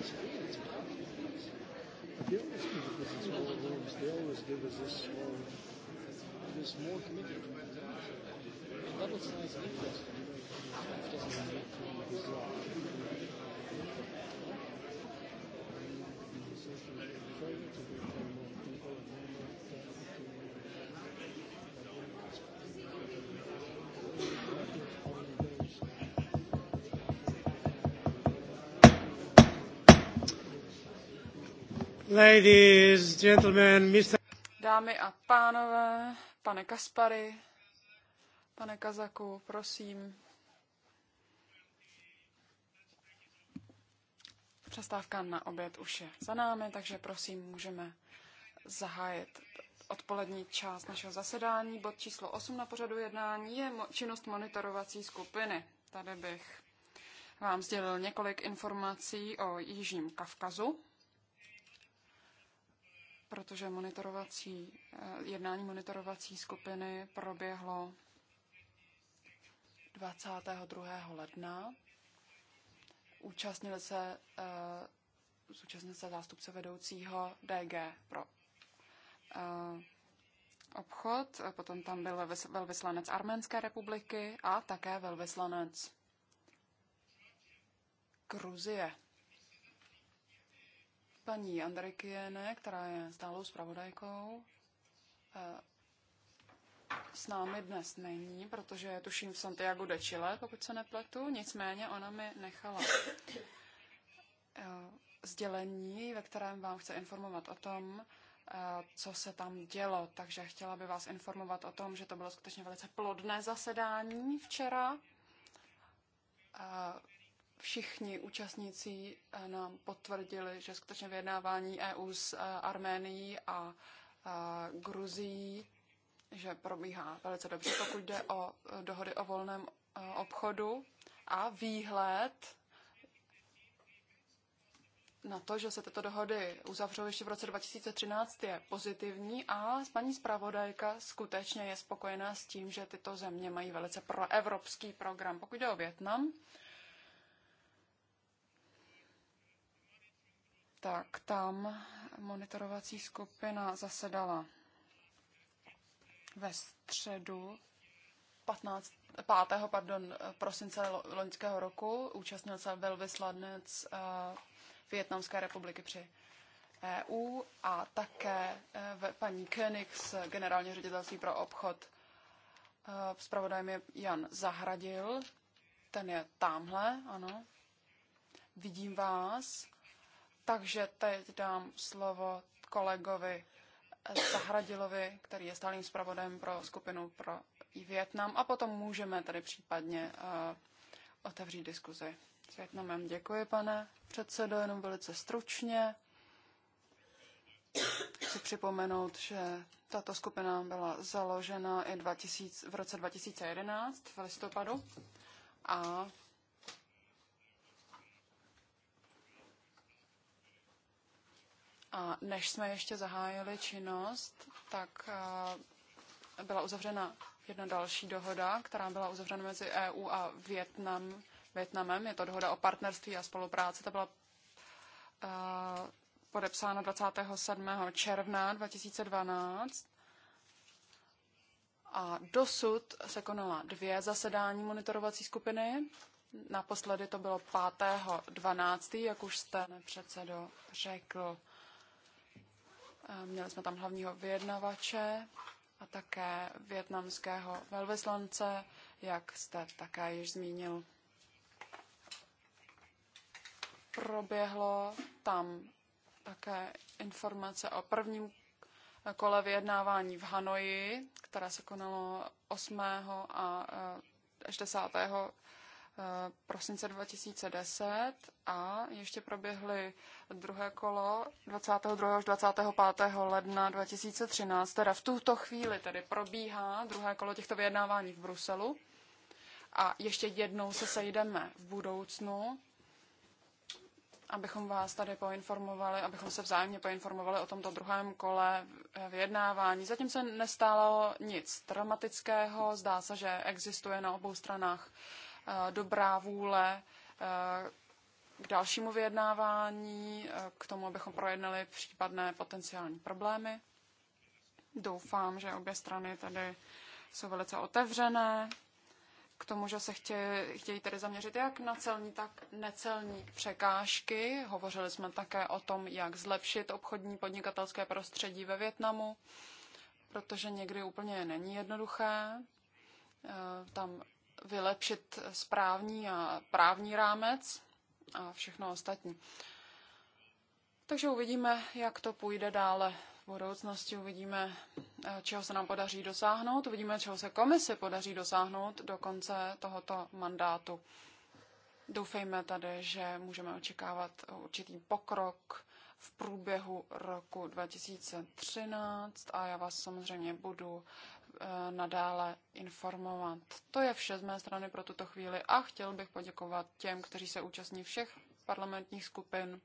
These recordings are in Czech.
They always give us this small rooms. They always give us this small, this small committee. And that was a nice interest. It doesn't need to be drawn. Dámy a pánové, pane Kaspary, pane Kazaku, prosím. Přestávka na oběd už je za námi, takže prosím, můžeme zahájit odpolední část našeho zasedání. Bod číslo 8 na pořadu jednání je činnost monitorovací skupiny. Tady bych vám sdělil několik informací o Jižním Kavkazu protože monitorovací, eh, jednání monitorovací skupiny proběhlo 22. ledna. Účastnili se, eh, zúčastnil se zástupce vedoucího DG pro eh, obchod, potom tam byl velvyslanec Arménské republiky a také velvyslanec Gruzie paní Andrikiene, která je stálou zpravodajkou, eh, s námi dnes není, protože je tuším v Santiago de Chile, pokud se nepletu, nicméně ona mi nechala eh, sdělení, ve kterém vám chce informovat o tom, eh, co se tam dělo. Takže chtěla by vás informovat o tom, že to bylo skutečně velice plodné zasedání včera všichni účastníci eh, nám potvrdili, že skutečně vyjednávání EU s eh, Arménií a eh, Gruzií, že probíhá velice dobře, pokud jde o dohody o volném obchodu a výhled na to, že se tyto dohody uzavřou ještě v roce 2013, je pozitivní a paní zpravodajka skutečně je spokojená s tím, že tyto země mají velice proevropský program. Pokud jde o Větnam, tak tam monitorovací skupina zasedala ve středu 15, 5. Pardon, prosince loňského roku. Účastnil se velvyslanec eh, Větnamské republiky při EU a také eh, paní König z generálního ředitelství pro obchod. Spravodajem eh, je Jan Zahradil, ten je tamhle, ano. Vidím vás. Takže teď dám slovo kolegovi Zahradilovi, který je stálým zpravodajem pro skupinu pro Větnam a potom můžeme tady případně uh, otevřít diskuzi s Větnamem. Děkuji, pane předsedo, jenom velice stručně. Chci připomenout, že tato skupina byla založena i 2000, v roce 2011 v listopadu a A než jsme ještě zahájili činnost, tak eh, byla uzavřena jedna další dohoda, která byla uzavřena mezi EU a Větnam, Větnamem. Je to dohoda o partnerství a spolupráci. Ta byla eh, podepsána 27. června 2012. A dosud se konala dvě zasedání monitorovací skupiny. Naposledy to bylo 5.12., jak už jste, předsedo, řekl. Eh, měli jsme tam hlavního vyjednavače a také větnamského velvyslance, jak jste také již zmínil. Proběhlo tam také informace o prvním kole vyjednávání v Hanoji, které se konalo 8. a 10. Eh, Eh, prosince 2010 a ještě proběhly druhé kolo 22. až 25. ledna 2013, teda v tuto chvíli tedy probíhá druhé kolo těchto vyjednávání v Bruselu a ještě jednou se sejdeme v budoucnu, abychom vás tady poinformovali, abychom se vzájemně poinformovali o tomto druhém kole vyjednávání. Zatím se nestálo nic dramatického, zdá se, že existuje na obou stranách uh, Eh, dobrá vůle eh, k dalšímu vyjednávání, eh, k tomu, abychom projednali případné potenciální problémy. Doufám, že obě strany tady jsou velice otevřené k tomu, že se chtějí, chtějí tedy zaměřit jak na celní, tak necelní překážky. Hovořili jsme také o tom, jak zlepšit obchodní podnikatelské prostředí ve Větnamu, protože někdy úplně není jednoduché. Tam vylepšit správní a právní rámec a všechno ostatní. Takže uvidíme, jak to půjde dále v budoucnosti, uvidíme, eh, čeho se nám podaří dosáhnout, uvidíme, čeho se komise podaří dosáhnout do konce tohoto mandátu. Doufejme tady, že můžeme očekávat určitý pokrok v průběhu roku 2013 a já vás samozřejmě budu Eh, nadále informovat. To je vše z mé strany pro tuto chvíli a chtěl bych poděkovat těm, kteří se účastní všech parlamentních skupin.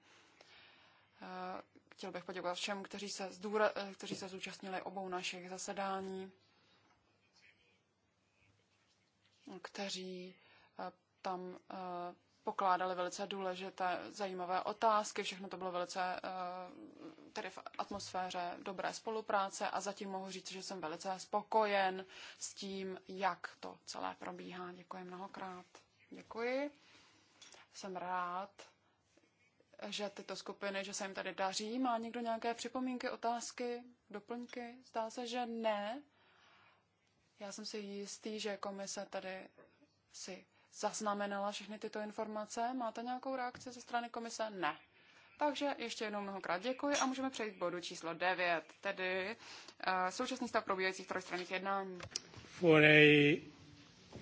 Eh, chtěl bych poděkovat všem, kteří se, zdůra, eh, kteří se zúčastnili obou našich zasedání, kteří tam pokládali velice důležité, zajímavé otázky. Všechno to bylo velice tedy v atmosféře dobré spolupráce a zatím mohu říct, že jsem velice spokojen s tím, jak to celé probíhá. Děkuji mnohokrát. Děkuji. Jsem rád, že tyto skupiny, že se jim tady daří. Má někdo nějaké připomínky, otázky, doplňky? Zdá se, že ne. Já jsem si jistý, že komise tady si zaznamenala všechny tyto informace. Máte nějakou reakci ze strany komise? Ne. Takže ještě jednou mnohokrát děkuji a můžeme přejít k bodu číslo 9, tedy uh, současný stav probíhajících trojstranných jednání. Forej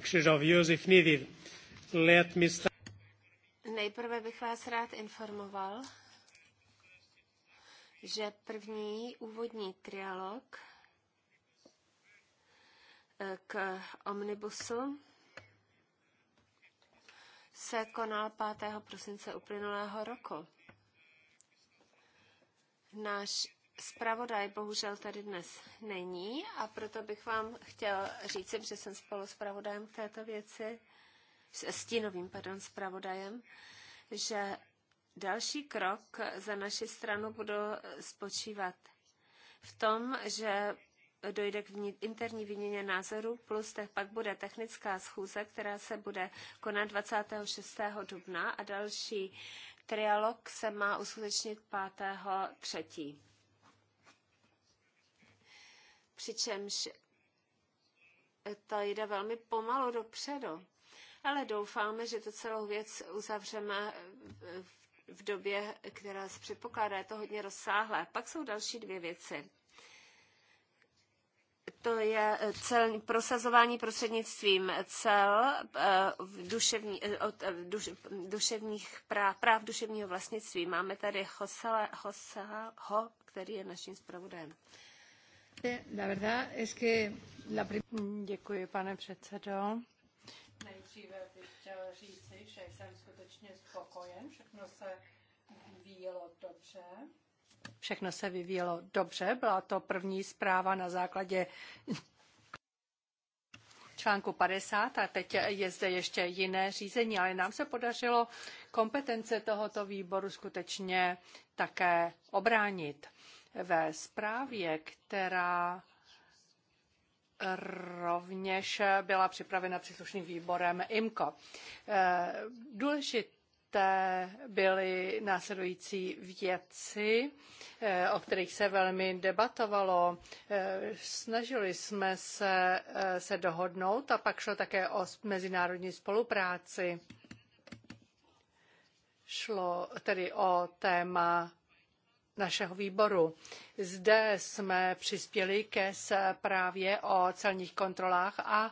Křižov Josef let me start. Nejprve bych vás rád informoval, že první úvodní trialog eh, k omnibusu se konal 5. prosince uplynulého roku. Náš Spravodaj bohužel tady dnes není a proto bych vám chtěl říct, že jsem spolu s pravodajem k této věci, s stínovým, pardon, pravodajem, že další krok za naši stranu bude spočívat v tom, že dojde k interní výměně názorů, plus te, pak bude technická schůze, která se bude konat 26. dubna a další Trialog se má uskutečnit 5. třetí. Přičemž to jde velmi pomalu dopředu, ale doufáme, že to celou věc uzavřeme v době, která se předpokládá, je to hodně rozsáhlé. Pak jsou další dvě věci to je eh, cel, prosazování prostřednictvím cel eh, duševní, eh, od, duš, duševních práv, práv duševního vlastnictví. Máme tady Josela, Josela Ho, který je naším zpravodajem. Mm, děkuji, pane předsedo. Nejdříve bych chtěl říci, že jsem skutečně spokojen, všechno se vyvíjelo dobře Všechno se vyvíjelo dobře. Byla to první zpráva na základě článku 50 a teď je zde ještě jiné řízení, ale nám se podařilo kompetence tohoto výboru skutečně také obránit. Ve zprávě, která rovněž byla připravena příslušným výborem IMCO. Eh, Důležité poté byly následující věci, eh, o kterých se velmi debatovalo. Eh, snažili jsme se, eh, se dohodnout a pak šlo také o mezinárodní spolupráci. Šlo tedy o téma našeho výboru. Zde jsme přispěli ke zprávě o celních kontrolách a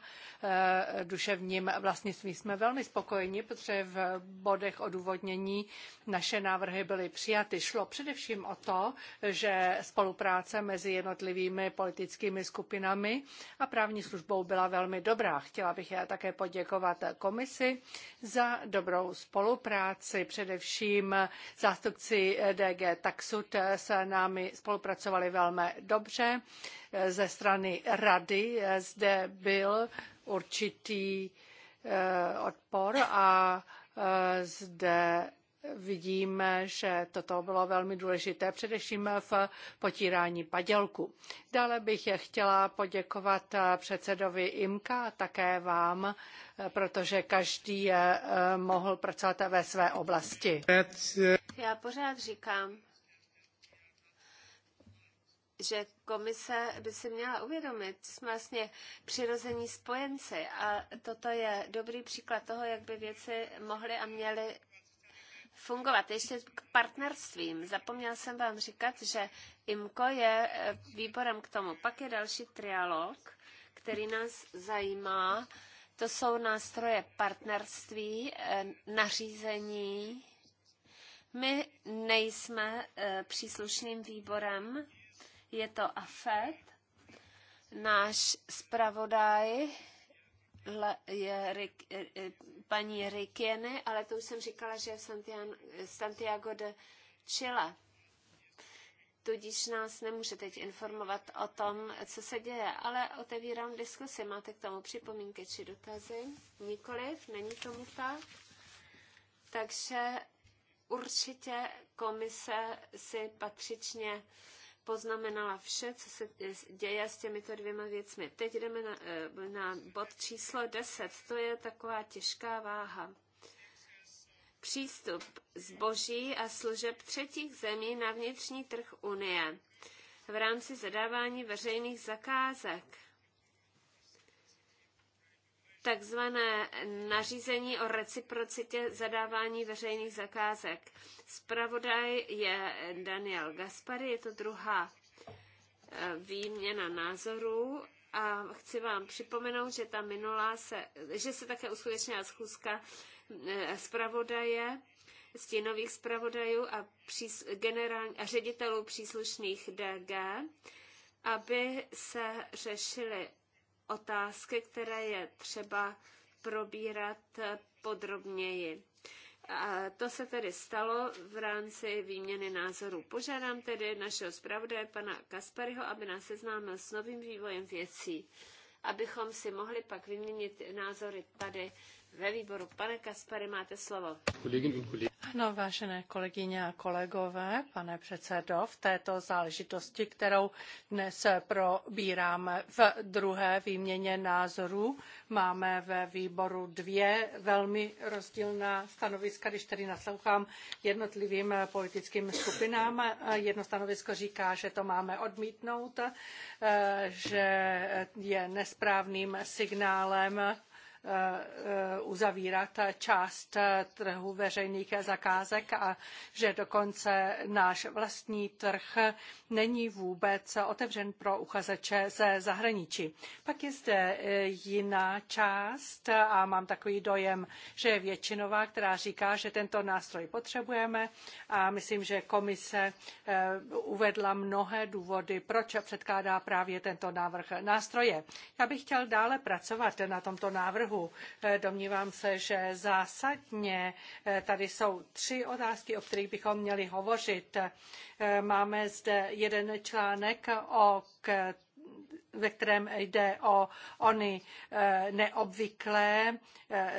e, duševním vlastnictví. Jsme velmi spokojeni, protože v bodech odůvodnění naše návrhy byly přijaty. Šlo především o to, že spolupráce mezi jednotlivými politickými skupinami a právní službou byla velmi dobrá. Chtěla bych já také poděkovat komisi za dobrou spolupráci. Především zástupci DG Taxud s námi spolupracovali spolupracovali velmi dobře. Ze strany rady zde byl určitý eh, odpor a eh, zde vidíme, že toto bylo velmi důležité, především v potírání padělku. Dále bych chtěla poděkovat eh, předsedovi IMKA a také vám, protože každý mohl pracovat ve své oblasti. Já pořád říkám, že komise by si měla uvědomit, že jsme vlastně přirození spojenci a toto je dobrý příklad toho, jak by věci mohly a měly fungovat. Ještě k partnerstvím. Zapomněl jsem vám říkat, že IMCO je e, výborem k tomu. Pak je další trialog, který nás zajímá. To jsou nástroje partnerství, e, nařízení. My nejsme e, příslušným výborem je to AFET. Náš zpravodaj je Rik, eh, eh, paní Rikieny, ale to už jsem říkala, že je Santiago, Santiago de Chile. Tudíž nás nemůže teď informovat o tom, co se děje, ale otevírám diskusi. Máte k tomu připomínky či dotazy? Nikoliv, není tomu tak. Takže určitě komise si patřičně poznamenala vše, co se děje s těmito dvěma věcmi. Teď jdeme na, eh, na bod číslo 10. To je taková těžká váha. Přístup zboží a služeb třetích zemí na vnitřní trh Unie v rámci zadávání veřejných zakázek takzvané nařízení o reciprocitě zadávání veřejných zakázek. Spravodaj je Daniel Gaspary, je to druhá e, výměna názorů a chci vám připomenout, že ta minulá se, že se také uskutečnila schůzka e, zpravodaje, stínových zpravodajů a, přís, generál, a ředitelů příslušných DG, aby se řešily otázky, které je třeba probírat podrobněji. A to se tedy stalo v rámci výměny názorů. Požádám tedy našeho zpravodaje pana Kasparyho, aby nás seznámil s novým vývojem věcí, abychom si mohli pak vyměnit názory tady ve výboru. Pane Kaspary, máte slovo. Kolegyně No, vážené kolegyně a kolegové, pane předsedo, v této záležitosti, kterou dnes probíráme v druhé výměně názorů, máme ve výboru dvě velmi rozdílná stanoviska, když tedy naslouchám jednotlivým politickým skupinám. Jedno stanovisko říká, že to máme odmítnout, eh, že je nesprávným signálem Eh, uzavírat část trhu veřejných zakázek a že dokonce náš vlastní trh není vůbec otevřen pro uchazeče ze zahraničí. Pak je zde eh, jiná část a mám takový dojem, že je většinová, která říká, že tento nástroj potřebujeme a myslím, že komise eh, uvedla mnohé důvody, proč předkládá právě tento návrh nástroje. Já bych chtěl dále pracovat na tomto návrhu trhu. Eh, domnívám se, že zásadně eh, tady jsou tři otázky, o kterých bychom měli hovořit. Eh, máme zde jeden článek o ve kterém jde o ony neobvyklé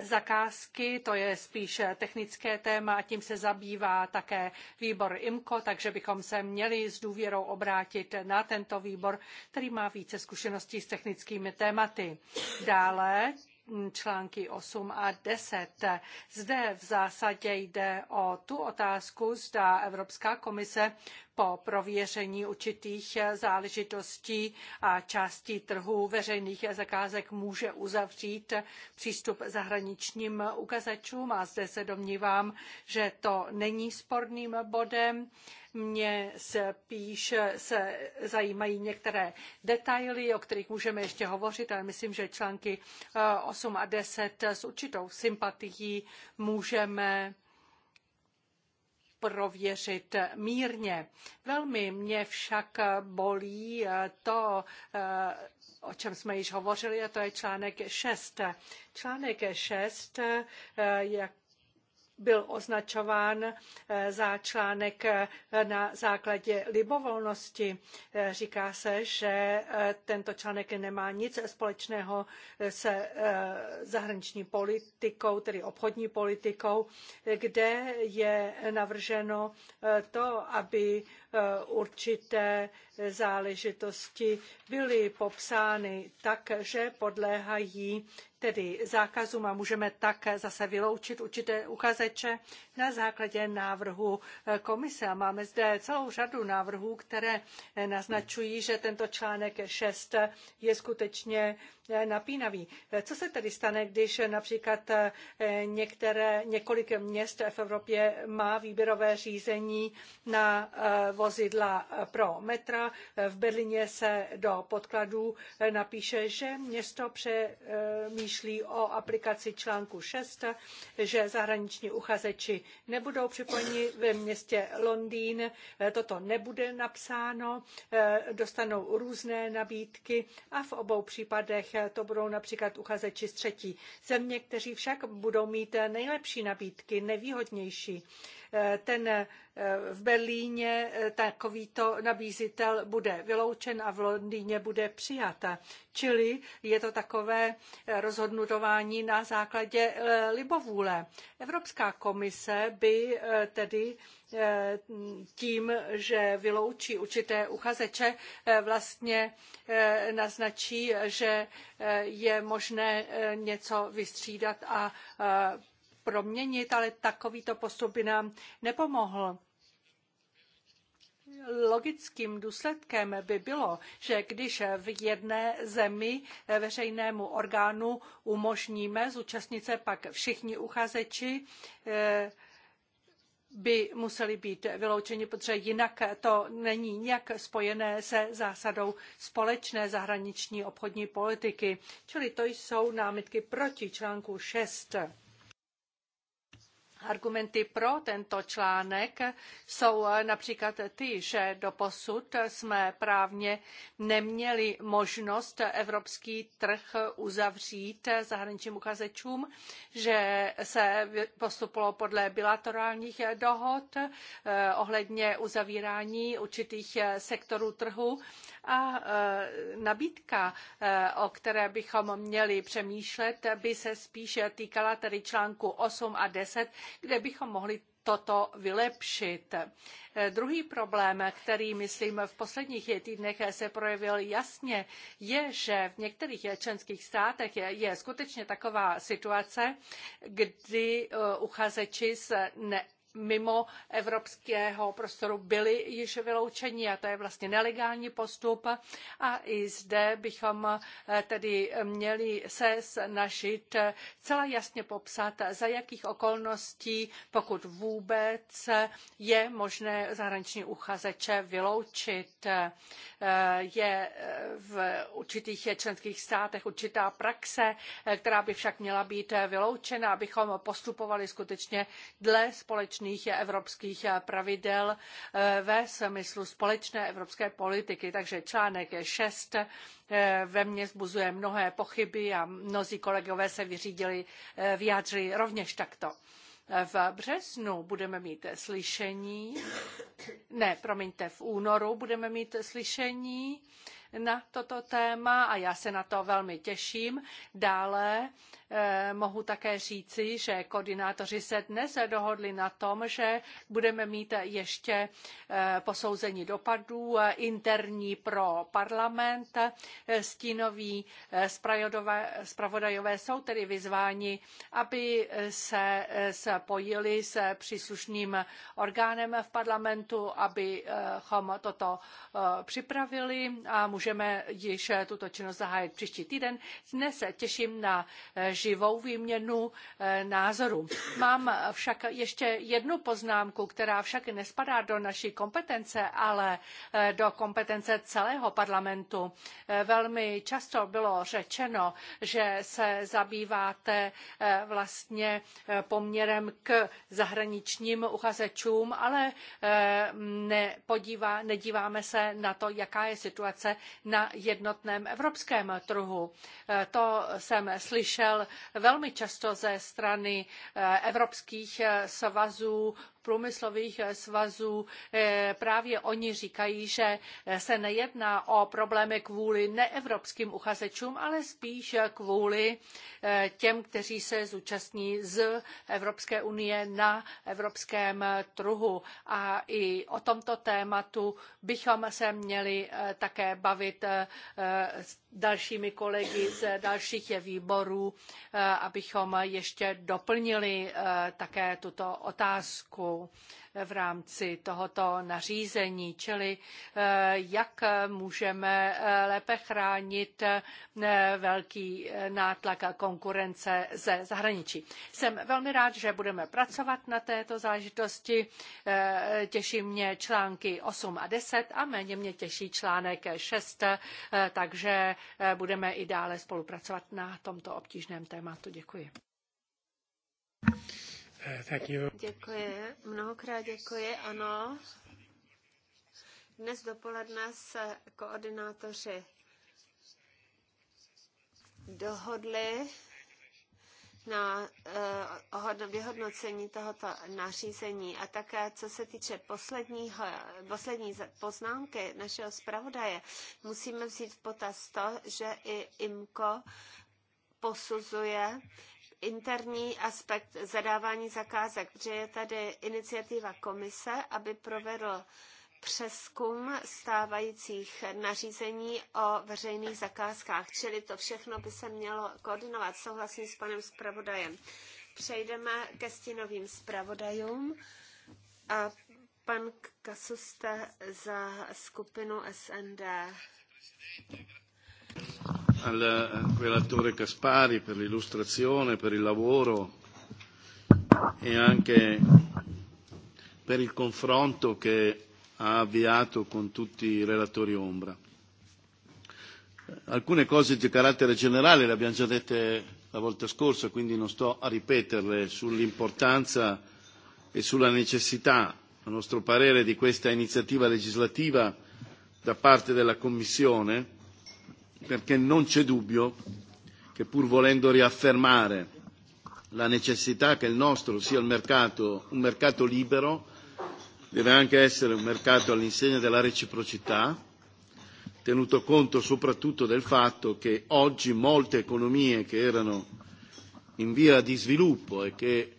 zakázky. To je spíše technické téma a tím se zabývá také výbor IMCO, takže bychom se měli s důvěrou obrátit na tento výbor, který má více zkušeností s technickými tématy. Dále Mm, články osm a deset. Zde v zásadě jde o tu otázku, zda Evropská komise po prověření určitých záležitostí a částí trhu veřejných zakázek může uzavřít přístup zahraničním ukazačům a zde se domnívám, že to není sporným bodem. Mě spíš se zajímají některé detaily, o kterých můžeme ještě hovořit, ale myslím, že články 8 eh, a 10 s určitou sympatií můžeme prověřit mírně. Velmi mě však bolí eh, to, eh, o čem jsme již hovořili, a to je článek 6. Článek 6, eh, jak byl označován eh, za článek eh, na základě libovolnosti. Eh, říká se, že tento článek nemá nic společného se zahraniční politikou, tedy obchodní politikou, kde je navrženo to, aby Eh, určité záležitosti byly popsány tak, že podléhají tedy zákazům a můžeme tak zase vyloučit určité uchazeče na základě návrhu eh, komise. A máme zde celou řadu návrhů, které eh, naznačují, že tento článek 6 je skutečně napínavý. Co se tedy stane, když například eh, některé, několik měst v Evropě má výběrové řízení na eh, vozidla pro metra. V Berlíně se do podkladů eh, napíše, že město přemýšlí o aplikaci článku 6, že zahraniční uchazeči nebudou připojeni ve městě Londýn. Toto nebude napsáno, dostanou různé nabídky a v obou případech to budou například uchazeči z třetí země, kteří však budou mít nejlepší nabídky, nevýhodnější ten eh, v Berlíně eh, takovýto nabízitel bude vyloučen a v Londýně bude přijat. Čili je to takové eh, rozhodnutování na základě libovůle. Evropská komise by tedy tím, že vyloučí určité uchazeče, vlastně naznačí, že je možné něco vystřídat a proměnit, ale takovýto postup by nám nepomohl. Logickým důsledkem by bylo, že když v jedné zemi veřejnému orgánu umožníme zúčastnit se pak všichni uchazeči, eh, by museli být vyloučeni, protože jinak to není nijak spojené se zásadou společné zahraniční obchodní politiky. Čili to jsou námitky proti článku 6. Argumenty pro tento článek jsou eh, například ty, že doposud jsme právně neměli možnost evropský trh uzavřít zahraničním uchazečům, že se postupovalo podle bilaterálních eh, dohod eh, ohledně uzavírání určitých sektorů trhu a e, nabídka, e, o které bychom měli přemýšlet, by se spíše týkala tedy článku 8 a 10, kde bychom mohli toto vylepšit. E, druhý problém, který, myslím, v posledních týdnech se projevil jasně, je, že v některých členských státech je, je skutečně taková situace, kdy uchazeči z ne mimo evropského prostoru byli již vyloučeni a to je vlastně nelegální postup a i zde bychom eh, tedy měli se snažit eh, celá jasně popsat, za jakých okolností, pokud vůbec, je možné zahraniční uchazeče vyloučit. Eh, je v určitých členských státech určitá praxe, která by však měla být vyloučena, abychom postupovali skutečně dle společnosti společných evropských pravidel eh, ve smyslu společné evropské politiky. Takže článek 6 eh, ve mně zbuzuje mnohé pochyby a mnozí kolegové se vyřídili, eh, vyjádřili rovněž takto. V březnu budeme mít slyšení, ne, promiňte, v únoru budeme mít slyšení na toto téma a já se na to velmi těším. Dále eh, mohu také říci, že koordinátoři se dnes dohodli na tom, že budeme mít ještě eh, posouzení dopadů eh, interní pro parlament. Stínoví zpravodajové jsou tedy vyzváni, aby se spojili s příslušným orgánem v parlamentu, abychom toto připravili a můžeme můžeme již eh, tuto činnost zahájit příští týden. Dnes se těším na eh, živou výměnu eh, názorů. Mám však ještě jednu poznámku, která však nespadá do naší kompetence, ale do kompetence celého parlamentu. Velmi často bylo řečeno, že se zabýváte vlastně poměrem k zahraničním uchazečům, ale nepodívá, nedíváme se na to, jaká je situace na jednotném evropském trhu. Eh, to jsem slyšel velmi často ze strany eh, evropských eh, svazů průmyslových eh, svazů. Eh, právě oni říkají, že eh, se nejedná o problémy kvůli neevropským uchazečům, ale spíš kvůli těm, kteří se zúčastní z Evropské unie na evropském trhu. A i o tomto tématu bychom se měli také bavit s dalšími kolegy z dalších výborů, abychom ještě doplnili také tuto otázku úpravu v rámci tohoto nařízení, čili eh, jak můžeme eh, lépe chránit eh, velký nátlak a konkurence ze zahraničí. Jsem velmi rád, že budeme pracovat na této záležitosti. Těší mě články 8 a 10 a méně mě těší článek 6, takže budeme i dále spolupracovat na tomto obtížném tématu. Děkuji. Eh, thank you. Děkuji, mnohokrát děkuji, ano. Dnes dopoledne se koordinátoři dohodli na uh, vyhodnocení tohoto nařízení a také co se týče posledního, poslední poznámky našeho zpravodaje, musíme vzít v potaz to, že i IMCO posuzuje uh, interní aspekt zadávání zakázek, že je tady iniciativa komise, aby provedl přeskum stávajících nařízení o veřejných zakázkách, čili to všechno by se mělo koordinovat. Souhlasím s panem zpravodajem. Přejdeme ke stínovým zpravodajům. A pan Kasusta za skupinu SND al relatore eh, Caspari per l'illustrazione, per il lavoro e anche per il confronto che ha avviato con tutti i relatori ombra. Alcune cose di carattere generale le abbiamo già dette la volta scorsa, quindi non sto a ripeterle sull'importanza e sulla necessità, a nostro parere, di questa iniziativa legislativa da parte della Commissione perché non c'è dubbio che pur volendo riaffermare la necessità che il nostro sia il mercato, un mercato libero, deve anche essere un mercato all'insegna della reciprocità, tenuto conto soprattutto del fatto che oggi molte economie che erano in via di sviluppo e che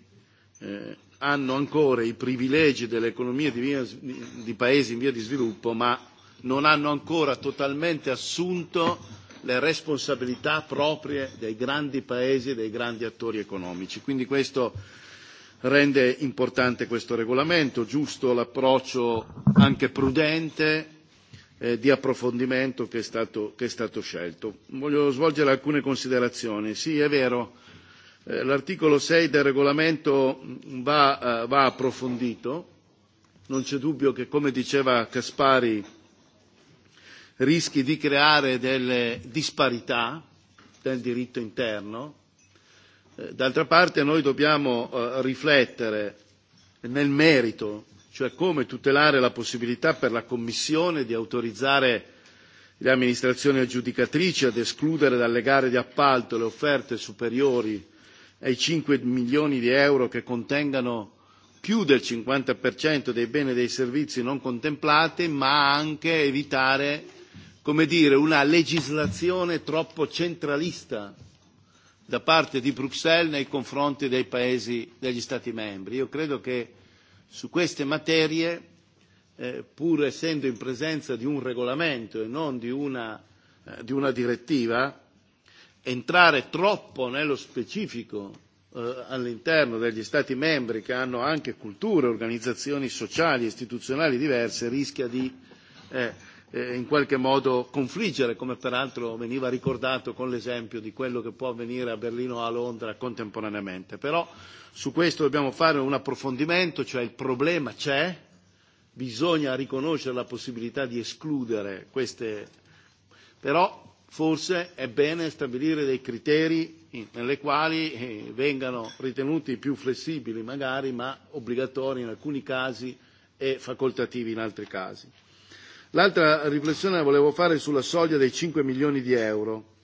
eh, hanno ancora i privilegi delle economie di, via, di paesi in via di sviluppo, ma non hanno ancora totalmente assunto le responsabilità proprie dei grandi paesi e dei grandi attori economici. Quindi questo rende importante questo regolamento, giusto l'approccio anche prudente eh, di approfondimento che è, stato, che è stato scelto. Voglio svolgere alcune considerazioni. Sì, è vero, eh, l'articolo 6 del regolamento mm, va, eh, va approfondito. Non c'è dubbio che, come diceva Caspari, rischi di creare delle disparità del diritto interno. Eh, d'altra parte noi dobbiamo eh, riflettere nel merito, cioè come tutelare la possibilità per la Commissione di autorizzare le amministrazioni aggiudicatrici ad escludere dalle gare di appalto le offerte superiori ai 5 milioni di euro che contengano più del 50% dei beni e dei servizi non contemplati, ma anche evitare come dire, una legislazione troppo centralista da parte di Bruxelles nei confronti dei paesi, degli Stati membri. Io credo che su queste materie, eh, pur essendo in presenza di un regolamento e non di una, eh, di una direttiva, entrare troppo nello specifico eh, all'interno degli Stati membri che hanno anche culture, organizzazioni sociali e istituzionali diverse rischia di eh, eh, in qualche modo confliggere, come peraltro veniva ricordato con l'esempio di quello che può avvenire a Berlino o a Londra contemporaneamente. Però su questo dobbiamo fare un approfondimento, cioè il problema c'è, bisogna riconoscere la possibilità di escludere queste, però forse è bene stabilire dei criteri nelle quali eh, vengano ritenuti più flessibili magari, ma obbligatori in alcuni casi e facoltativi in altri casi. L'altra riflessione la volevo fare sulla soglia dei 5 milioni di euro.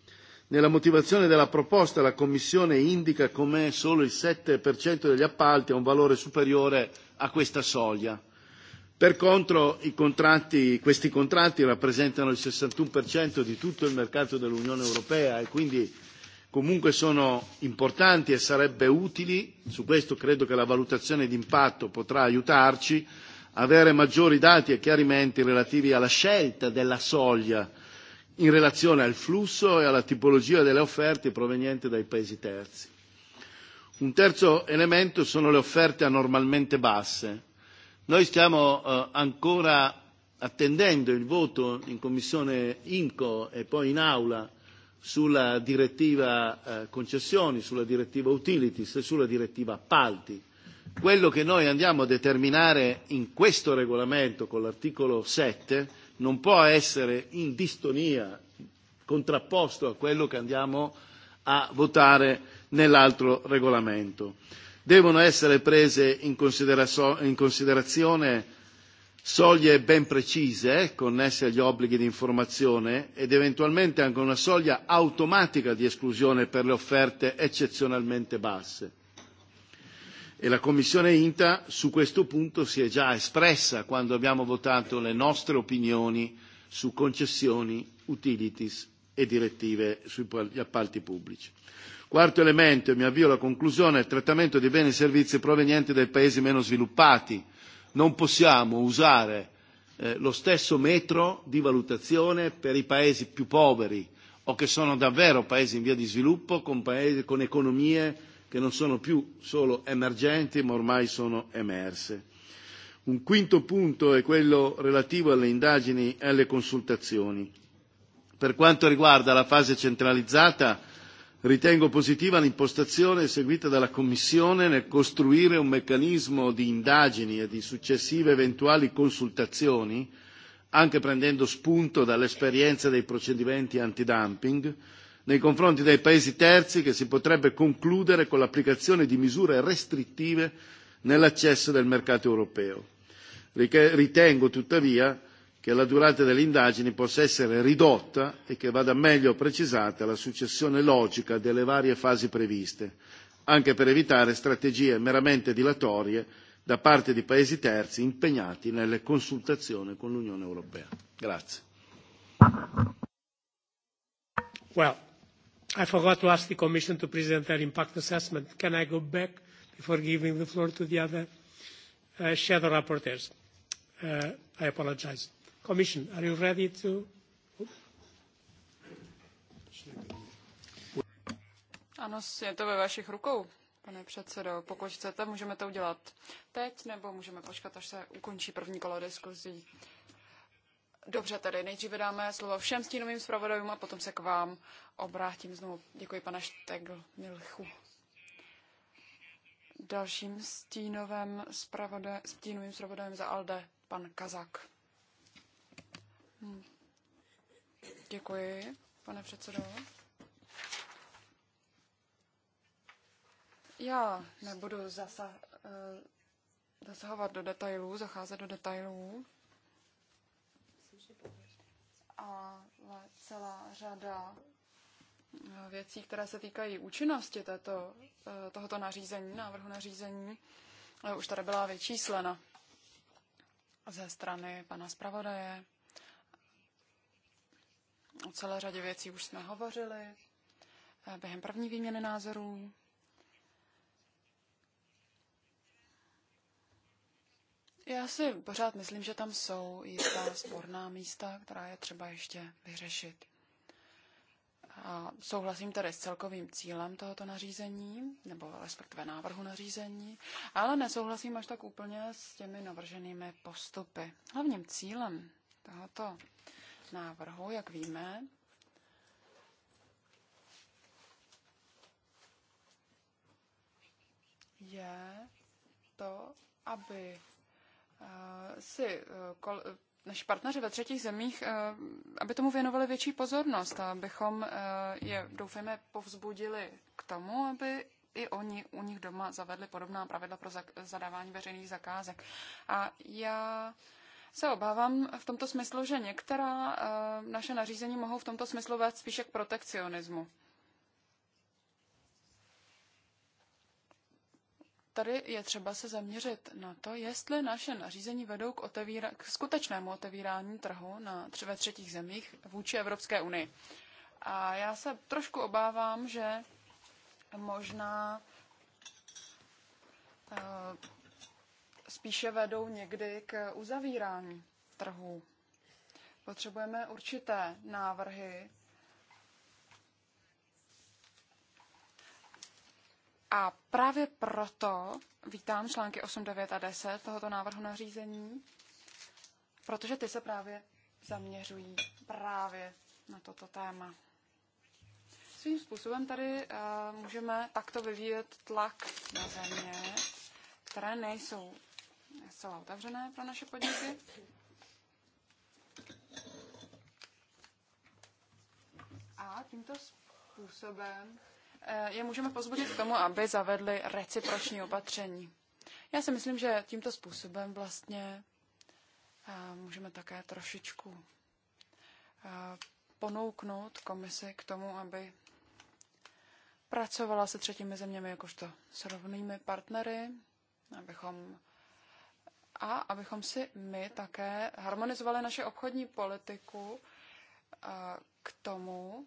Nella motivazione della proposta la Commissione indica come solo il 7% degli appalti ha un valore superiore a questa soglia. Per contro i contratti, questi contratti rappresentano il 61% di tutto il mercato dell'Unione Europea e quindi comunque sono importanti e sarebbe utili, su questo credo che la valutazione d'impatto potrà aiutarci, avere maggiori dati e chiarimenti relativi alla scelta della soglia in relazione al flusso e alla tipologia delle offerte provenienti dai paesi terzi. Un terzo elemento sono le offerte anormalmente basse. Noi stiamo eh, ancora attendendo il voto in Commissione IMCO e poi in Aula sulla direttiva eh, concessioni, sulla direttiva utilities e sulla direttiva appalti quello che noi andiamo a determinare in questo regolamento con l'articolo 7 non può essere in distonia, contrapposto a quello che andiamo a votare nell'altro regolamento. Devono essere prese in, considerazio- in considerazione soglie ben precise connesse agli obblighi di informazione ed eventualmente anche una soglia automatica di esclusione per le offerte eccezionalmente basse e la Commissione INTA su questo punto si è già espressa quando abbiamo votato le nostre opinioni su concessioni, utilities e direttive sugli appalti pubblici. Quarto elemento, e mi avvio alla conclusione, il trattamento dei beni e servizi provenienti dai paesi meno sviluppati. Non possiamo usare eh, lo stesso metro di valutazione per i paesi più poveri o che sono davvero paesi in via di sviluppo con, paesi, con economie che non sono più solo emergenti ma ormai sono emerse. Un quinto punto è quello relativo alle indagini e alle consultazioni. Per quanto riguarda la fase centralizzata, ritengo positiva l'impostazione seguita dalla Commissione nel costruire un meccanismo di indagini e di successive eventuali consultazioni, anche prendendo spunto dall'esperienza dei procedimenti antidumping, nei confronti dei paesi terzi che si potrebbe concludere con l'applicazione di misure restrittive nell'accesso del mercato europeo. Ritengo tuttavia che la durata delle indagini possa essere ridotta e che vada meglio precisata la successione logica delle varie fasi previste, anche per evitare strategie meramente dilatorie da parte di paesi terzi impegnati nelle consultazioni con l'Unione Europea. Grazie. Well, i forgot to ask the Commission to present their impact assessment. Can I go back before giving the floor to the other uh, shadow rapporteurs? Uh, I apologize. Commission, are you ready to? Ano, je to ve vašich rukou, pane předsedo. Pokud chcete, můžeme to udělat teď, nebo můžeme počkat, až se ukončí první kolo diskuzí. Uh, Dobře, tady nejdříve dáme slovo všem stínovým zpravodajům a potom se k vám obrátím znovu. Děkuji, pane Štegl Milchu. Dalším stínovým zpravodaj, stínovým zpravodajem za ALDE, pan Kazak. Hm. Děkuji, pane předsedo. Já nebudu zasa, eh, zasahovat do detailů, zacházet do detailů a celá řada eh, věcí, které se týkají účinnosti této, eh, tohoto nařízení, návrhu nařízení, eh, už tady byla vyčíslena ze strany pana zpravodaje. O celé řadě věcí už jsme hovořili během první výměny názorů Já si pořád myslím, že tam jsou jistá sporná místa, která je třeba ještě vyřešit. A souhlasím tedy s celkovým cílem tohoto nařízení, nebo respektive návrhu nařízení, ale nesouhlasím až tak úplně s těmi navrženými postupy. Hlavním cílem tohoto návrhu, jak víme, je to, aby Eh, si eh, eh, naši partneři ve třetích zemích, aby tomu věnovali větší pozornost a abychom je, doufejme, povzbudili k tomu, aby i oni u nich doma zavedli podobná pravidla pro zadávání veřejných zakázek. A já se obávám v tomto smyslu, že některá naše nařízení mohou v tomto smyslu vést spíše k protekcionismu. tady je třeba se zaměřit na to, jestli naše nařízení vedou k, otevíra- k skutečnému otevírání trhu na tři- ve třetích zemích vůči Evropské unii. A já se trošku obávám, že možná uh, spíše vedou někdy k uzavírání trhu. Potřebujeme určité návrhy, A právě proto vítám články 8, 9 a 10 tohoto návrhu nařízení, protože ty se právě zaměřují právě na toto téma. Svým způsobem tady uh, můžeme takto vyvíjet tlak na země, které nejsou zcela otevřené pro naše podniky. A tímto způsobem Eh, je můžeme pozbudit k tomu, aby zavedli reciproční opatření. Já si myslím, že tímto způsobem vlastně eh, můžeme také trošičku eh, ponouknout komisi k tomu, aby pracovala se třetími zeměmi jakožto s rovnými partnery, abychom a abychom si my také harmonizovali naše obchodní politiku k tomu,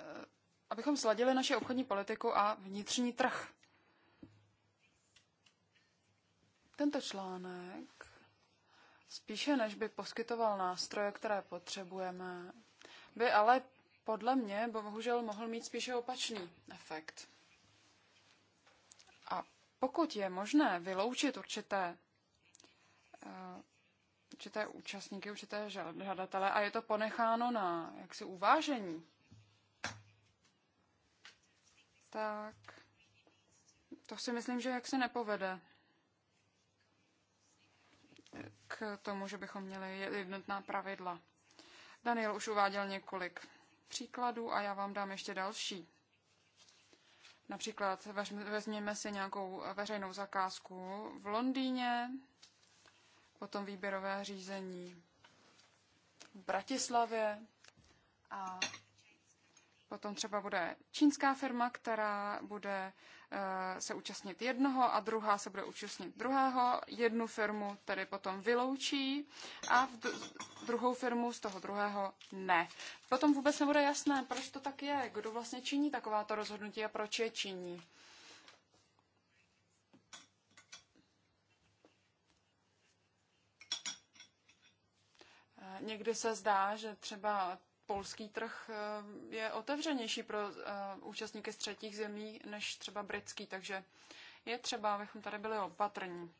Eh, abychom sladili naše obchodní politiku a vnitřní trh. Tento článek spíše než by poskytoval nástroje, které potřebujeme, by ale podle mě bohužel mohl mít spíše opačný efekt. A pokud je možné vyloučit určité, eh, určité účastníky, určité žadatele a je to ponecháno na jaksi uvážení tak to si myslím, že jak se nepovede k tomu, že bychom měli jednotná pravidla. Daniel už uváděl několik příkladů a já vám dám ještě další. Například vezměme si nějakou veřejnou zakázku v Londýně, potom výběrové řízení v Bratislavě a Potom třeba bude čínská firma, která bude eh, se účastnit jednoho a druhá se bude účastnit druhého. Jednu firmu tedy potom vyloučí a druhou firmu z toho druhého ne. Potom vůbec nebude jasné, proč to tak je, kdo vlastně činí takováto rozhodnutí a proč je činí. Eh, někdy se zdá, že třeba polský trh eh, je otevřenější pro eh, účastníky z třetích zemí než třeba britský, takže je třeba, abychom tady byli opatrní.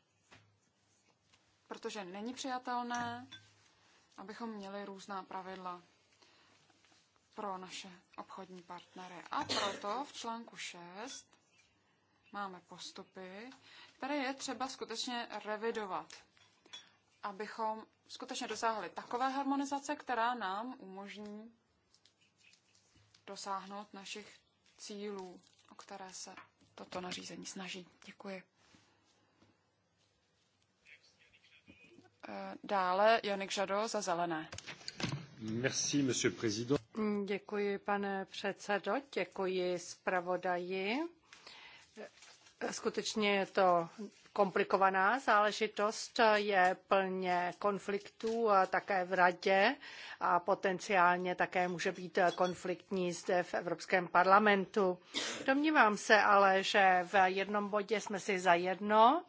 Protože není přijatelné, abychom měli různá pravidla pro naše obchodní partnery. A proto v článku 6 máme postupy, které je třeba skutečně revidovat, abychom skutečně dosáhli takové harmonizace, která nám umožní dosáhnout našich cílů, o které se toto nařízení snaží. Děkuji. Eh, dále Janik Žado za zelené. Merci, monsieur président. Děkuji, pane předsedo, děkuji zpravodaji. Skutečně je to komplikovaná záležitost, je plně konfliktů také v radě a potenciálně také může být konfliktní zde v Evropském parlamentu. Domnívám se ale, že v jednom bodě jsme si zajedno,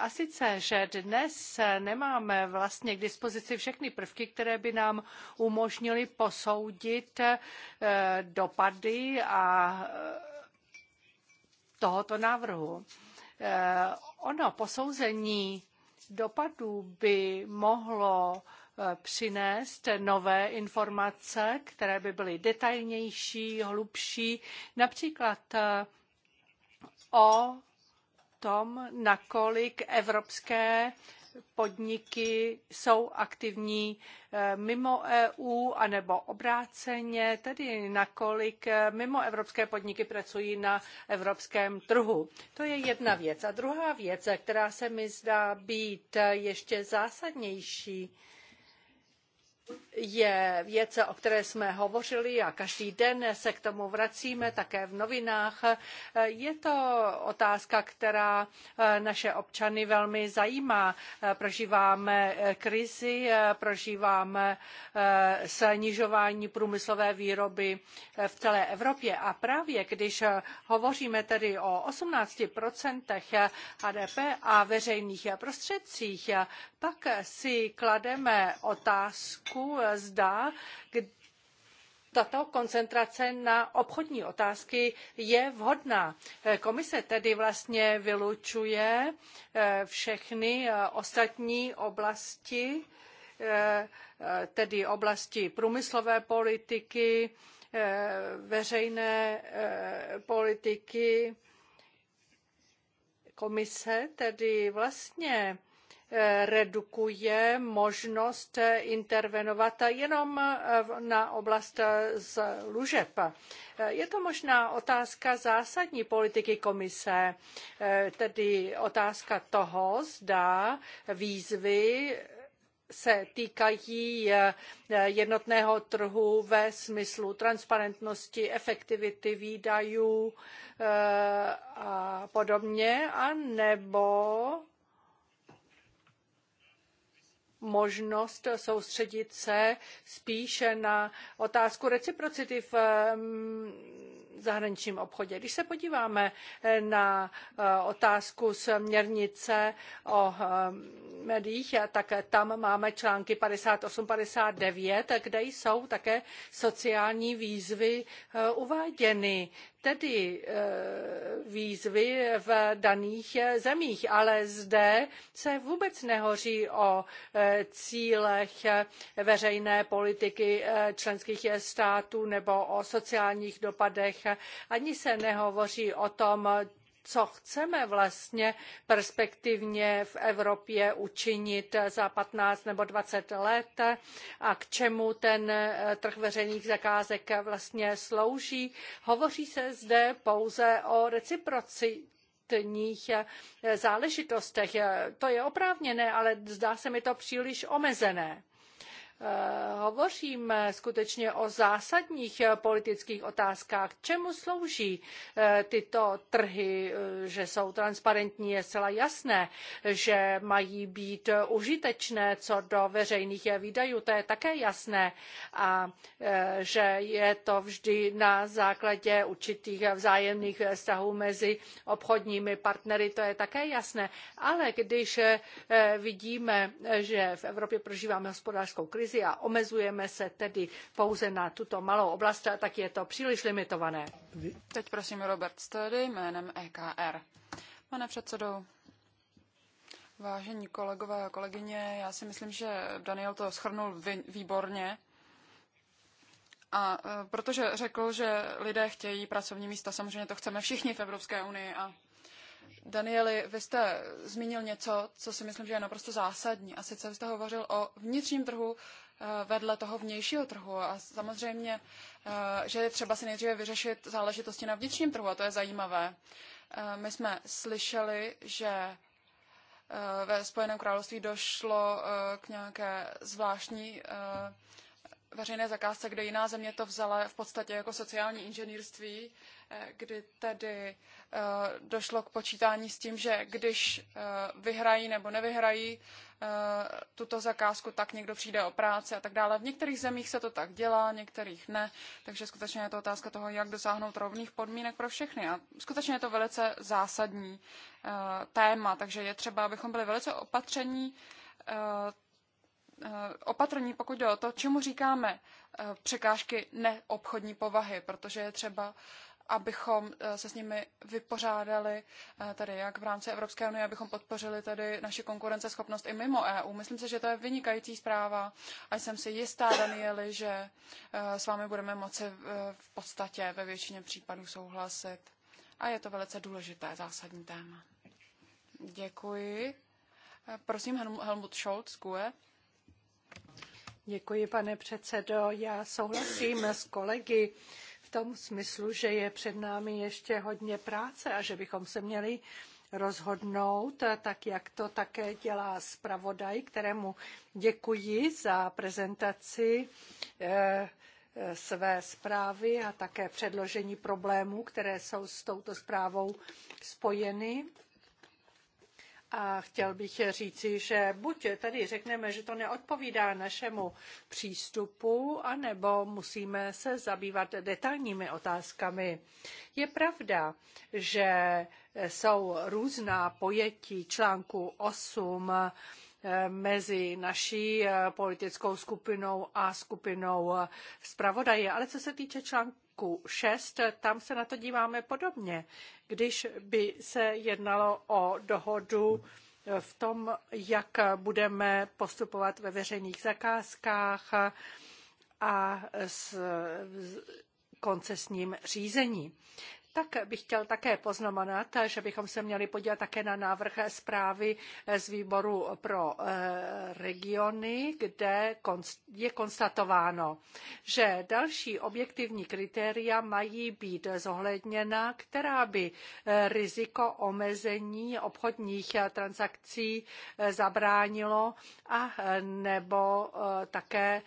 a sice, že dnes nemáme vlastně k dispozici všechny prvky, které by nám umožnily posoudit eh, dopady a eh, tohoto návrhu. Eh, ono posouzení dopadů by mohlo eh, přinést nové informace, které by byly detailnější, hlubší, například eh, o tom, nakolik evropské podniky jsou aktivní eh, mimo EU anebo obráceně, tedy nakolik eh, mimo evropské podniky pracují na evropském trhu. To je jedna věc. A druhá věc, která se mi zdá být eh, ještě zásadnější, je věc, o které jsme hovořili a každý den se k tomu vracíme také v novinách. Je to otázka, která eh, naše občany velmi zajímá. Eh, prožíváme eh, krizi, prožíváme snižování průmyslové výroby v celé Evropě a právě když hovoříme tedy o 18% HDP a veřejných prostředcích, pak si klademe otázku, eh, zda tato koncentrace na obchodní otázky je vhodná. Eh, komise tedy vlastně vylučuje eh, všechny ostatní oblasti, tedy oblasti průmyslové politiky, veřejné politiky. Komise tedy vlastně redukuje možnost intervenovat jenom na oblast služeb. Je to možná otázka zásadní politiky komise, tedy otázka toho, zda výzvy se týkají jednotného trhu ve smyslu transparentnosti, efektivity výdajů eh, a podobně, anebo možnost soustředit se spíše na otázku reciprocity v zahraničním obchodě. Když se podíváme eh, na eh, otázku směrnice o eh, médiích, tak tam máme články 58, 59, kde jsou také sociální výzvy uváděny tedy eh, výzvy v daných eh, zemích, ale zde se vůbec nehovoří o eh, cílech veřejné politiky členských států nebo o sociálních dopadech, ani se nehovoří o tom, co chceme vlastně perspektivně v Evropě učinit za 15 nebo 20 let a k čemu ten eh, trh veřejných zakázek vlastně slouží. Hovoří se zde pouze o reciprocitě eh, záležitostech. To je oprávněné, ale zdá se mi to příliš omezené. Eh, hovoříme skutečně o zásadních eh, politických otázkách. Čemu slouží eh, tyto trhy, že jsou transparentní, je zcela jasné, že mají být užitečné co do veřejných výdajů, to je také jasné a že je to vždy na základě určitých vzájemných vztahů mezi obchodními partnery, to je také jasné. Ale když vidíme, že v Evropě prožíváme hospodářskou krizi, krizi a omezujeme se tedy pouze na tuto malou oblast, tak je to příliš limitované. Teď prosím Robert Sturdy jménem EKR. Pane předsedo, vážení kolegové a kolegyně, já si myslím, že Daniel to schrnul výborně. A e, protože řekl, že lidé chtějí pracovní místa, samozřejmě to chceme všichni v Evropské unii a Danieli, vy jste zmínil něco, co si myslím, že je naprosto zásadní. A sice jste hovořil o vnitřním trhu eh, vedle toho vnějšího trhu. A samozřejmě, eh, že je třeba si nejdříve vyřešit záležitosti na vnitřním trhu, a to je zajímavé. Eh, my jsme slyšeli, že ve Spojeném království došlo k nějaké zvláštní veřejné zakázce, kde jiná země to vzala v podstatě jako sociální inženýrství kdy tedy eh, došlo k počítání s tím, že když eh, vyhrají nebo nevyhrají eh, tuto zakázku, tak někdo přijde o práci a tak dále. V některých zemích se to tak dělá, některých ne, takže skutečně je to otázka toho, jak dosáhnout rovných podmínek pro všechny. A skutečně je to velice zásadní téma, takže je třeba, abychom byli velice opatření opatrní, pokud jde o to, čemu říkáme překážky neobchodní povahy, protože je třeba abychom eh, se s nimi vypořádali eh, tady jak v rámci Evropské unie, abychom podpořili tady naši konkurenceschopnost i mimo EU. Myslím si, že to je vynikající zpráva a jsem si jistá, Danieli, že eh, s vámi budeme moci v podstatě ve většině případů souhlasit. A je to velice důležité, zásadní téma. Děkuji. Prosím, Helmut Scholz, GUE. Děkuji, pane předsedo. Já souhlasím s kolegy tom smyslu, že je před námi ještě hodně práce a že bychom se měli rozhodnout, tak jak to také dělá zpravodaj, kterému děkuji za prezentaci eh, eh, své zprávy a také předložení problémů, které jsou s touto zprávou spojeny a chtěl bych říci, že buď tady řekneme, že to neodpovídá našemu přístupu, anebo musíme se zabývat detailními otázkami. Je pravda, že jsou různá pojetí článku 8 Eh, mezi naší eh, politickou skupinou a skupinou eh, zpravodaje. Ale co se týče článku 6, tam se na to díváme podobně. Když by se jednalo o dohodu v tom, jak budeme postupovat ve veřejných zakázkách a s koncesním řízení tak bych chtěl také poznamenat, že bychom se měli podívat také na návrh zprávy z výboru pro eh, regiony, kde je konstatováno, že další objektivní kritéria mají být zohledněna, která by eh, riziko omezení obchodních transakcí eh, zabránilo a nebo také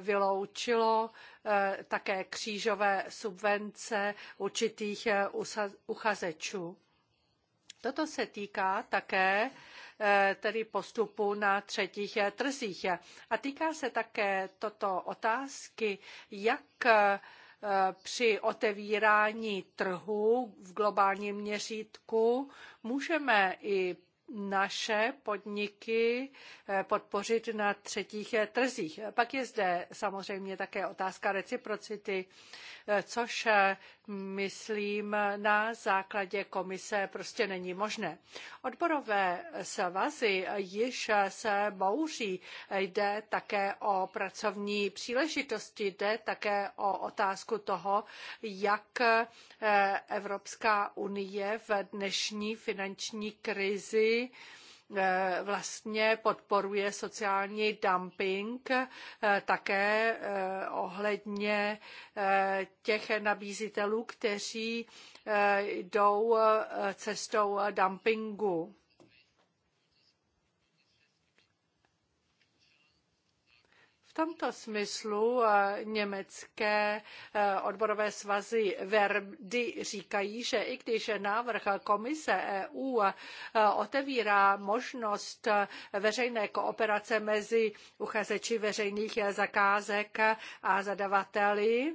vyloučilo Eh, také křížové subvence určitých eh, uchazečů. Toto se týká také eh, tedy postupu na třetích trzích. A týká se také toto otázky, jak při otevírání trhu v globálním měřítku můžeme i naše podniky eh, podpořit na třetích eh, trzích. Pak je zde samozřejmě také otázka reciprocity, eh, což myslím na základě komise prostě není možné. Odborové svazy již se bouří. Jde také o pracovní příležitosti, jde také o otázku toho, jak Evropská unie v dnešní finanční krizi Eh, vlastně podporuje sociální dumping eh, také eh, ohledně těch nabízitelů, kteří jdou cestou dumpingu. tomto smyslu eh, německé eh, odborové svazy Verdi říkají, že i když návrh komise EU eh, otevírá možnost veřejné kooperace mezi uchazeči veřejných zakázek a zadavateli,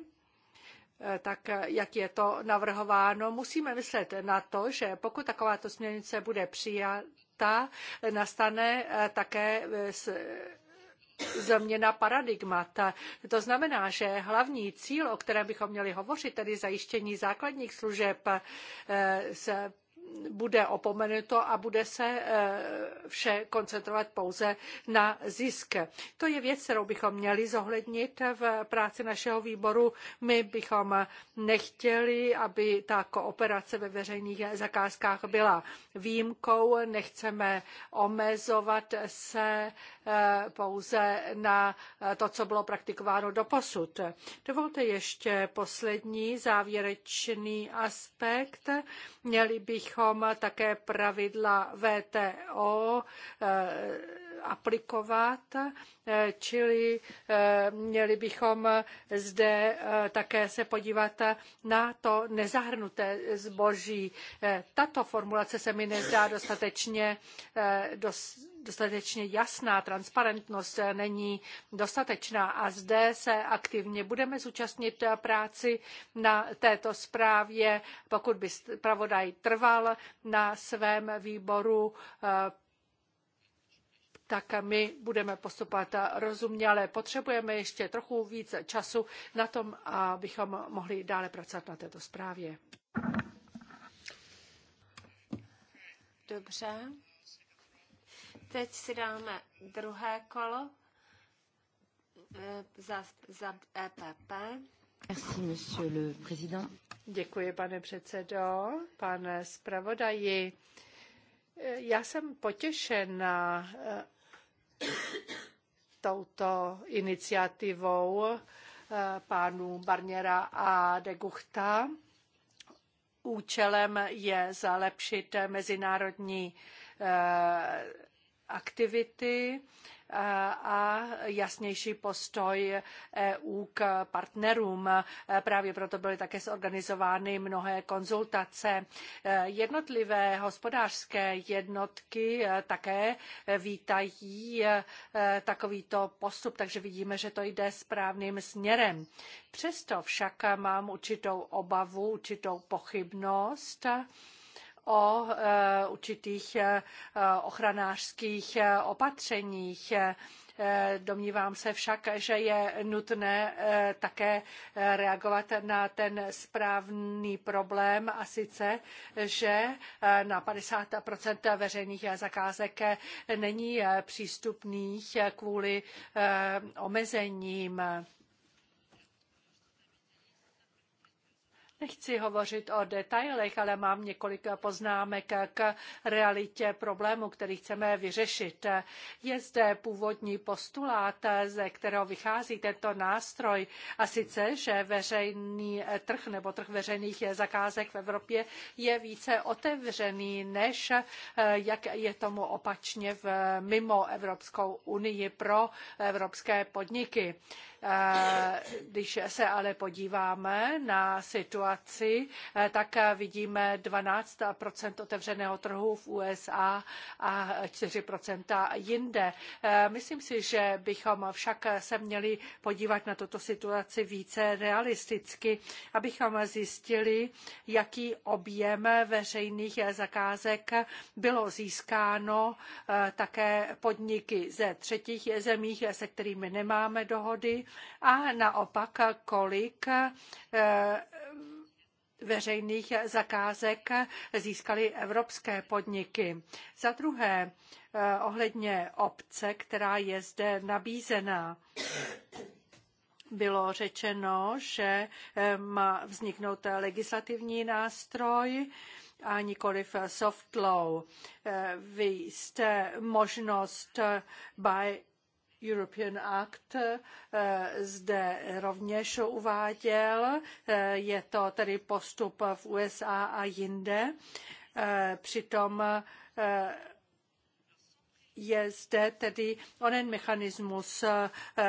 tak jak je to navrhováno, musíme myslet na to, že pokud takováto směrnice bude přijata, nastane také změna paradigmata. To znamená, že hlavní cíl, o kterém bychom měli hovořit, tedy zajištění základních služeb, eh, se bude opomenuto a bude se eh, vše koncentrovat pouze na zisk. To je věc, kterou bychom měli zohlednit v práci našeho výboru. My bychom nechtěli, aby ta kooperace ve veřejných zakázkách byla výjimkou. Nechceme omezovat se eh, pouze na eh, to, co bylo praktikováno doposud. Dovolte ještě poslední závěrečný aspekt. Měli bychom bychom také pravidla VTO eh, aplikovat, eh, čili eh, měli bychom zde také se podívat na to nezahrnuté zboží. Tato formulace se mi nezdá dostatečně dost dostatečně jasná, transparentnost není dostatečná a zde se aktivně budeme zúčastnit práci na této zprávě, pokud by zpravodaj trval na svém výboru tak my budeme postupovat rozumně, ale potřebujeme ještě trochu více času na tom, abychom mohli dále pracovat na této zprávě. Dobře. Teď si dáme druhé kolo eh, za, za EPP. Merci, monsieur le président. Děkuji, pane předsedo, pane zpravodaji. Eh, já jsem potěšena eh, touto iniciativou pánů Barněra a de Guchta. Účelem je zalepšit mezinárodní aktivity eh, a jasnější postoj EU k partnerům. Eh, právě proto byly také zorganizovány mnohé konzultace. Eh, jednotlivé hospodářské jednotky také vítají takovýto postup, takže vidíme, že to jde správným směrem. Přesto však mám určitou obavu, určitou pochybnost, o e, určitých e, ochranářských e, opatřeních. Domnívám se však, že je nutné také reagovat na ten správný problém a sice, že na 50 veřejných zakázek není přístupných kvůli omezením Nechci hovořit o detailech, ale mám několik poznámek k realitě problému, který chceme vyřešit. Je zde původní postulát, ze kterého vychází tento nástroj, a sice, že veřejný trh nebo trh veřejných zakázek v Evropě je více otevřený, než jak je tomu opačně v mimo Evropskou unii pro evropské podniky. Eh, když se ale podíváme na situaci, eh, tak eh, vidíme 12 otevřeného trhu v USA a 4 jinde. Myslím si, že bychom však se měli podívat na tuto situaci více realisticky, abychom zjistili, jaký objem veřejných zakázek bylo získáno také podniky ze třetích zemí, se kterými nemáme dohody a naopak kolik eh, veřejných zakázek získaly evropské podniky. Za druhé, eh, ohledně obce, která je zde nabízená bylo řečeno, že eh, má vzniknout legislativní nástroj a nikoliv soft law. Vy jste možnost by European Act eh, zde rovněž uváděl. Eh, je to tedy postup v USA a jinde. Eh, přitom je zde tedy onen mechanismus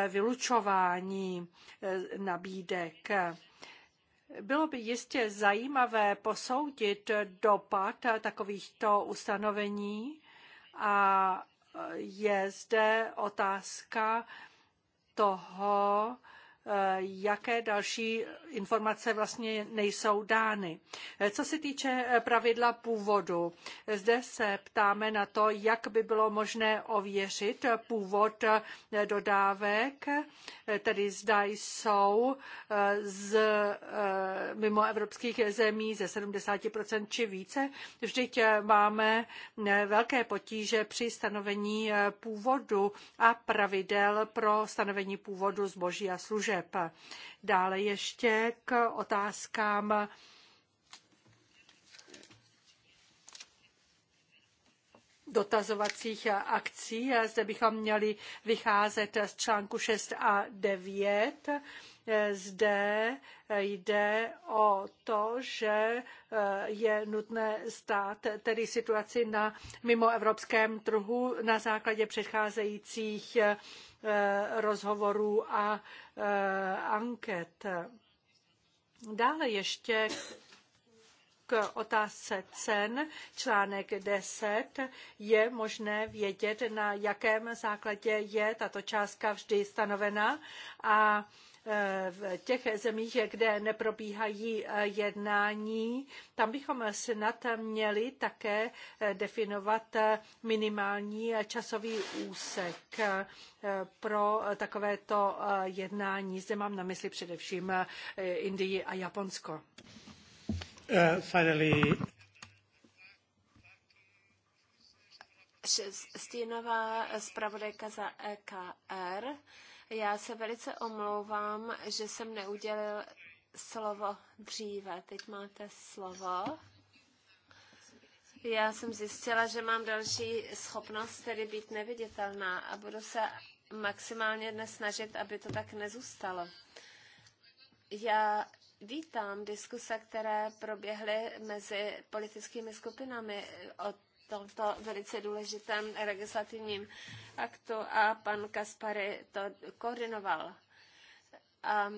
vylučování nabídek. Bylo by jistě zajímavé posoudit dopad takovýchto ustanovení a je zde otázka toho, Eh, jaké další informace vlastně nejsou dány. Eh, co se týče eh, pravidla původu, zde se ptáme na to, jak by bylo možné ověřit původ dodávek, tedy zda jsou z mimo evropských zemí ze 70% či více. Vždyť máme velké potíže při stanovení původu a pravidel pro stanovení původu zboží a služeb služeb. Dále ještě k otázkám dotazovacích akcí. Zde bychom měli vycházet z článku 6 a 9 zde eh, jde o to, že eh, je nutné stát tedy situaci na mimoevropském trhu na základě předcházejících eh, rozhovorů a anket. Dále ještě k otázce cen, článek 10, je možné vědět, na jakém základě je tato částka vždy stanovena a v těch zemích, kde neprobíhají eh, jednání, tam bychom snad měli také eh, definovat eh, minimální časový úsek pro takovéto jednání. Zde mám na mysli především Indii a Japonsko. Uh, finally, stínová zpravodajka za EKR já se velice omlouvám, že jsem neudělil slovo dříve. Teď máte slovo. Já jsem zjistila, že mám další schopnost tedy být neviditelná a budu se maximálně dnes snažit, aby to tak nezůstalo. Já vítám diskuse, které proběhly mezi politickými skupinami o tomto velice důležitém legislativním aktu a pan Kaspary to koordinoval. A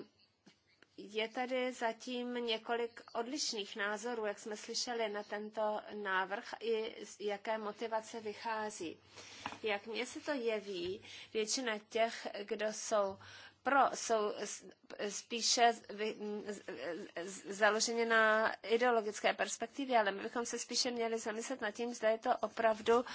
je tady zatím několik odlišných názorů, jak jsme slyšeli na tento návrh i z jaké motivace vychází. Jak mně se to jeví, většina těch, kdo jsou pro jsou spíše založeny na ideologické perspektivě, ale my bychom se spíše měli zamyslet nad tím, zda je to opravdu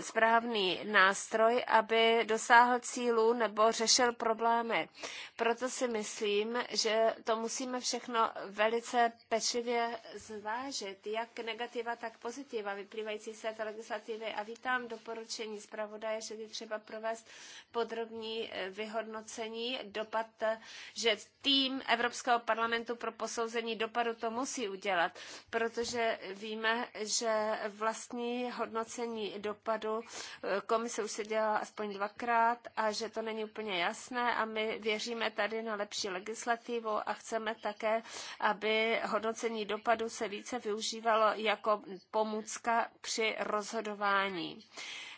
správný nástroj, aby dosáhl cílů nebo řešil problémy. Proto si myslím, že to musíme všechno velice pečlivě zvážit, jak negativa, tak pozitiva vyplývající z této legislativy. A vítám doporučení zpravodaje, že by třeba provést podrobní eh, vyhodnocení dopad, eh, že tým Evropského parlamentu pro posouzení dopadu to musí udělat, protože víme, že vlastní hodnocení dopadu eh, komise už se dělala aspoň dvakrát a že to není úplně jasné a my věříme tady na lepší legislativu a chceme také, aby hodnocení dopadu se více využívalo jako pomůcka při rozhodování.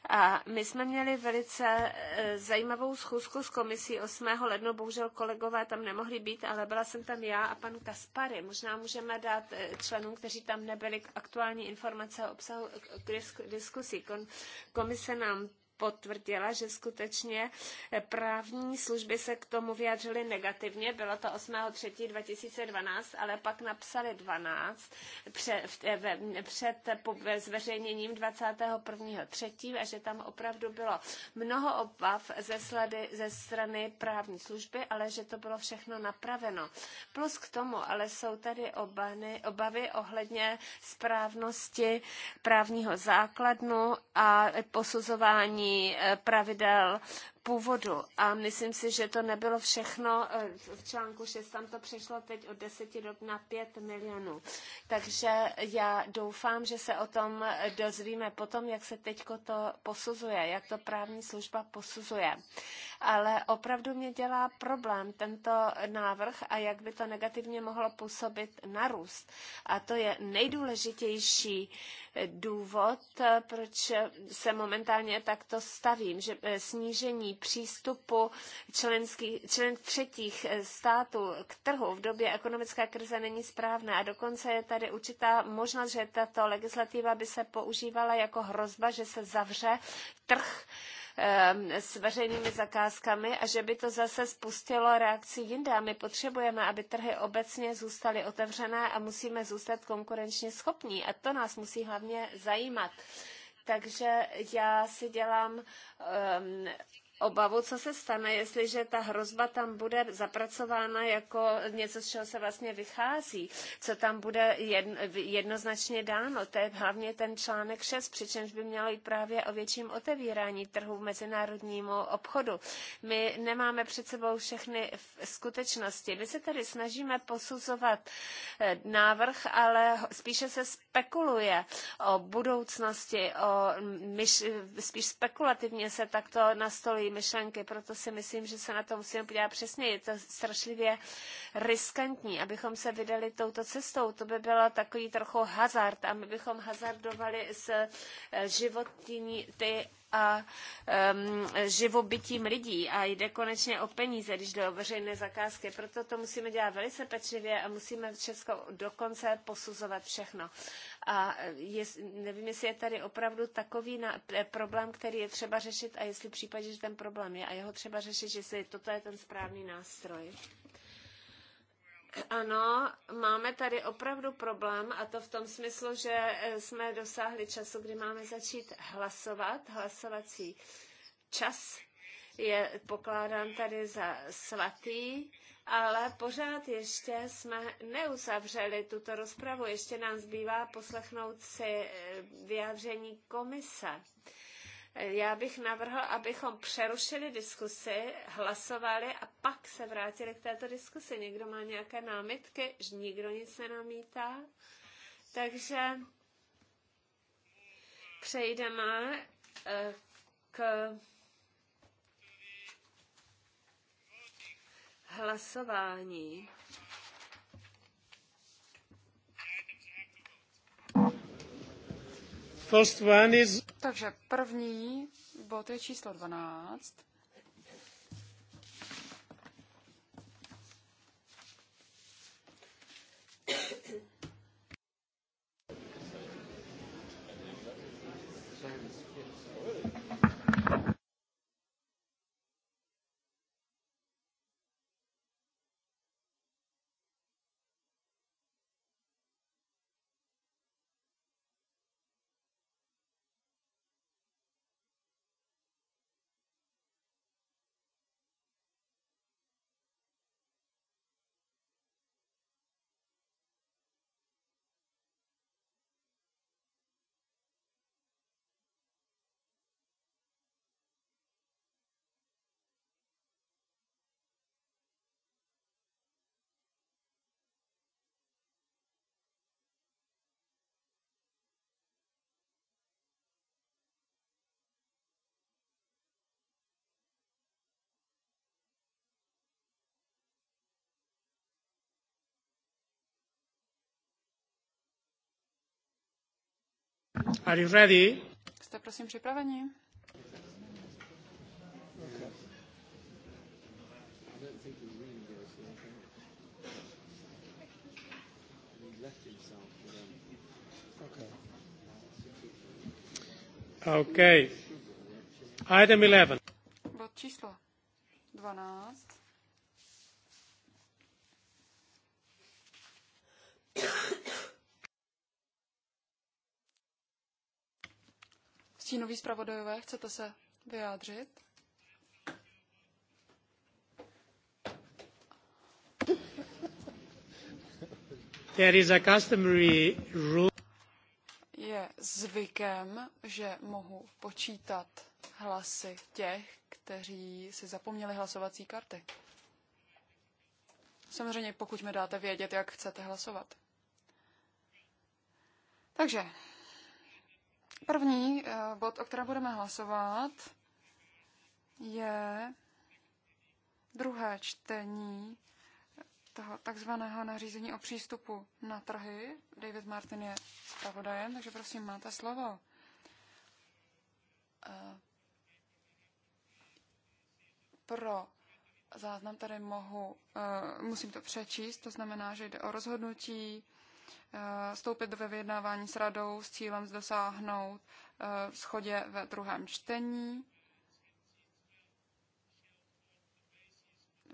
A my jsme měli velice e, zajímavou schůzku s komisí 8. ledna, bohužel kolegové tam nemohli být, ale byla jsem tam já a pan Kaspary. Možná můžeme dát e, členům, kteří tam nebyli, aktuální informace o obsahu diskusí. Komise nám potvrdila, že skutečně právní služby se k tomu vyjádřily negativně. Bylo to 8.3.2012, ale pak napsali 12 eh, před, před zveřejněním 21.3. a že tam opravdu bylo mnoho obav ze, sledy, ze strany právní služby, ale že to bylo všechno napraveno. Plus k tomu, ale jsou tady obany, obavy ohledně správnosti právního základnu a posuzování dodržování eh, pravidel původu. A myslím si, že to nebylo všechno eh, v článku 6, tam to přešlo teď od 10 do na 5 milionů. Takže já doufám, že se o tom eh, dozvíme potom, jak se teď to posuzuje, jak to právní služba posuzuje. Ale opravdu mě dělá problém tento návrh a jak by to negativně mohlo působit na růst. A to je nejdůležitější eh, důvod, proč se momentálně takto stavím, že snížení přístupu členský, člen třetích eh, států k trhu v době ekonomické krize není správné a dokonce je tady určitá možnost, že tato legislativa by se používala jako hrozba, že se zavře trh ehm, s veřejnými zakázkami a že by to zase spustilo reakci jinde. A my potřebujeme, aby trhy obecně zůstaly otevřené a musíme zůstat konkurenčně schopní. A to nás musí hlavně zajímat. Takže já si dělám um, obavu, co se stane, jestliže ta hrozba tam bude zapracována jako něco, z čeho se vlastně vychází, co tam bude jednoznačně dáno. To je hlavně ten článek 6, přičemž by mělo jít právě o větším otevírání trhu v mezinárodnímu obchodu. My nemáme před sebou všechny skutečnosti. My se tady snažíme posuzovat eh, návrh, ale spíše se spekuluje o budoucnosti, o mm, myš, spíš spekulativně se takto nastolí její myšlenky, proto si myslím, že se na to musíme podívat přesně. Je to strašlivě riskantní, abychom se vydali touto cestou. To by bylo takový trochu hazard a my bychom hazardovali s eh, životní ty a um, živobytím lidí a jde konečně o peníze, když jde o veřejné zakázky. Proto to musíme dělat velice pečlivě a musíme všechno dokonce posuzovat všechno. A je, nevím, jestli je tady opravdu takový na, e, problém, který je třeba řešit a jestli případně, že ten problém je a jeho třeba řešit, jestli toto je ten správný nástroj ano, máme tady opravdu problém a to v tom smyslu, že eh, jsme dosáhli času, kdy máme začít hlasovat. Hlasovací čas je pokládán tady za svatý, ale pořád ještě jsme neuzavřeli tuto rozpravu. Ještě nám zbývá poslechnout si eh, vyjádření komise. Já bych navrhl, abychom přerušili diskusi, hlasovali a pak se vrátili k této diskusi. Někdo má nějaké námitky, že nikdo nic nenamítá. Takže přejdeme eh, k hlasování. First one is... Takže první bod je číslo 12. Are you ready? Jste prosím připraveni? Okay. Item 11. Bod číslo 12. stínoví zpravodajové, chcete se vyjádřit? There is a customary rule. Je zvykem, že mohu počítat hlasy těch, kteří si zapomněli hlasovací karty. Samozřejmě, pokud mi dáte vědět, jak chcete hlasovat. Takže První eh, bod, o kterém budeme hlasovat, je druhé čtení toho takzvaného nařízení o přístupu na trhy. David Martin je zpravodajem, takže prosím, máte slovo. Eh, pro záznam tady mohu, eh, musím to přečíst, to znamená, že jde o rozhodnutí Eh, vstoupit do vyjednávání s radou s cílem dosáhnout eh, schodě ve druhém čtení.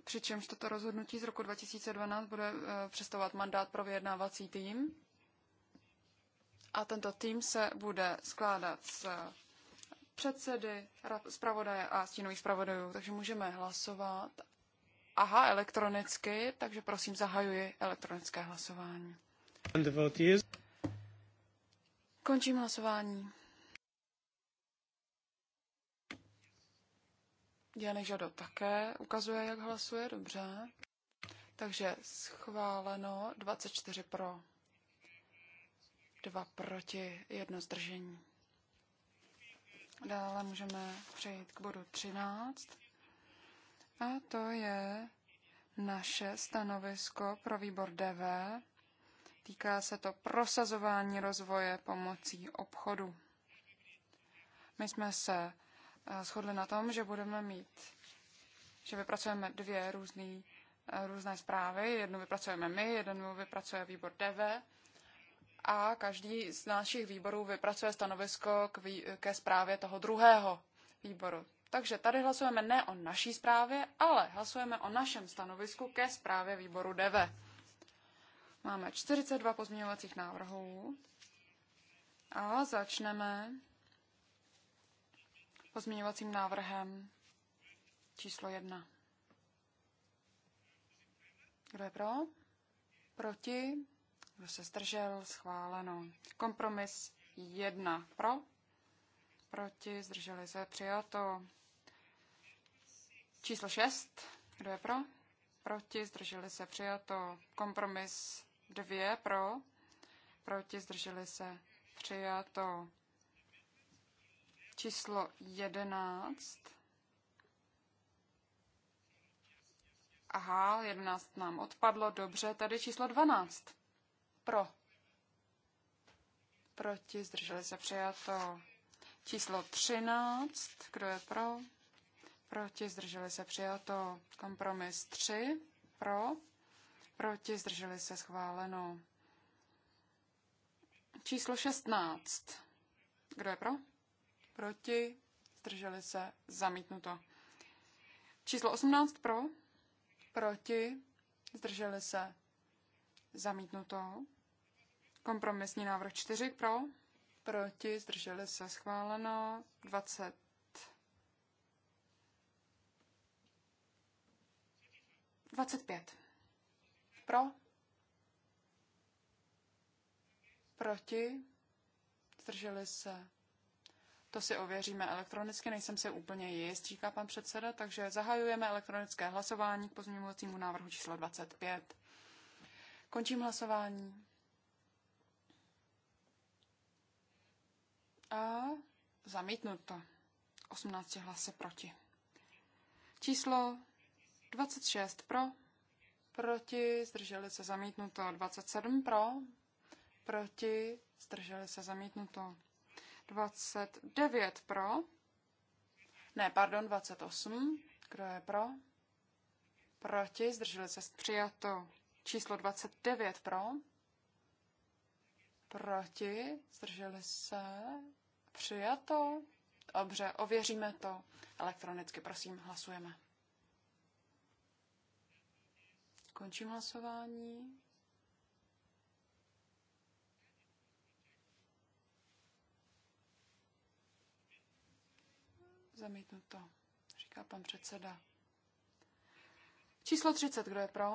Přičemž toto rozhodnutí z roku 2012 bude eh, přestovat mandát pro vyjednávací tým. A tento tým se bude skládat z předsedy, zpravodaje a stínových zpravodajů, takže můžeme hlasovat. Aha, elektronicky, takže prosím zahajuji elektronické hlasování. Končím hlasování. Janek Žado také ukazuje, jak hlasuje, dobře. Takže schváleno 24 pro, 2 proti, jedno zdržení. Dále můžeme přejít k bodu 13. A to je naše stanovisko pro výbor DV Týká se to prosazování rozvoje pomocí obchodu. My jsme se eh, shodli na tom, že budeme mít, že vypracujeme dvě různý, eh, různé zprávy. Jednu vypracujeme my, jednu vypracuje výbor DV a každý z našich výborů vypracuje stanovisko k vý, ke zprávě toho druhého výboru. Takže tady hlasujeme ne o naší zprávě, ale hlasujeme o našem stanovisku ke zprávě výboru DV. Máme 42 pozměňovacích návrhů a začneme pozměňovacím návrhem číslo 1. Kdo je pro? Proti? Kdo se zdržel? Schváleno. Kompromis 1. Pro? Proti? Zdrželi se? Přijato. Číslo 6. Kdo je pro? Proti? Zdrželi se? Přijato. Kompromis 2 pro, proti zdrželi se přijato číslo 11. Aha, 11 nám odpadlo, dobře, tady číslo 12. Pro. Proti, zdrželi se přijato. Číslo 13, kdo je pro? Proti, zdrželi se přijato. Kompromis 3, pro proti, zdrželi se schváleno. Číslo 16. Kdo je pro? Proti, zdrželi se zamítnuto. Číslo 18 pro, proti, zdrželi se zamítnuto. Kompromisní návrh 4 pro, proti, zdrželi se schváleno. 20 25. Pro? Proti? Zdrželi se? To si ověříme elektronicky, nejsem si úplně jist, říká pan předseda, takže zahajujeme elektronické hlasování k pozměňovacímu návrhu číslo 25. Končím hlasování. A zamítnuto. 18 hlasy proti. Číslo 26 pro, proti, zdrželi se zamítnuto 27 pro, proti, zdrželi se zamítnuto 29 pro, ne, pardon, 28, kdo je pro, proti, zdrželi se přijato číslo 29 pro, proti, zdrželi se přijato, dobře, ověříme to elektronicky, prosím, hlasujeme. Končím hlasování. Zamítnuto, říká pan předseda. Číslo 30, kdo je pro?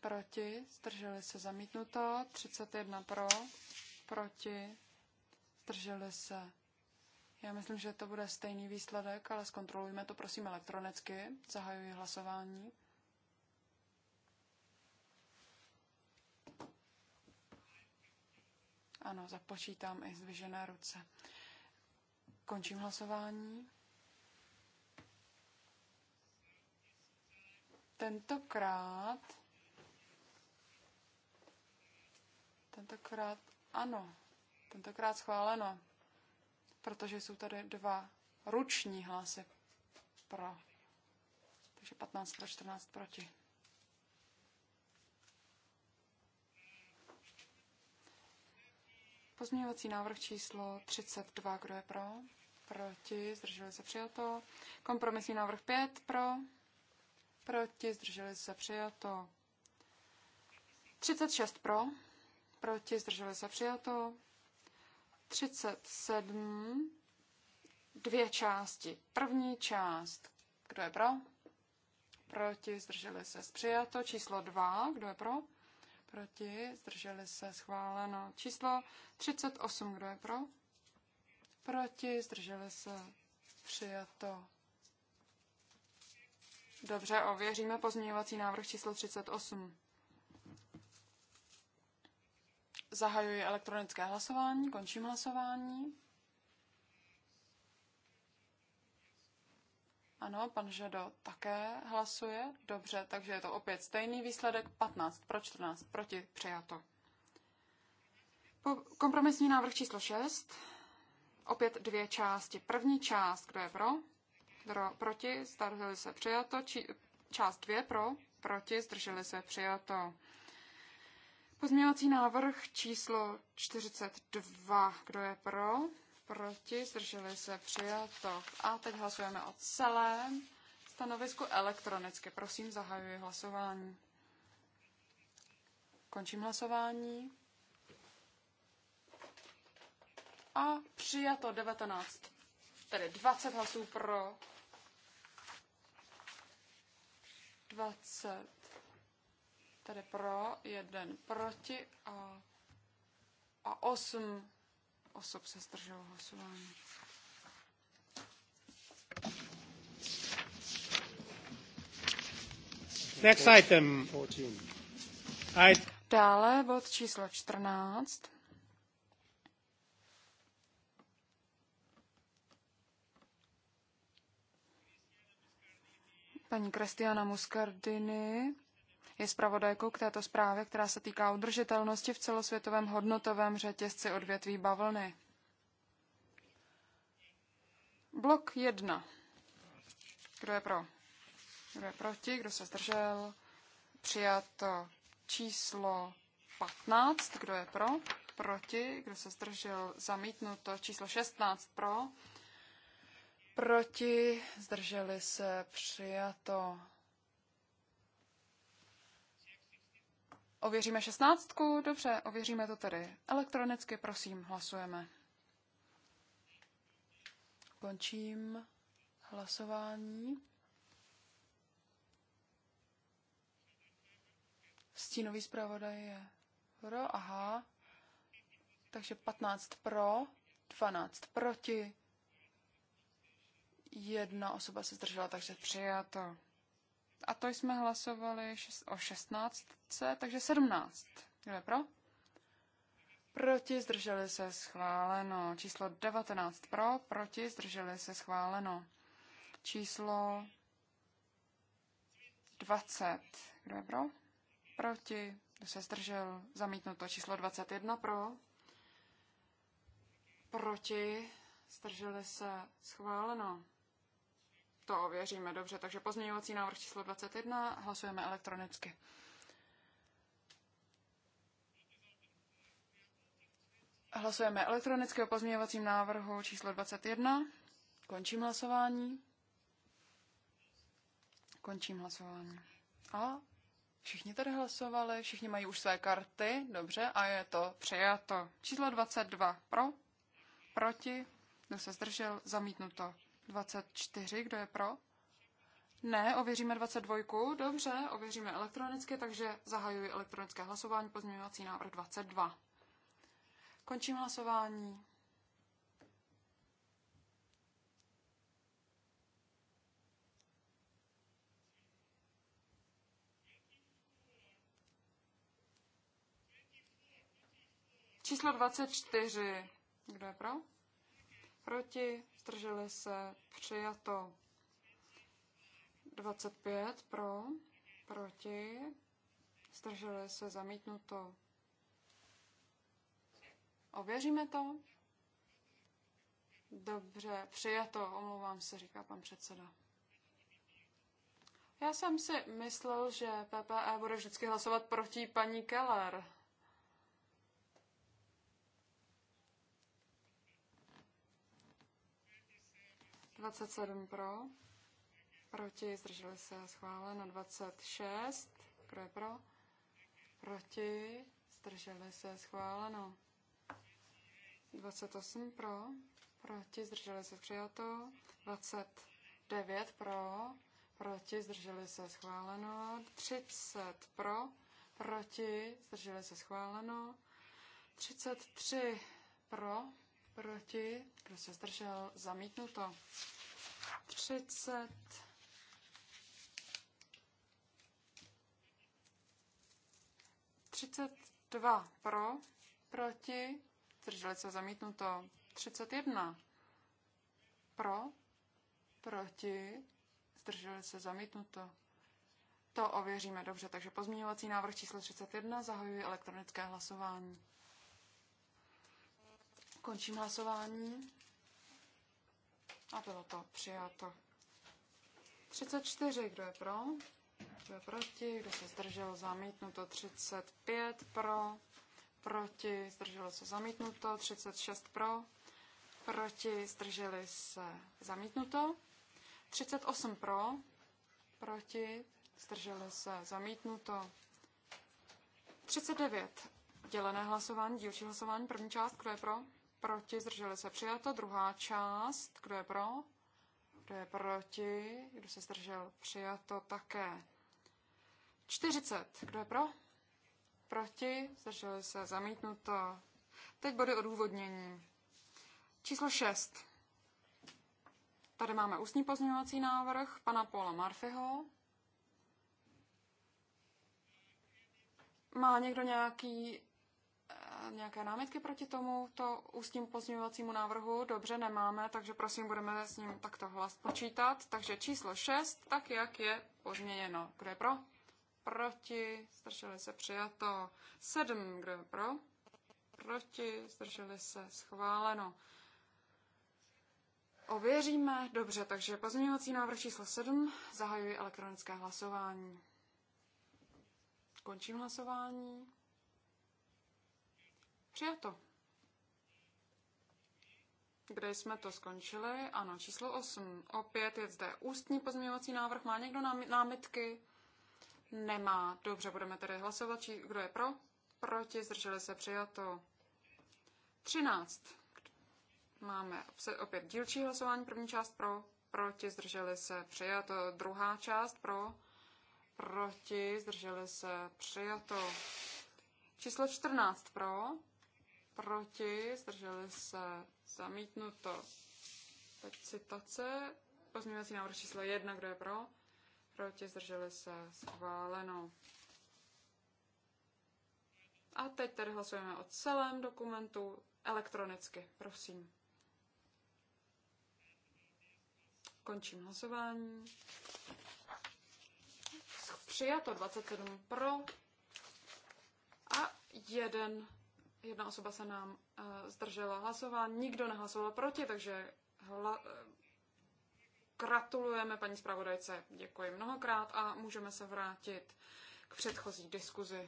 Proti, zdrželi se zamítnuto. 31 pro, proti, zdrželi se. Já myslím, že to bude stejný výsledek, ale zkontrolujme to prosím elektronicky. Zahajuji hlasování. Ano, započítám i zdvižené ruce. Končím hlasování. Tentokrát tentokrát ano, tentokrát schváleno, protože jsou tady dva ruční hlasy pro. Takže 15 pro 14 proti. Pozměňovací návrh číslo 32, kdo je pro? Proti, zdrželi se přijato. Kompromisní návrh 5 pro. Proti, zdrželi se přijato. 36 pro. Proti, zdrželi se přijato. 37. Dvě části. První část. Kdo je pro? Proti, zdrželi se přijato. Číslo 2. Kdo je pro? Proti? Zdrželi se. Schváleno. Číslo 38. Kdo je pro? Proti? Zdrželi se. Přijato. Dobře, ověříme pozměňovací návrh číslo 38. Zahajuji elektronické hlasování, končím hlasování. Ano, pan Žado také hlasuje. Dobře, takže je to opět stejný výsledek. 15 pro 14 proti přijato. Po kompromisní návrh číslo 6. Opět dvě části. První část, kdo je pro? Kdo proti? Zdrželi se přijato. Či, část 2 pro? Proti? Zdrželi se přijato. Pozměňovací návrh číslo 42. Kdo je pro? proti, zdrželi se, přijato. A teď hlasujeme o celém stanovisku elektronicky. Prosím, zahajuji hlasování. Končím hlasování. A přijato 19, tedy 20 hlasů pro, 20 tedy pro, jeden proti a, a 8 osob se zdrželo hlasování. Next item. I... Dále bod číslo 14. Paní Kristiana Muscardini je zpravodajkou k této zprávě, která se týká udržitelnosti v celosvětovém hodnotovém řetězci odvětví bavlny. Blok 1. Kdo je pro? Kdo je proti? Kdo se zdržel? Přijato číslo 15. Kdo je pro? Proti? Kdo se zdržel? Zamítnuto číslo 16. Pro? Proti? Zdrželi se? Přijato Ověříme šestnáctku? Dobře, ověříme to tedy. Elektronicky, prosím, hlasujeme. Končím hlasování. Stínový zpravodaj je pro, aha. Takže 15 pro, 12 proti. Jedna osoba se zdržela, takže přijato. A to jsme hlasovali o 16, takže 17. Kdo je pro? Proti zdrželi se schváleno. Číslo 19 pro, proti zdrželi se schváleno. Číslo 20. Kdo je pro? Proti. Kdo se zdržel? Zamítnuto. Číslo 21 pro. Proti. Zdrželi se schváleno. To ověříme dobře. Takže pozměňovací návrh číslo 21 hlasujeme elektronicky. Hlasujeme elektronicky o pozměňovacím návrhu číslo 21. Končím hlasování. Končím hlasování. A všichni tady hlasovali, všichni mají už své karty, dobře, a je to přijato. Číslo 22 pro, proti, kdo se zdržel, zamítnuto. 24, kdo je pro? Ne, ověříme 22. Dobře, ověříme elektronicky, takže zahajuji elektronické hlasování pozměňovací návrh 22. Končím hlasování. Číslo 24. Kdo je pro? Proti? zdrželi se, přijato. 25 pro, proti, zdrželi se, zamítnuto. Ověříme to? Dobře, přijato, omlouvám se, říká pan předseda. Já jsem si myslel, že PPE bude vždycky hlasovat proti paní Keller. 27 pro, proti, zdrželi se, schváleno. 26, kdo je pro, proti, zdrželi se, schváleno. 28 pro, proti, zdrželi se, přijato. 29 pro, proti, zdrželi se, schváleno. 30 pro, proti, zdrželi se, schváleno. 33 pro, proti, kdo se zdržel, zamítnuto. 30 32 pro, proti, zdrželi se zamítnuto. 31 pro, proti, zdrželi se zamítnuto. To ověříme dobře, takže pozměňovací návrh číslo 31 zahajuje elektronické hlasování. Končím hlasování. A bylo to přijato. 34, kdo je pro? Kdo je proti? Kdo se zdržel? Zamítnuto. 35 pro. Proti. Zdrželo se zamítnuto. 36 pro. Proti. Zdrželi se zamítnuto. 38 pro. Proti. Zdrželi se zamítnuto. 39. Dělené hlasování, dílčí hlasování, první část, kdo je pro? Proti, zdrželi se přijato. Druhá část, kdo je pro? Kdo je proti? Kdo se zdržel? Přijato také. 40. Kdo je pro? Proti? Zdrželi se. Zamítnuto. Teď body odůvodnění. Číslo 6. Tady máme ústní pozměňovací návrh pana Paula Marfiho. Má někdo nějaký nějaké námitky proti tomu, to ústním pozměňovacímu návrhu dobře nemáme, takže prosím, budeme s ním takto hlas počítat. Takže číslo 6, tak jak je pozměněno. Kdo je pro? Proti, zdrželi se přijato. 7, kdo je pro? Proti, zdrželi se schváleno. Ověříme, dobře, takže pozměňovací návrh číslo 7, zahajuji elektronické hlasování. Končím hlasování. Přijato. Kde jsme to skončili? Ano, číslo 8. Opět je zde ústní pozměňovací návrh. Má někdo námitky? Nemá. Dobře, budeme tedy hlasovat. Či, kdo je pro? Proti, zdrželi se, přijato. 13. Máme opět dílčí hlasování. První část pro, proti, zdrželi se, přijato. Druhá část pro, proti, zdrželi se, přijato. Číslo 14 pro, proti, zdrželi se, zamítnuto. Teď citace, pozměňovací návrh číslo 1, kdo je pro, proti, zdrželi se, schváleno. A teď tedy hlasujeme o celém dokumentu elektronicky, prosím. Končím hlasování. Přijato 27 pro a jeden jedna osoba se nám uh, zdržela hlasování, nikdo nehlasoval proti, takže hla, uh, gratulujeme paní zpravodajce, děkuji mnohokrát a můžeme se vrátit k předchozí diskuzi.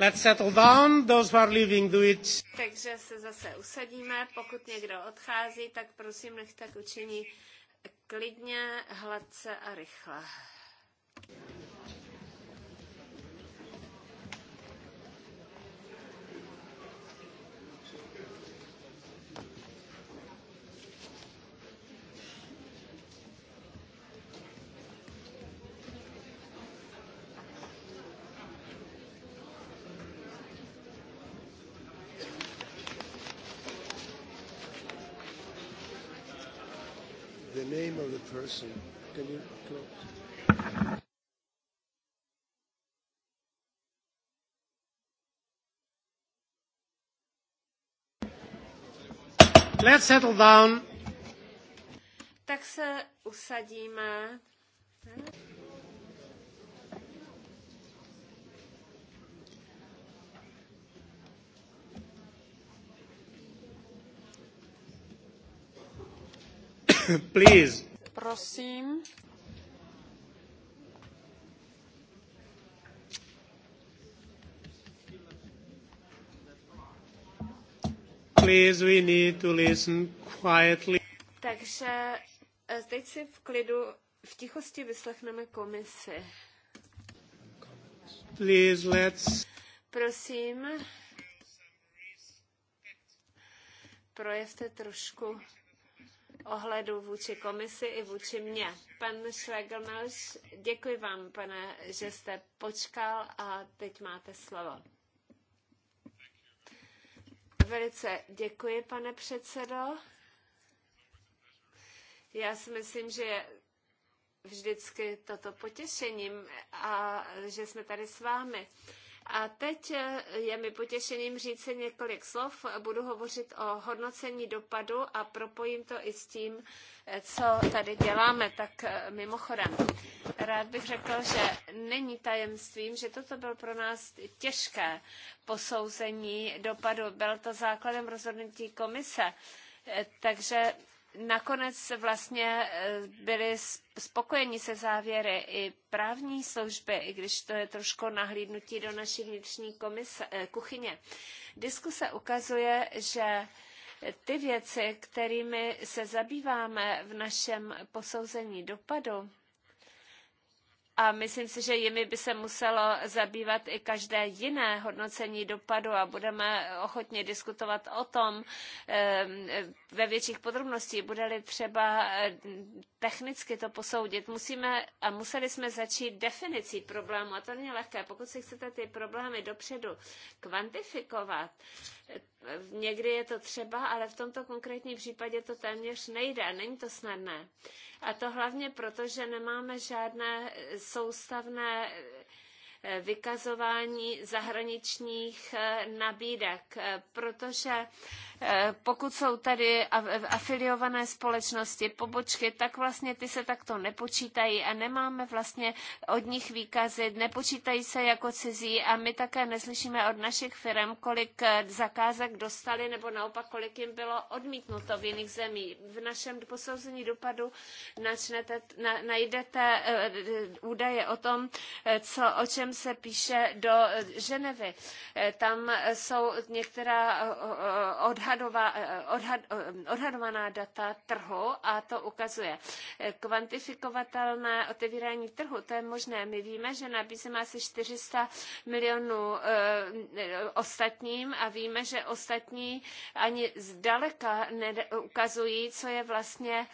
Let's settle down. Those who are leaving, do it. Takže se zase usadíme. Pokud někdo odchází, tak prosím, nech tak učiní klidně, hladce a rychle. person. Can you close? Let's settle down. Tak se usadíme. Please prosím. Please, we need to listen quietly. Takže eh, teď si v klidu, v tichosti vyslechneme komisi. Please, let's... Prosím, projevte trošku ohledu vůči komisi i vůči mně. Pan Schwegelmilš, děkuji vám, pane, že jste počkal a teď máte slovo. Velice děkuji, pane předsedo. Já si myslím, že je vždycky toto potěšením a že jsme tady s vámi. A teď eh, je mi potěšením říct několik slov. Budu hovořit o hodnocení dopadu a propojím to i s tím, eh, co tady děláme. Tak eh, mimochodem, rád bych řekl, že není tajemstvím, že toto byl pro nás těžké posouzení dopadu. Byl to základem rozhodnutí komise. Takže nakonec vlastně eh, byli spokojeni se závěry i právní služby, i když to je trošku nahlídnutí do naší vnitřní komise, eh, kuchyně. Diskuse ukazuje, že ty věci, kterými se zabýváme v našem posouzení dopadu, a myslím si, že jimi by se muselo zabývat i každé jiné hodnocení dopadu a budeme ochotně diskutovat o tom ehm, ve větších podrobnostech. Bude-li třeba eh, technicky to posoudit, musíme a museli jsme začít definicí problému a to není lehké. Pokud si chcete ty problémy dopředu kvantifikovat, Někdy je to třeba, ale v tomto konkrétním případě to téměř nejde, není to snadné. A to hlavně proto, že nemáme žádné soustavné eh, vykazování zahraničních eh, nabídek, eh, protože Eh, pokud jsou tady afiliované společnosti, pobočky, tak vlastně ty se takto nepočítají a nemáme vlastně od nich výkazy, nepočítají se jako cizí a my také neslyšíme od našich firm, kolik eh, zakázek dostali nebo naopak kolik jim bylo odmítnuto v jiných zemí. V našem posouzení dopadu načnete, na, najdete eh, údaje o tom, co, o čem se píše do Ženevy. Tam jsou některá odhadování odhadová, eh, eh, odhad, eh, odhadovaná data trhu a to ukazuje kvantifikovatelné otevírání trhu. To je možné. My víme, že nabízíme asi 400 milionů ostatním a víme, že ostatní ani zdaleka neukazují, co je vlastně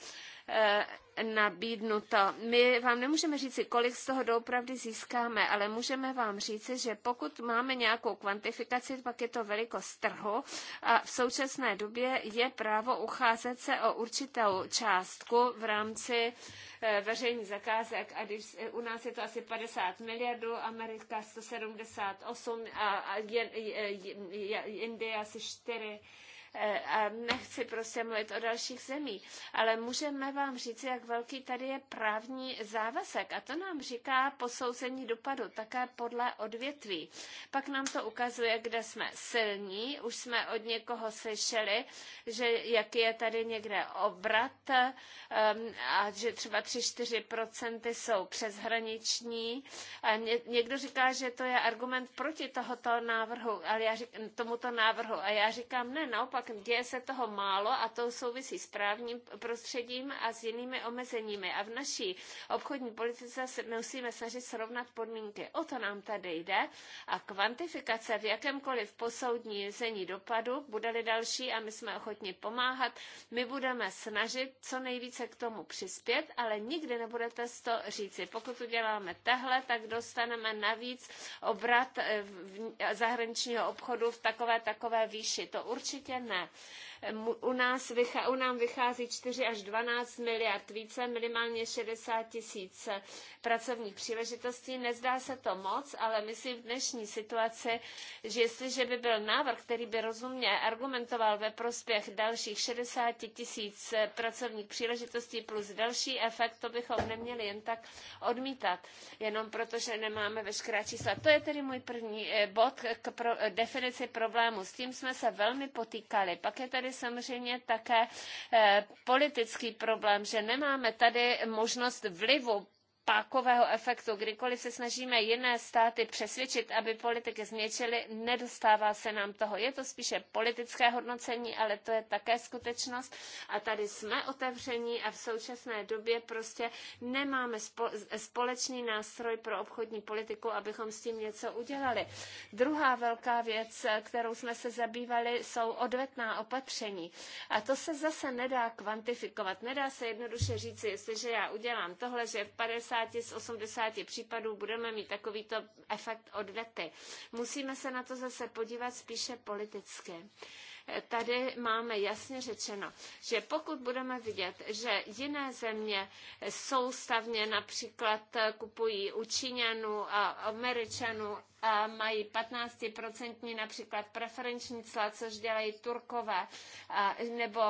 nabídnuto. My vám nemůžeme říci, kolik z toho doopravdy získáme, ale můžeme vám říci, že pokud máme nějakou kvantifikaci, pak je to velikost trhu a v současné době je právo ucházet se o určitou částku v rámci eh, veřejných zakázek a když u nás je to asi 50 miliardů, Amerika 178 a, a, a, a Indie asi 4 Eh, a nechci prostě mluvit o dalších zemích, ale můžeme vám říct, jak velký tady je právní závazek a to nám říká posouzení dopadu, také podle odvětví. Pak nám to ukazuje, kde jsme silní, už jsme od někoho slyšeli, že jaký je tady někde obrat ehm, a že třeba 3-4% jsou přeshraniční. A někdo říká, že to je argument proti tohoto návrhu, ale já řík, tomuto návrhu a já říkám ne, naopak naopak děje se toho málo a to souvisí s právním prostředím a s jinými omezeními. A v naší obchodní politice se musíme snažit srovnat podmínky. O to nám tady jde a kvantifikace v jakémkoliv posoudní zení dopadu bude-li další a my jsme ochotni pomáhat, my budeme snažit co nejvíce k tomu přispět, ale nikdy nebudete z to říci. Pokud uděláme tahle, tak dostaneme navíc obrat eh, zahraničního obchodu v takové takové výši. To určitě ne možné. U, nás vychá, u nám vychází 4 až 12 miliard více, minimálně 60 tisíc eh, pracovních příležitostí. Nezdá se to moc, ale myslím v dnešní situaci, že jestliže by byl návrh, který by rozumně argumentoval ve prospěch dalších 60 tisíc eh, pracovních příležitostí plus další efekt, to bychom neměli jen tak odmítat, jenom protože nemáme veškerá čísla. To je tedy můj první eh, bod k pro, definici problému. S tím jsme se velmi potýkali. Pak je tady samozřejmě také eh, politický problém, že nemáme tady možnost vlivu pákového efektu. Kdykoliv se snažíme jiné státy přesvědčit, aby politiky změkčily nedostává se nám toho. Je to spíše politické hodnocení, ale to je také skutečnost. A tady jsme otevření a v současné době prostě nemáme společný nástroj pro obchodní politiku, abychom s tím něco udělali. Druhá velká věc, kterou jsme se zabývali, jsou odvetná opatření. A to se zase nedá kvantifikovat. Nedá se jednoduše říci, jestliže já udělám tohle, že v 50 70 z 80 případů budeme mít takovýto efekt odvety. Musíme se na to zase podívat spíše politicky tady máme jasně řečeno, že pokud budeme vidět, že jiné země soustavně například kupují u Číňanů a Američanů a mají 15% například preferenční cla, což dělají Turkové, a, nebo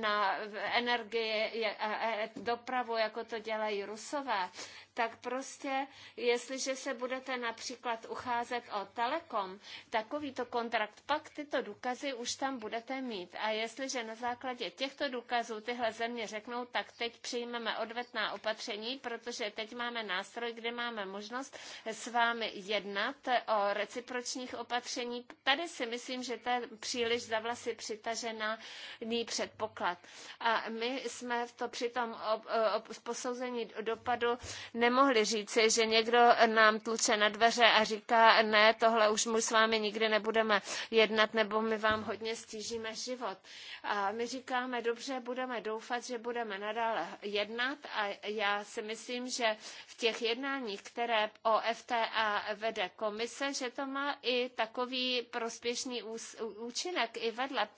na energii a dopravu, jako to dělají Rusové, tak prostě, jestliže se budete například ucházet o telekom, takovýto kontrakt, pak tyto důkazy už tam budete mít. A jestliže na základě těchto důkazů tyhle země řeknou, tak teď přijmeme odvetná opatření, protože teď máme nástroj, kde máme možnost s vámi jednat o recipročních opatření. Tady si myslím, že to je příliš za vlasy ní předpoklad. A my jsme v to přitom tom ob, posouzení dopadu ne nemohli říci, že někdo nám tluče na dveře a říká, ne, tohle už my s vámi nikdy nebudeme jednat, nebo my vám hodně stížíme život. A my říkáme, dobře, budeme doufat, že budeme nadále jednat a já si myslím, že v těch jednáních, které o FTA vede komise, že to má i takový prospěšný účinek i vedle.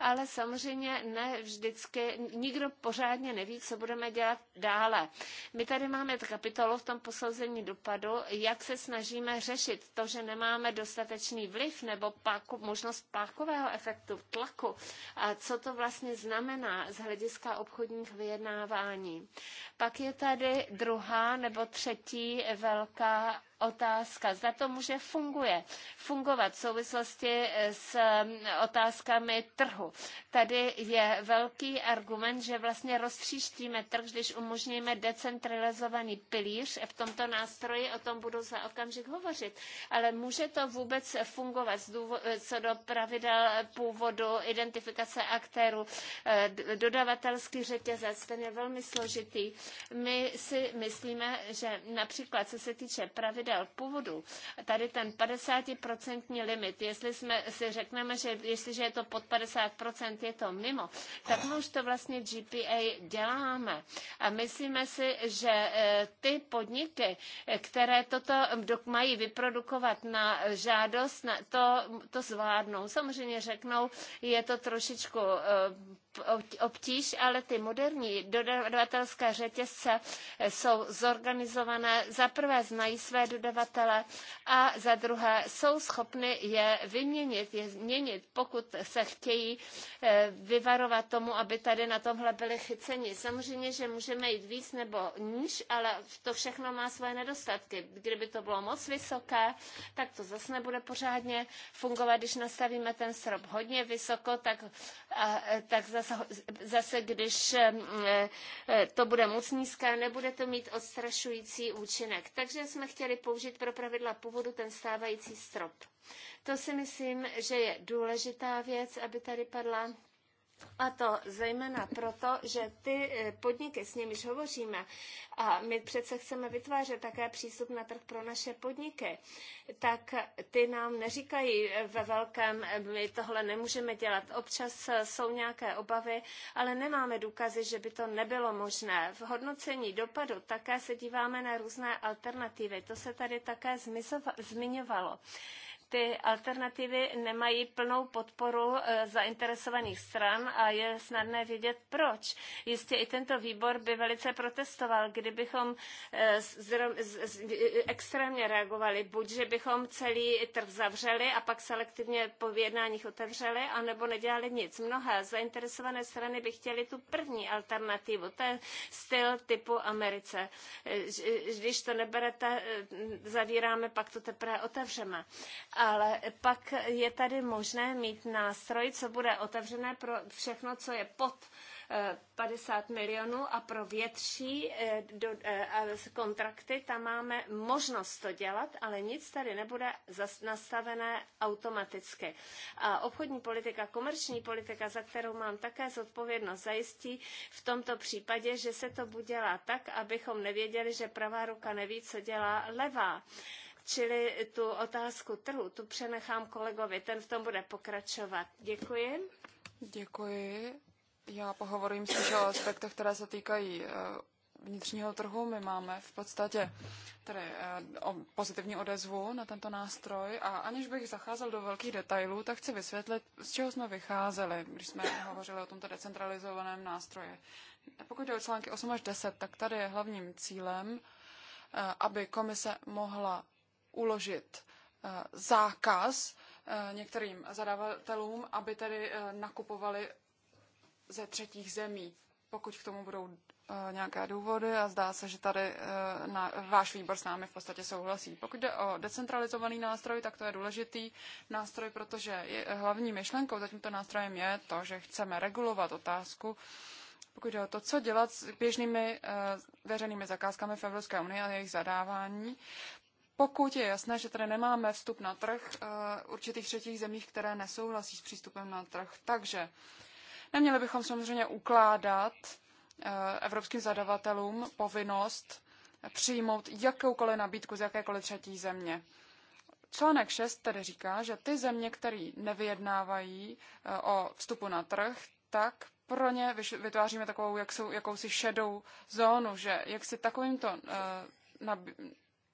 Ale samozřejmě ne vždycky, nikdo pořádně neví, co budeme dělat dále. My tady máme kapitolu promítalo v tom posouzení dopadu, jak se snažíme řešit to, že nemáme dostatečný vliv nebo páku, možnost pákového efektu tlaku a co to vlastně znamená z hlediska obchodních vyjednávání. Pak je tady druhá nebo třetí velká otázka, zda to může funguje, fungovat v souvislosti eh, s mm, otázkami trhu. Tady je velký argument, že vlastně roztříštíme trh, když umožníme decentralizovaný pilíř v tomto nástroji, o tom budu za okamžik hovořit, ale může to vůbec fungovat eh, co do pravidel původu, identifikace aktérů, eh, dodavatelský řetězec, ten je velmi složitý. My si myslíme, že například co se týče pravidel pravidel původu, tady ten 50% limit, jestli jsme si řekneme, že jestliže je to pod 50%, je to mimo, tak my už to vlastně GPA děláme. A myslíme si, že e, ty podniky, e, které toto mají vyprodukovat na žádost, to, to zvládnou. Samozřejmě řeknou, je to trošičku e, obtíž, ale ty moderní dodavatelské řetězce jsou zorganizované, za prvé znají své dodavatele a za druhé jsou schopny je vyměnit, je změnit, pokud se chtějí eh, vyvarovat tomu, aby tady na tomhle byli chyceni. Samozřejmě, že můžeme jít víc nebo níž, ale to všechno má svoje nedostatky. Kdyby to bylo moc vysoké, tak to zase nebude pořádně fungovat. Když nastavíme ten strop hodně vysoko, tak, a, tak zase zase, když e, e, to bude moc nízké, nebude to mít odstrašující účinek. Takže jsme chtěli použít pro pravidla původu ten stávající strop. To si myslím, že je důležitá věc, aby tady padla a to zejména proto, že ty eh, podniky, s nimiž hovoříme, a my přece chceme vytvářet také přístup na trh pro naše podniky, tak ty nám neříkají eh, ve velkém, eh, my tohle nemůžeme dělat. Občas jsou nějaké obavy, ale nemáme důkazy, že by to nebylo možné. V hodnocení dopadu také se díváme na různé alternativy. To se tady také zmizova, zmiňovalo ty alternativy nemají plnou podporu eh, zainteresovaných stran a je snadné vědět proč. Jistě i tento výbor by velice protestoval, kdybychom eh, extrémně reagovali, buď, že bychom celý trh zavřeli a pak selektivně po vyjednáních otevřeli, anebo nedělali nic. Mnohé zainteresované strany by chtěly tu první alternativu, to je styl typu Americe. Eh, když to neberete, zavíráme, pak to teprve otevřeme ale pak je tady možné mít nástroj, co bude otevřené pro všechno, co je pod 50 eh, milionů a pro větší eh, eh, kontrakty tam máme možnost to dělat, ale nic tady nebude nastavené automaticky. A obchodní politika, komerční politika, za kterou mám také zodpovědnost, zajistí v tomto případě, že se to bude dělat tak, abychom nevěděli, že pravá ruka neví, co dělá levá. Čili tu otázku trhu, tu přenechám kolegovi, ten v tom bude pokračovat. Děkuji. Děkuji. Já pohovorím spíš o aspektech, které se týkají eh, vnitřního trhu. My máme v podstatě tedy eh, pozitivní odezvu na tento nástroj a aniž bych zacházel do velkých detailů, tak chci vysvětlit, z čeho jsme vycházeli, když jsme hovořili o tomto decentralizovaném nástroji. Pokud jde o články 8 až 10, tak tady je hlavním cílem, eh, aby komise mohla uložit eh, zákaz eh, některým zadavatelům, aby tedy eh, nakupovali ze třetích zemí, pokud k tomu budou nějaké důvody a zdá se, že tady na, váš výbor s námi v podstatě souhlasí. Pokud jde o decentralizovaný nástroj, tak to je důležitý nástroj, protože je, hlavní myšlenkou za tímto nástrojem je to, že chceme regulovat otázku, pokud jde o to, co dělat s běžnými veřejnými zakázkami v Evropské unii a jejich zadávání, pokud je jasné, že tady nemáme vstup na trh eh, určitých třetích zemích, které nesouhlasí s přístupem na trh. Takže neměli bychom samozřejmě ukládat eh, evropským zadavatelům povinnost přijmout jakoukoliv nabídku z jakékoliv třetí země. Článek 6 tedy říká, že ty země, které nevyjednávají eh, o vstupu na trh, tak pro ně vytváříme takovou jak jsou, jakousi šedou zónu, že jak si takovýmto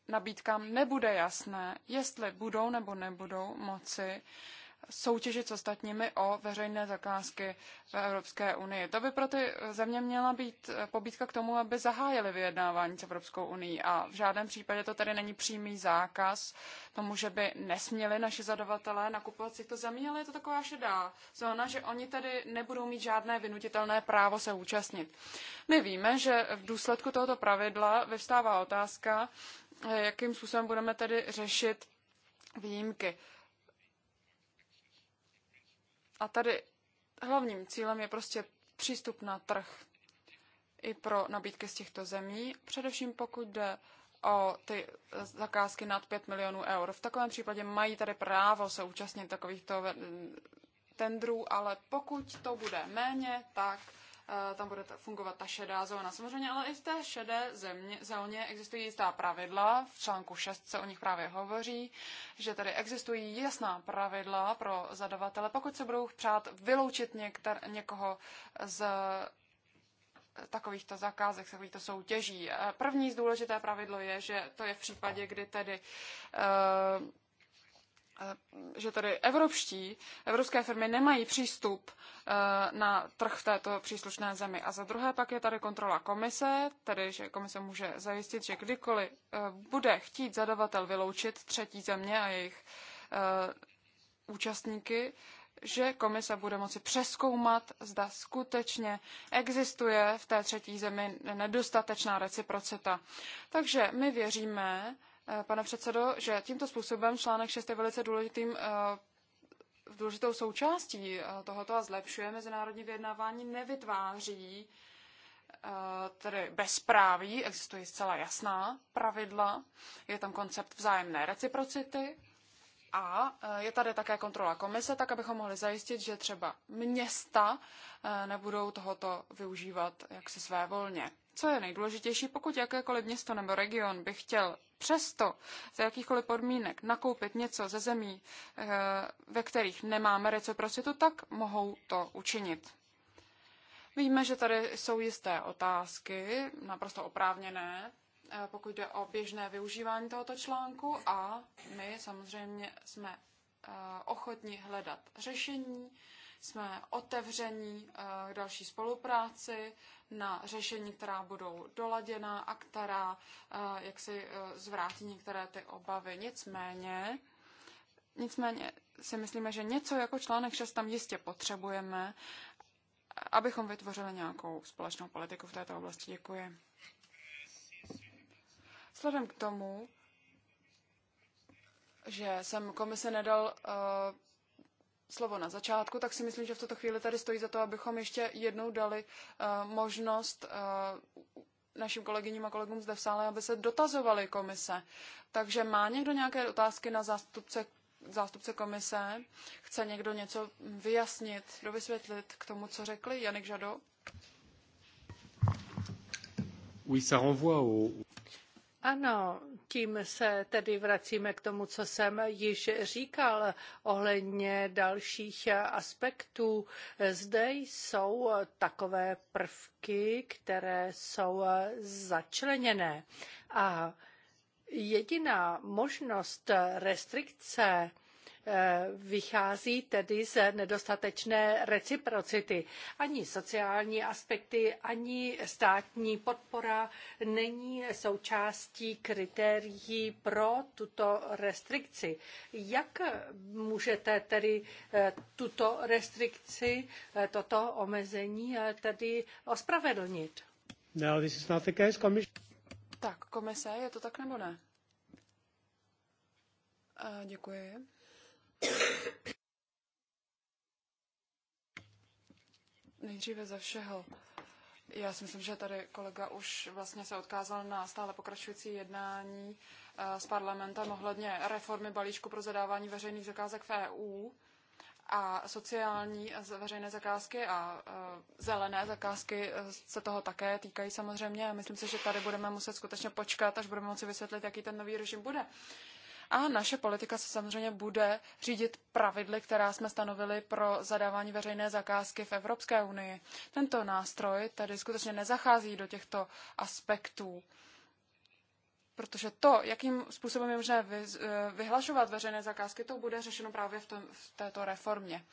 nabídkám nebude jasné, jestli budou nebo nebudou moci soutěžit s ostatními o veřejné zakázky v Evropské unii. To by pro ty země měla být pobídka k tomu, aby zahájili vyjednávání s Evropskou unii a v žádném případě to tady není přímý zákaz tomu, že by nesměli naši zadavatelé nakupovat si to zemí, ale je to taková šedá zóna, že oni tady nebudou mít žádné vynutitelné právo se účastnit. My víme, že v důsledku tohoto pravidla vyvstává otázka, Eh, jakým způsobem budeme tedy řešit výjimky. A tady hlavním cílem je prostě přístup na trh i pro nabídky z těchto zemí, především pokud jde o ty zakázky nad 5 milionů eur. V takovém případě mají tady právo se účastnit takovýchto tendrů, ale pokud to bude méně, tak Eh, tam bude fungovat ta šedá zóna. Samozřejmě, ale i v té šedé země, zóně existují jistá pravidla, v článku 6 se o nich právě hovoří, že tady existují jasná pravidla pro zadavatele, pokud se budou přát vyloučit někter, někoho z eh, takovýchto zakázek, takovýchto soutěží. Eh, první z důležité pravidlo je, že to je v případě, kdy tedy uh, že tedy evropští, evropské firmy nemají přístup e, na trh v této příslušné zemi. A za druhé pak je tady kontrola komise, tedy že komise může zajistit, že kdykoliv e, bude chtít zadavatel vyloučit třetí země a jejich e, účastníky, že komise bude moci přeskoumat, zda skutečně existuje v té třetí zemi nedostatečná reciprocita. Takže my věříme, Eh, pane předsedo, že tímto způsobem článek 6 je velice důležitým eh, důležitou součástí eh, tohoto a zlepšuje mezinárodní vyjednávání, nevytváří tedy bezpráví, existují zcela jasná pravidla, je tam koncept vzájemné reciprocity a je tady také kontrola komise, tak abychom mohli zajistit, že třeba města nebudou tohoto využívat jaksi své volně co je nejdůležitější, pokud jakékoliv město nebo region by chtěl přesto za jakýchkoliv podmínek nakoupit něco ze zemí, eh, ve kterých nemáme reciprocitu, tak mohou to učinit. Víme, že tady jsou jisté otázky, naprosto oprávněné, eh, pokud jde o běžné využívání tohoto článku a my samozřejmě jsme eh, ochotni hledat řešení, jsme otevření k eh, další spolupráci na řešení, která budou doladěná a která eh, jak si eh, zvrátí některé ty obavy. Nicméně, nicméně si myslíme, že něco jako článek 6 tam jistě potřebujeme, abychom vytvořili nějakou společnou politiku v této oblasti. Děkuji. Vzhledem k tomu, že jsem komise nedal uh, slovo na začátku, tak si myslím, že v tuto chvíli tady stojí za to, abychom ještě jednou dali uh, možnost uh, našim kolegyním a kolegům zde v sále, aby se dotazovali komise. Takže má někdo nějaké otázky na zástupce, zástupce komise? Chce někdo něco vyjasnit, dovysvětlit k tomu, co řekli? Janik Žado? Oui, ça renvoie au... Ano, tím se tedy vracíme k tomu, co jsem již říkal ohledně dalších aspektů. Zde jsou takové prvky, které jsou začleněné. A jediná možnost restrikce Eh, vychází tedy z nedostatečné reciprocity. Ani sociální aspekty, ani státní podpora není součástí kritérií pro tuto restrikci. Jak můžete tedy eh, tuto restrikci, eh, toto omezení tedy ospravedlnit? No, this is not the case, commission. Tak, komise, je to tak nebo ne? A, děkuji. Nejdříve ze všeho. Já si myslím, že tady kolega už vlastně se odkázal na stále pokračující jednání eh, s parlamentem ohledně reformy balíčku pro zadávání veřejných zakázek v EU a sociální veřejné zakázky a eh, zelené zakázky eh, se toho také týkají samozřejmě. Myslím si, že tady budeme muset skutečně počkat, až budeme moci vysvětlit, jaký ten nový režim bude. A naše politika se samozřejmě bude řídit pravidly, která jsme stanovili pro zadávání veřejné zakázky v Evropské unii. Tento nástroj tady skutečně nezachází do těchto aspektů. Protože to, jakým způsobem je možné eh, vyhlašovat veřejné zakázky, to bude řešeno právě v, tom, v této reformě.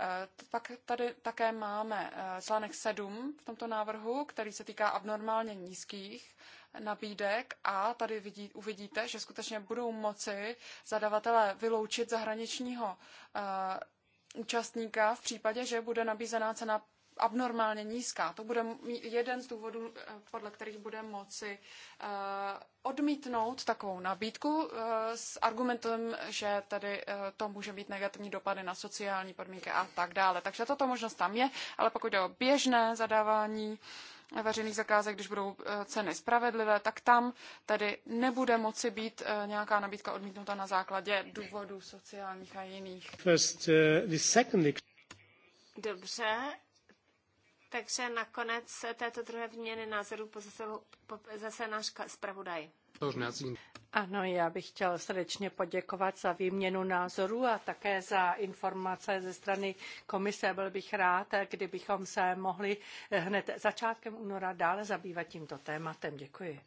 Eh, pak tady také máme eh, článek 7 v tomto návrhu, který se týká abnormálně nízkých nabídek a tady vidí, uvidíte, že skutečně budou moci zadavatele vyloučit zahraničního uh, účastníka v případě, že bude nabízená cena abnormálně nízká. To bude jeden z důvodů, eh, podle kterých bude moci eh, odmítnout takovou nabídku s argumentem, že tady to může mít negativní dopady na sociální podmínky a tak dále. Takže toto možnost tam je, ale pokud jde o běžné zadávání veřejných zakázek, když budou eh, ceny spravedlivé, tak tam tedy nebude moci být eh, nějaká nabídka odmítnuta na základě důvodů sociálních a jiných. First, uh, the second... Dobře, takže nakonec této druhé výměny názorů zase náš zpravodaj. Ano, já bych chtěl srdečně poděkovat za výměnu názorů a také za informace ze strany komise. Byl bych rád, kdybychom se mohli hned začátkem února dále zabývat tímto tématem. Děkuji.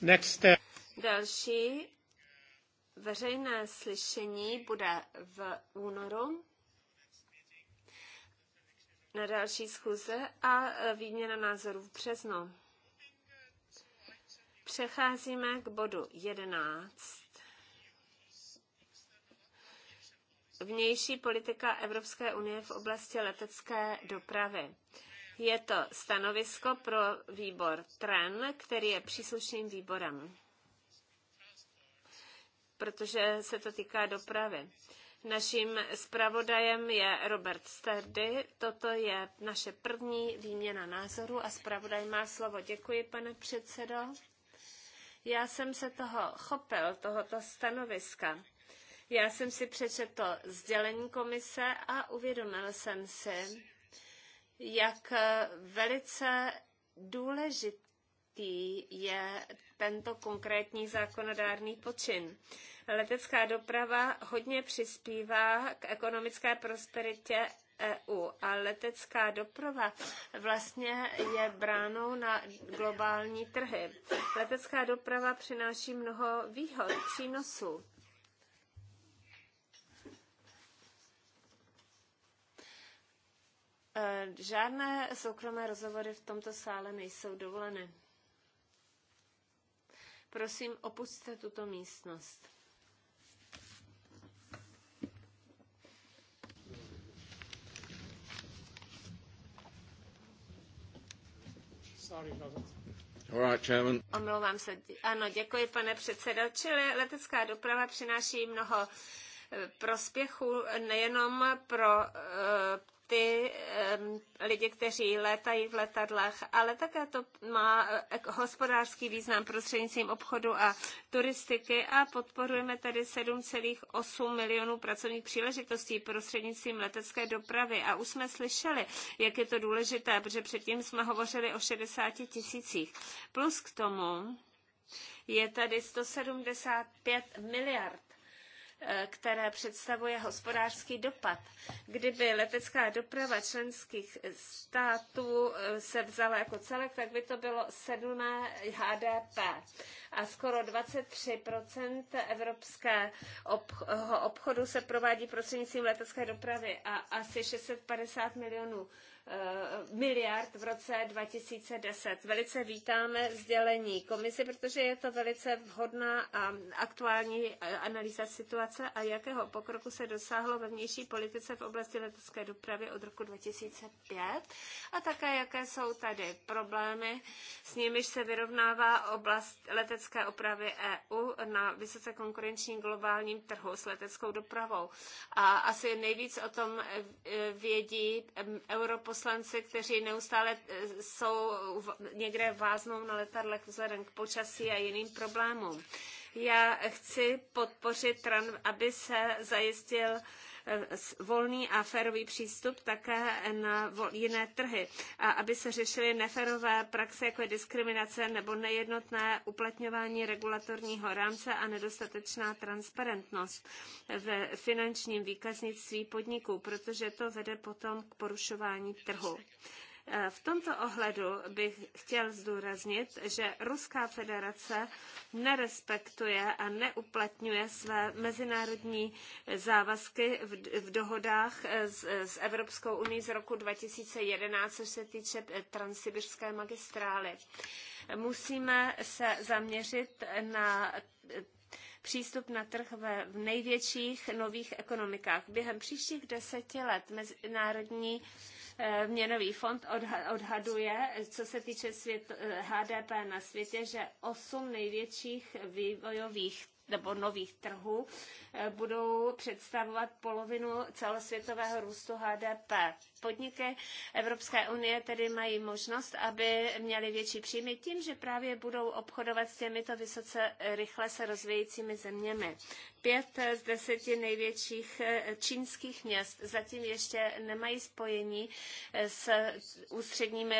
Next. Další veřejné slyšení bude v únoru na další schůze a výměna názorů v březnu. Přecházíme k bodu 11. Vnější politika Evropské unie v oblasti letecké dopravy. Je to stanovisko pro výbor TREN, který je příslušným výborem, protože se to týká dopravy. Naším zpravodajem je Robert Sterdy. Toto je naše první výměna názoru a zpravodaj má slovo. Děkuji, pane předsedo. Já jsem se toho chopil, tohoto stanoviska. Já jsem si přečetl sdělení komise a uvědomil jsem si, jak eh, velice důležitý je tento konkrétní zákonodárný počin. Letecká doprava hodně přispívá k ekonomické prosperitě EU a letecká doprava vlastně je bránou na globální trhy. Letecká doprava přináší mnoho výhod, přínosů. E, žádné soukromé rozhovory v tomto sále nejsou dovoleny. Prosím, opusťte tuto místnost. Sorry, Alright, Chairman. Omlouvám se. Ano, děkuji, pane předsedo. Čili letecká doprava přináší mnoho eh, prospěchu nejenom pro eh, ty um, lidi, kteří létají v letadlech, ale také to má eh, hospodářský význam prostřednictvím obchodu a turistiky a podporujeme tady 7,8 milionů pracovních příležitostí prostřednictvím letecké dopravy. A už jsme slyšeli, jak je to důležité, protože předtím jsme hovořili o 60 tisících. Plus k tomu je tady 175 miliard které představuje hospodářský dopad. Kdyby letecká doprava členských států eh, se vzala jako celek, tak by to bylo 7 HDP a skoro 23 evropského obchodu se provádí prostřednictvím letecké dopravy a asi 650 milionů Eh, miliard v roce 2010. Velice vítáme sdělení komisi, protože je to velice vhodná a aktuální eh, analýza situace a jakého pokroku se dosáhlo ve vnější politice v oblasti letecké dopravy od roku 2005 a také jaké jsou tady problémy, s nimiž se vyrovnává oblast letecké opravy EU na vysoce konkurenčním globálním trhu s leteckou dopravou. A asi nejvíc o tom eh, vědí Europos poslance, kteří neustále eh, jsou někde váznou na letadlech vzhledem k počasí a jiným problémům. Já chci podpořit, aby se zajistil volný a férový přístup také na jiné trhy a aby se řešily neférové praxe, jako je diskriminace nebo nejednotné uplatňování regulatorního rámce a nedostatečná transparentnost ve finančním výkaznictví podniků, protože to vede potom k porušování trhu. Eh, v tomto ohledu bych chtěl zdůraznit, že Ruská federace nerespektuje a neuplatňuje své mezinárodní závazky v, v dohodách eh, s, s Evropskou unii z roku 2011, což se týče eh, transsibirské magistrály. Musíme se zaměřit na přístup na trh ve v největších nových ekonomikách. Během příštích deseti let mezinárodní Eh, měnový fond odhaduje, co se týče svět, HDP eh, na světě, že osm největších vývojových nebo nových trhů eh, budou představovat polovinu celosvětového růstu HDP. Podniky Evropské unie tedy mají možnost, aby měly větší příjmy tím, že právě budou obchodovat s těmito vysoce rychle se rozvíjejícími zeměmi pět z deseti největších eh, čínských měst zatím ještě nemají spojení eh, s ústředními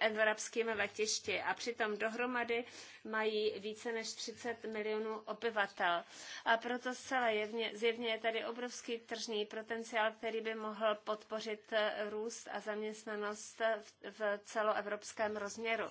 evropskými letišti a přitom dohromady mají více než 30 milionů obyvatel. A proto zcela zjevně je tady obrovský tržní potenciál, který by mohl podpořit eh, růst a zaměstnanost v celoevropském rozměru.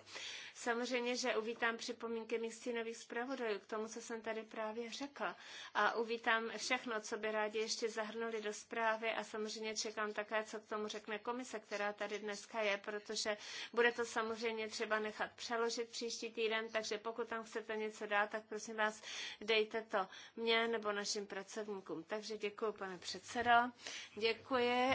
Samozřejmě, že uvítám připomínky nových zpravodajů k tomu, co jsem tady právě řekla. A uvítám všechno, co by rádi ještě zahrnuli do zprávy a samozřejmě čekám také, co k tomu řekne komise, která tady dneska je, protože bude to samozřejmě třeba nechat přeložit příští týden, takže pokud tam chcete něco dát, tak prosím vás, dejte to mně nebo našim pracovníkům. Takže děkuji, pane předsedo. Děkuji.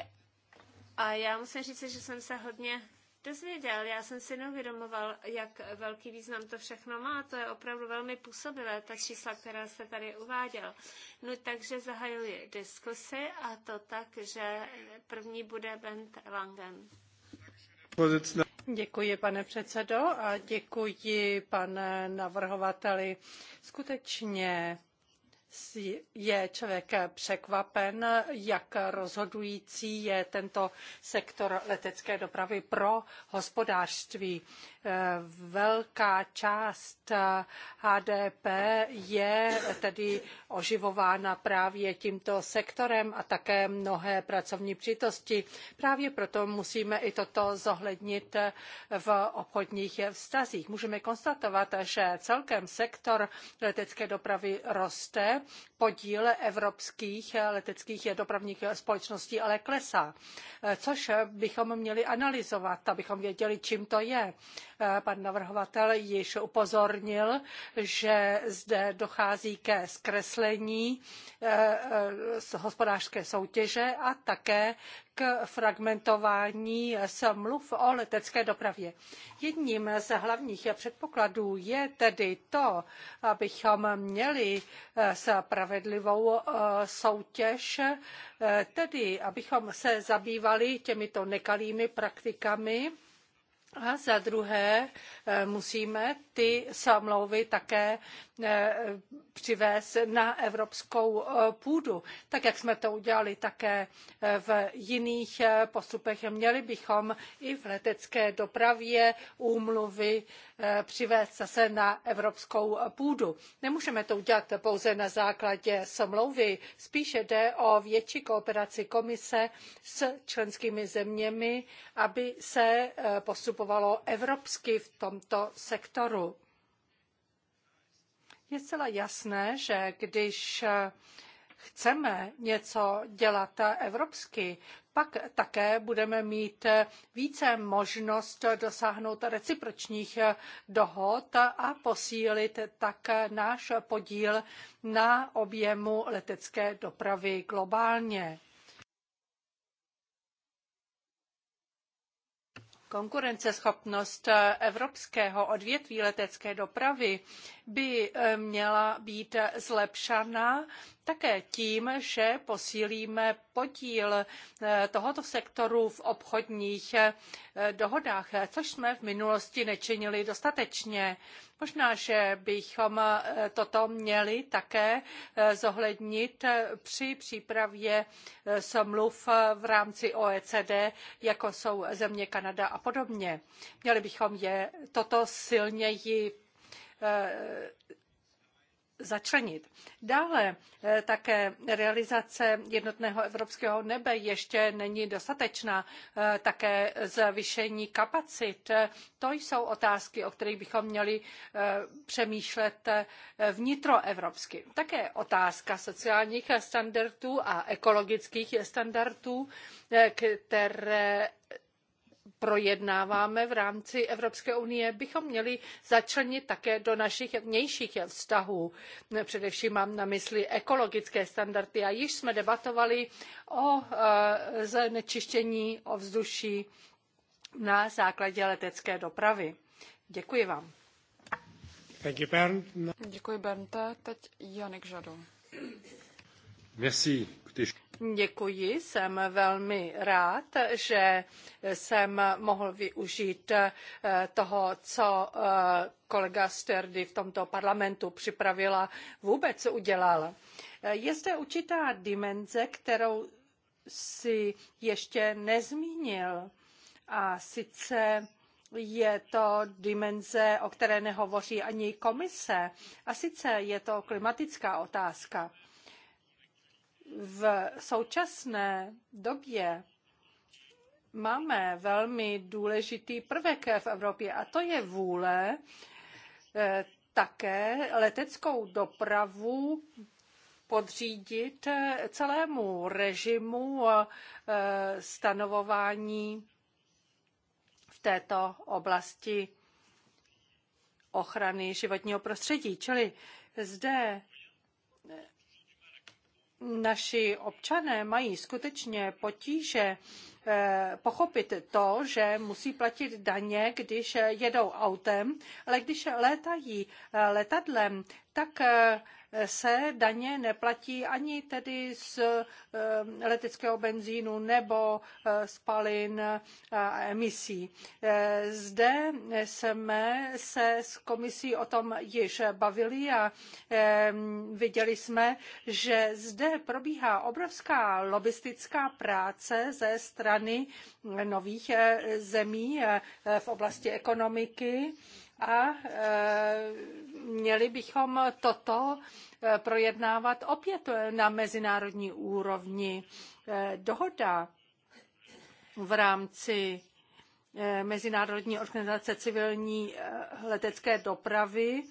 A já musím říct, že jsem se hodně dozvěděl. Já jsem si neuvědomoval, jak velký význam to všechno má. To je opravdu velmi působivé, ta čísla, která se tady uváděl. No takže zahajuji diskusy a to tak, že první bude Bent Langen. Děkuji, pane předsedo, a děkuji, pane navrhovateli. Skutečně je člověk překvapen, jak rozhodující je tento sektor letecké dopravy pro hospodářství. Velká část HDP je tedy oživována právě tímto sektorem a také mnohé pracovní přítosti. Právě proto musíme i toto zohlednit v obchodních vztazích. Můžeme konstatovat, že celkem sektor letecké dopravy roste podíl evropských eh, leteckých dopravních eh, společností ale klesá, eh, což bychom měli analyzovat, abychom věděli, čím to je. Pan navrhovatel již upozornil, že zde dochází ke zkreslení hospodářské soutěže a také k fragmentování smluv o letecké dopravě. Jedním z hlavních předpokladů je tedy to, abychom měli spravedlivou eh, soutěž, eh, tedy abychom se zabývali těmito nekalými praktikami a za druhé eh, musíme ty smlouvy také Eh, přivést na evropskou eh, půdu. Tak, jak jsme to udělali také eh, v jiných postupech, měli bychom i v letecké dopravě úmluvy přivést zase na evropskou půdu. Nemůžeme to udělat pouze na základě smlouvy, spíše jde o větší kooperaci komise s členskými zeměmi, aby se postupovalo evropsky v tomto sektoru. Je zcela jasné, že když eh, chceme něco dělat evropsky, pak také budeme mít eh, více možnost dosáhnout recipročních eh, dohod a posílit tak náš podíl na objemu letecké dopravy globálně. Konkurenceschopnost evropského odvětví letecké dopravy by eh, měla být zlepšena také tím, že posílíme podíl eh, tohoto sektoru v obchodních eh, dohodách, což jsme v minulosti nečinili dostatečně. Možná, že bychom toto měli také zohlednit při přípravě smluv v rámci OECD, jako jsou země Kanada a podobně. Měli bychom je toto silněji Eh, začlenit. Dále eh, také realizace jednotného evropského nebe ještě není dostatečná, eh, také zvýšení kapacit. To jsou otázky, o kterých bychom měli přemýšlet vnitroevropsky. Také otázka sociálních standardů a ekologických standardů, které projednáváme v rámci Evropské unie, bychom měli začlenit také do našich vnějších vztahů. Především mám na mysli ekologické standardy a již jsme debatovali o eh, znečištění ovzduší na základě letecké dopravy. Děkuji vám. Děkuji, Bernd. Děkuji Bernte. Teď Janek Žadou. Merci. Děkuji, jsem velmi rád, že jsem mohl využít eh, toho, co eh, kolega Sterdy v tomto parlamentu připravila, vůbec udělal. Eh, je zde určitá dimenze, kterou si ještě nezmínil. A sice je to dimenze, o které nehovoří ani komise. A sice je to klimatická otázka. V současné době máme velmi důležitý prvek v Evropě a to je vůle eh, také leteckou dopravu podřídit eh, celému režimu eh, stanovování v této oblasti ochrany životního prostředí. Čili zde naši občané mají skutečně potíže eh, pochopit to, že musí platit daně, když jedou autem, ale když létají eh, letadlem, tak eh, se daně neplatí ani tedy z eh, leteckého benzínu nebo z eh, palin a eh, emisí. Zde jsme se s komisí o tom již bavili a viděli jsme, že zde probíhá obrovská lobistická práce ze strany nových zemí v oblasti ekonomiky a e, měli bychom toto e, projednávat opět na mezinárodní úrovni. E, dohoda v rámci Mezinárodní organizace civilní letecké dopravy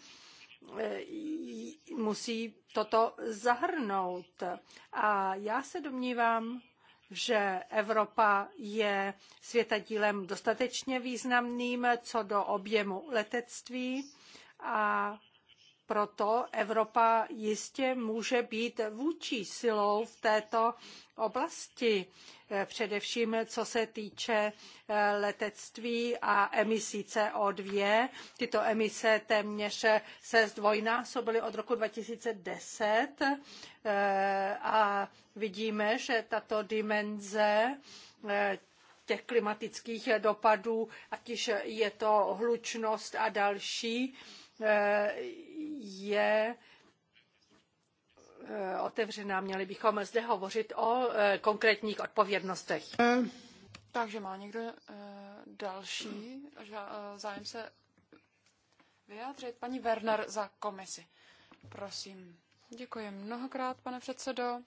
musí toto zahrnout. A já se domnívám, že Evropa je světadílem dostatečně významným co do objemu letectví a proto Evropa jistě může být vůči silou v této oblasti, eh, především co se týče eh, letectví a emisí CO2. Tyto emise téměř se zdvojnásobily od roku 2010 eh, a vidíme, že tato dimenze těch klimatických dopadů, ať již je to hlučnost a další, je eh, otevřená. Měli bychom zde hovořit o eh, konkrétních odpovědnostech. Eh, takže má někdo další zájem se vyjádřit? Paní Werner za komisi. Prosím. Děkuji mnohokrát, pane předsedo.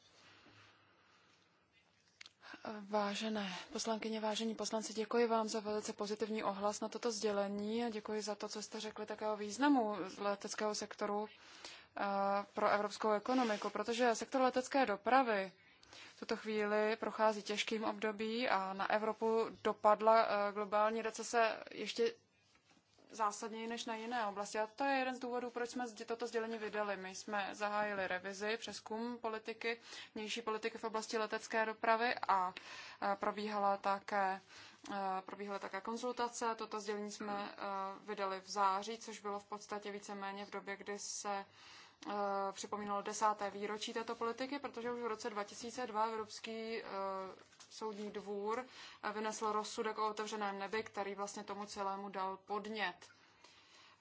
Vážené poslankyně, vážení poslanci, děkuji vám za velice pozitivní ohlas na toto sdělení a děkuji za to, co jste řekli také o významu leteckého sektoru eh, pro evropskou ekonomiku, protože sektor letecké dopravy v tuto chvíli prochází těžkým období a na Evropu dopadla eh, globální recese ještě zásadněji než na jiné oblasti. A to je jeden z důvodů, proč jsme toto sdělení vydali. My jsme zahájili revizi, přeskum politiky, vnější politiky v oblasti letecké dopravy a probíhala také probíhala také konzultace. Toto sdělení jsme vydali v září, což bylo v podstatě víceméně v době, kdy se připomínalo desáté výročí této politiky, protože už v roce 2002 Evropský soudní dvůr vynesl rozsudek o otevřeném nebi, který vlastně tomu celému dal podnět.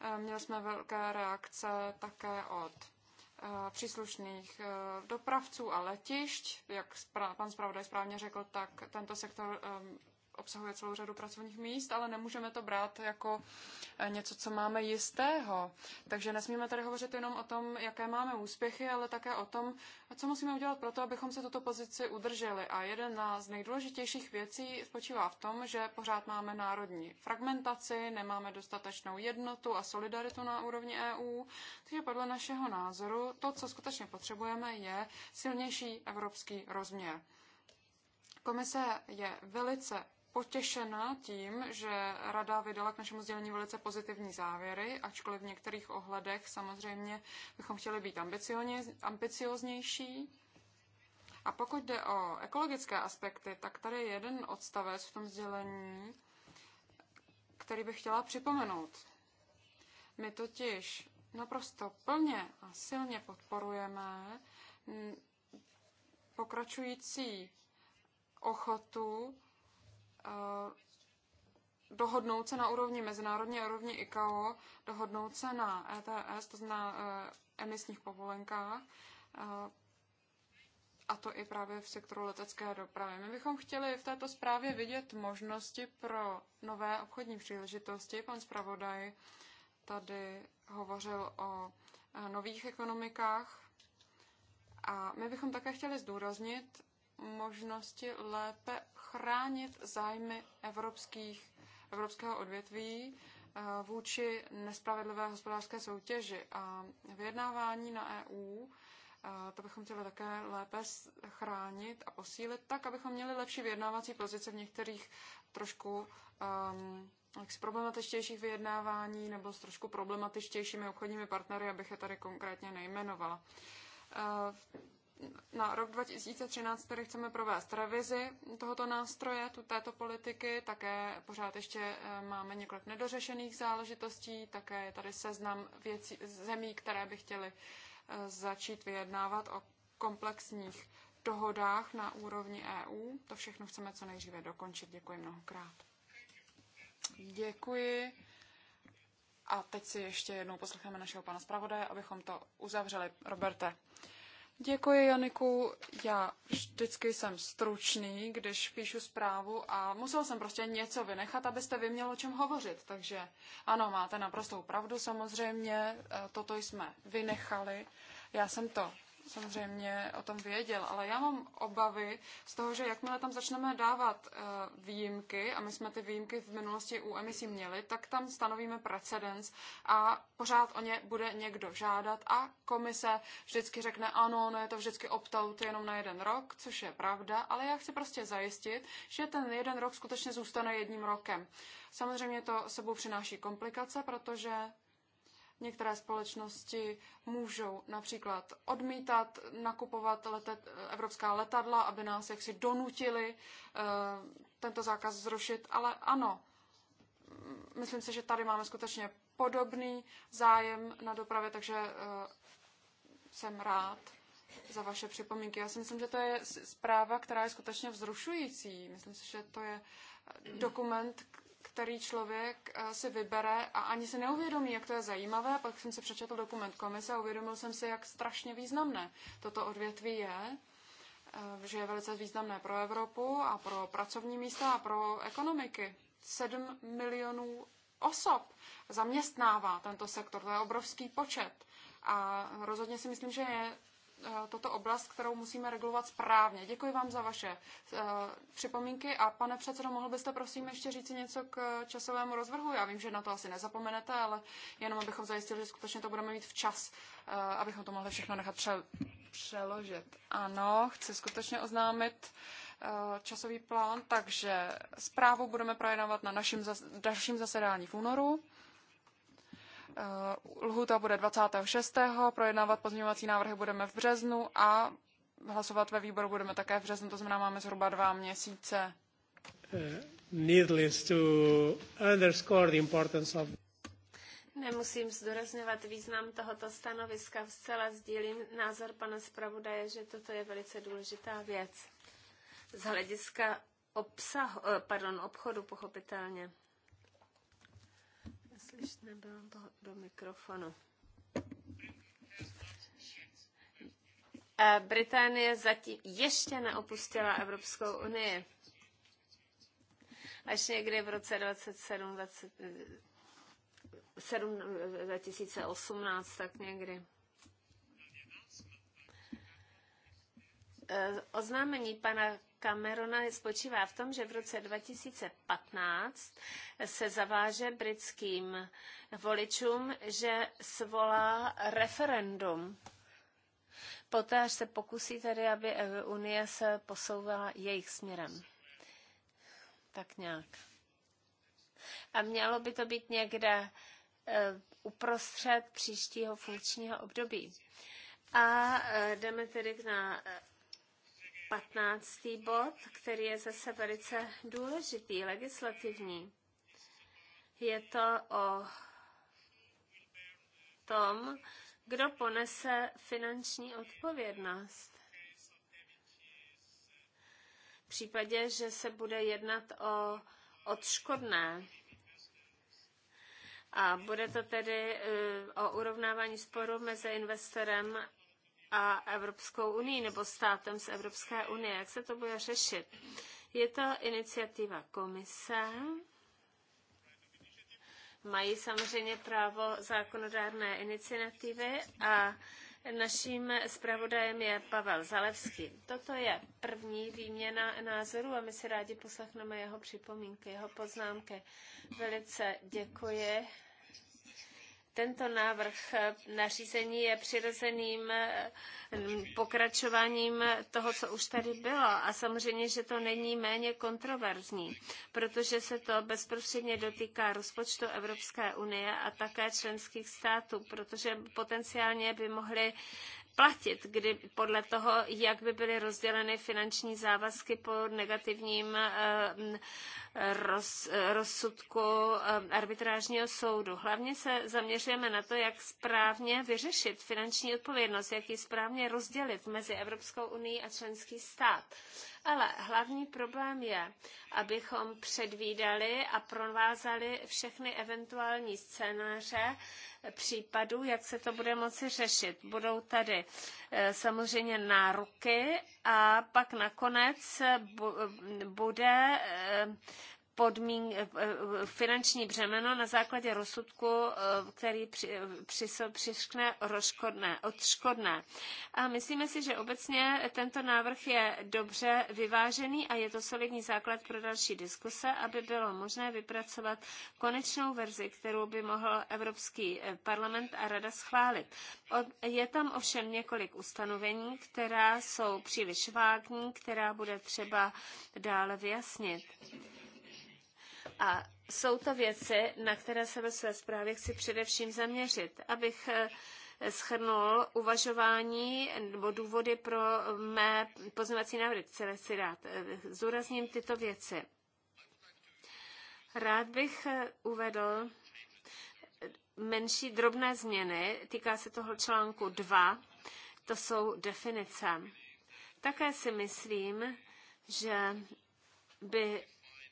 Eh, měli jsme velké reakce také od eh, příslušných eh, dopravců a letišť. Jak pan zpravodaj správně řekl, tak tento sektor obsahuje celou řadu pracovních míst, ale nemůžeme to brát jako eh, něco, co máme jistého. Takže nesmíme tady hovořit jenom o tom, jaké máme úspěchy, ale také o tom, co musíme udělat pro to, abychom se tuto pozici udrželi. A jeden z nejdůležitějších věcí spočívá v tom, že pořád máme národní fragmentaci, nemáme dostatečnou jednotu a solidaritu na úrovni EU. Takže podle našeho názoru to, co skutečně potřebujeme, je silnější evropský rozměr. Komise je velice potěšena tím, že Rada vydala k našemu sdělení velice pozitivní závěry, ačkoliv v některých ohledech samozřejmě bychom chtěli být ambicioznější. A pokud jde o ekologické aspekty, tak tady je jeden odstavec v tom sdělení, který bych chtěla připomenout. My totiž naprosto plně a silně podporujeme pokračující ochotu Eh, dohodnout se na úrovni mezinárodní a úrovni ICAO, dohodnout se na ETS, to znamená eh, emisních povolenkách, eh, a to i právě v sektoru letecké dopravy. My bychom chtěli v této zprávě vidět možnosti pro nové obchodní příležitosti. Pan zpravodaj tady hovořil o nových ekonomikách a my bychom také chtěli zdůraznit možnosti lépe chránit zájmy evropských, evropského odvětví eh, vůči nespravedlivé hospodářské soutěži a vyjednávání na EU eh, to bychom chtěli také lépe chránit a posílit tak, abychom měli lepší vyjednávací pozice v některých trošku um, ehm, jaksi problematičtějších vyjednávání nebo s trošku problematičtějšími obchodními partnery, abych je tady konkrétně nejmenovala. Uh, na rok 2013 tedy chceme provést revizi tohoto nástroje, tu, této politiky. Také pořád ještě eh, máme několik nedořešených záležitostí. Také je tady seznam věcí, zemí, které by chtěly eh, začít vyjednávat o komplexních dohodách na úrovni EU. To všechno chceme co nejdříve dokončit. Děkuji mnohokrát. Děkuji. A teď si ještě jednou poslechneme našeho pana zpravodaje, abychom to uzavřeli. Roberte. Děkuji, Janiku. Já vždycky jsem stručný, když píšu zprávu a musel jsem prostě něco vynechat, abyste vy měl o čem hovořit. Takže ano, máte naprostou pravdu samozřejmě, e, toto jsme vynechali. Já jsem to samozřejmě o tom věděl, ale já mám obavy z toho, že jakmile tam začneme dávat eh, výjimky, a my jsme ty výjimky v minulosti u emisí měli, tak tam stanovíme precedens a pořád o ně bude někdo žádat a komise vždycky řekne ano, no je to vždycky opt-out jenom na jeden rok, což je pravda, ale já chci prostě zajistit, že ten jeden rok skutečně zůstane jedním rokem. Samozřejmě to sebou přináší komplikace, protože Některé společnosti můžou například odmítat nakupovat lete, evropská letadla, aby nás jaksi donutili eh, tento zákaz zrušit, ale ano, myslím si, že tady máme skutečně podobný zájem na dopravě, takže eh, jsem rád za vaše připomínky. Já si myslím, že to je zpráva, která je skutečně vzrušující. Myslím si, že to je dokument, který člověk eh, si vybere a ani si neuvědomí, jak to je zajímavé. Pak jsem si přečetl dokument komise a uvědomil jsem si, jak strašně významné toto odvětví je eh, že je velice významné pro Evropu a pro pracovní místa a pro ekonomiky. 7 milionů osob zaměstnává tento sektor, to je obrovský počet. A rozhodně si myslím, že je Eh, toto oblast, kterou musíme regulovat správně. Děkuji vám za vaše eh, připomínky a pane předsedo, mohl byste prosím ještě říct něco k časovému rozvrhu? Já vím, že na to asi nezapomenete, ale jenom abychom zajistili, že skutečně to budeme mít včas, eh, abychom to mohli všechno nechat přeložit. Ano, chci skutečně oznámit, časový plán, takže zprávu budeme projednávat na našem zasedání v únoru. Eh, Lhuta bude 26. Projednávat pozměňovací návrhy budeme v březnu a hlasovat ve výboru budeme také v březnu, to znamená máme zhruba dva měsíce. Eh, needless to underscore the importance of Nemusím zdůrazňovat význam tohoto stanoviska. Vcela sdílím názor pana zpravodaje, že toto je velice důležitá věc. Z hlediska obsahu, eh, pardon, obchodu pochopitelně. Řečnic nebyla do mikrofonu. Eh, Británie zatím ještě neopustila Evropskou unii. Až někdy v roce 27, 20, 7, 2018, tak někdy. Eh, oznámení pana Camerona spočívá v tom, že v roce 2015 se zaváže britským voličům, že svolá referendum. Poté, až se pokusí tedy, aby Unie se posouvala jejich směrem. Tak nějak. A mělo by to být někde eh, uprostřed příštího funkčního období. A eh, jdeme tedy na 15. bod, který je zase velice důležitý, legislativní. Je to o tom, kdo ponese finanční odpovědnost. V případě, že se bude jednat o odškodné. A bude to tedy eh, o urovnávání sporu mezi investorem a Evropskou unii nebo státem z Evropské unie. Jak se to bude řešit? Je to iniciativa komise. Mají samozřejmě právo zákonodárné iniciativy a Naším zpravodajem je Pavel Zalevský. Toto je první výměna názorů a my si rádi poslechneme jeho připomínky, jeho poznámky. Velice děkuji tento návrh nařízení je přirozeným eh, pokračováním toho, co už tady bylo. A samozřejmě, že to není méně kontroverzní, protože se to bezprostředně dotýká rozpočtu Evropské unie a také členských států, protože potenciálně by mohly platit kdy, podle toho, jak by byly rozděleny finanční závazky po negativním eh, roz, eh, rozsudku eh, arbitrážního soudu. Hlavně se zaměřujeme na to, jak správně vyřešit finanční odpovědnost, jak ji správně rozdělit mezi Evropskou unii a členský stát. Ale hlavní problém je, abychom předvídali a provázali všechny eventuální scénáře, případů, jak se to bude moci řešit. Budou tady eh, samozřejmě náruky a pak nakonec bude eh, podmín, eh, eh, finanční břemeno na základě rozsudku, eh, který při, přiškne rozškodné, odškodné. A myslíme si, že obecně tento návrh je dobře vyvážený a je to solidní základ pro další diskuse, aby bylo možné vypracovat konečnou verzi, kterou by mohl Evropský parlament a rada schválit. Je tam ovšem několik ustanovení, která jsou příliš vágní, která bude třeba dále vyjasnit. A jsou to věci, na které se ve své zprávě chci především zaměřit, abych eh, schrnul uvažování nebo důvody pro mé pozměňovací návrhy, které si rád eh, zúrazním tyto věci. Rád bych eh, uvedl menší drobné změny, týká se toho článku 2, to jsou definice. Také si myslím, že by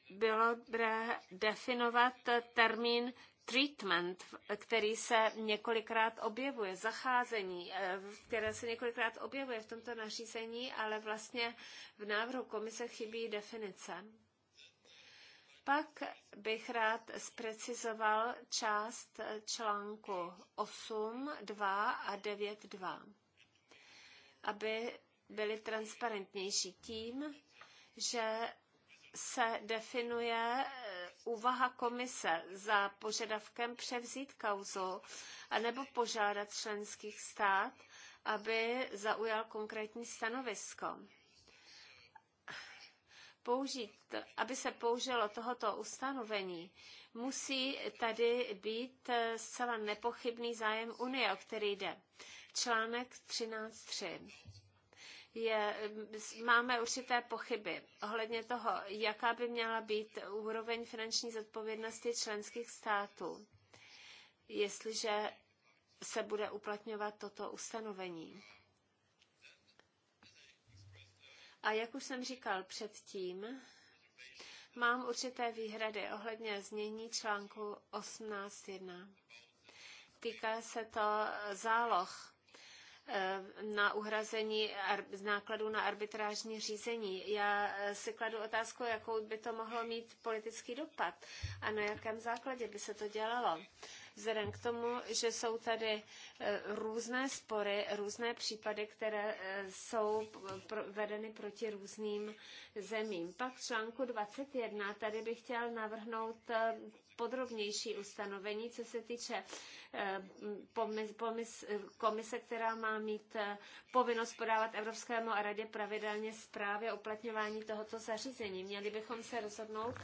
bylo dobré definovat termín treatment, který se několikrát objevuje, zacházení, eh, které se několikrát objevuje v tomto nařízení, ale vlastně v návrhu komise chybí definice. Pak bych rád zprecizoval část článku 8, 2 a 9, 2, aby byly transparentnější tím, že se definuje eh, úvaha komise za požadavkem převzít kauzu anebo požádat členských stát, aby zaujal konkrétní stanovisko. Použít, aby se použilo tohoto ustanovení, musí tady být eh, zcela nepochybný zájem Unie, o který jde. Článek 13.3 je, máme určité pochyby ohledně toho, jaká by měla být úroveň finanční zodpovědnosti členských států, jestliže se bude uplatňovat toto ustanovení. A jak už jsem říkal předtím, mám určité výhrady ohledně znění článku 18.1. Týká se to záloh Eh, na uhrazení z nákladů na arbitrážní řízení. Já eh, si kladu otázku, jakou by to mohlo mít politický dopad a na jakém základě by se to dělalo. Vzhledem k tomu, že jsou tady eh, různé spory, různé případy, které jsou vedeny proti různým zemím. Pak v článku 21 tady bych chtěl navrhnout podrobnější ustanovení, co se týče eh, komise, která má mít eh, povinnost podávat Evropskému a radě pravidelně zprávy o uplatňování tohoto zařízení. Měli bychom se rozhodnout,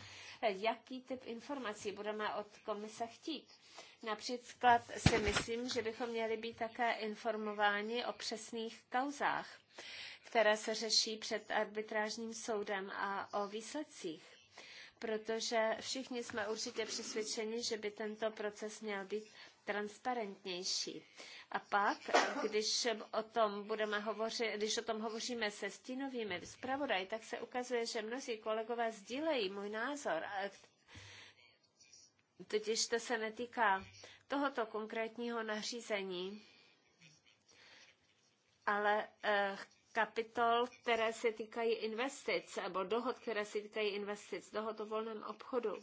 eh, jaký typ informací budeme od komise chtít. Například si myslím, že bychom měli být také informováni o přesných kauzách, které se řeší před arbitrážním soudem a o výsledcích protože všichni jsme určitě přesvědčeni, že by tento proces měl být transparentnější. A pak, když o tom budeme hovořit, když o tom hovoříme se stínovými zpravodaj, tak se ukazuje, že mnozí kolegové sdílejí můj názor. Totiž to se netýká tohoto konkrétního nařízení, ale eh, kapitol, které se týkají investic, nebo dohod, které se týkají investic, dohod o volném obchodu.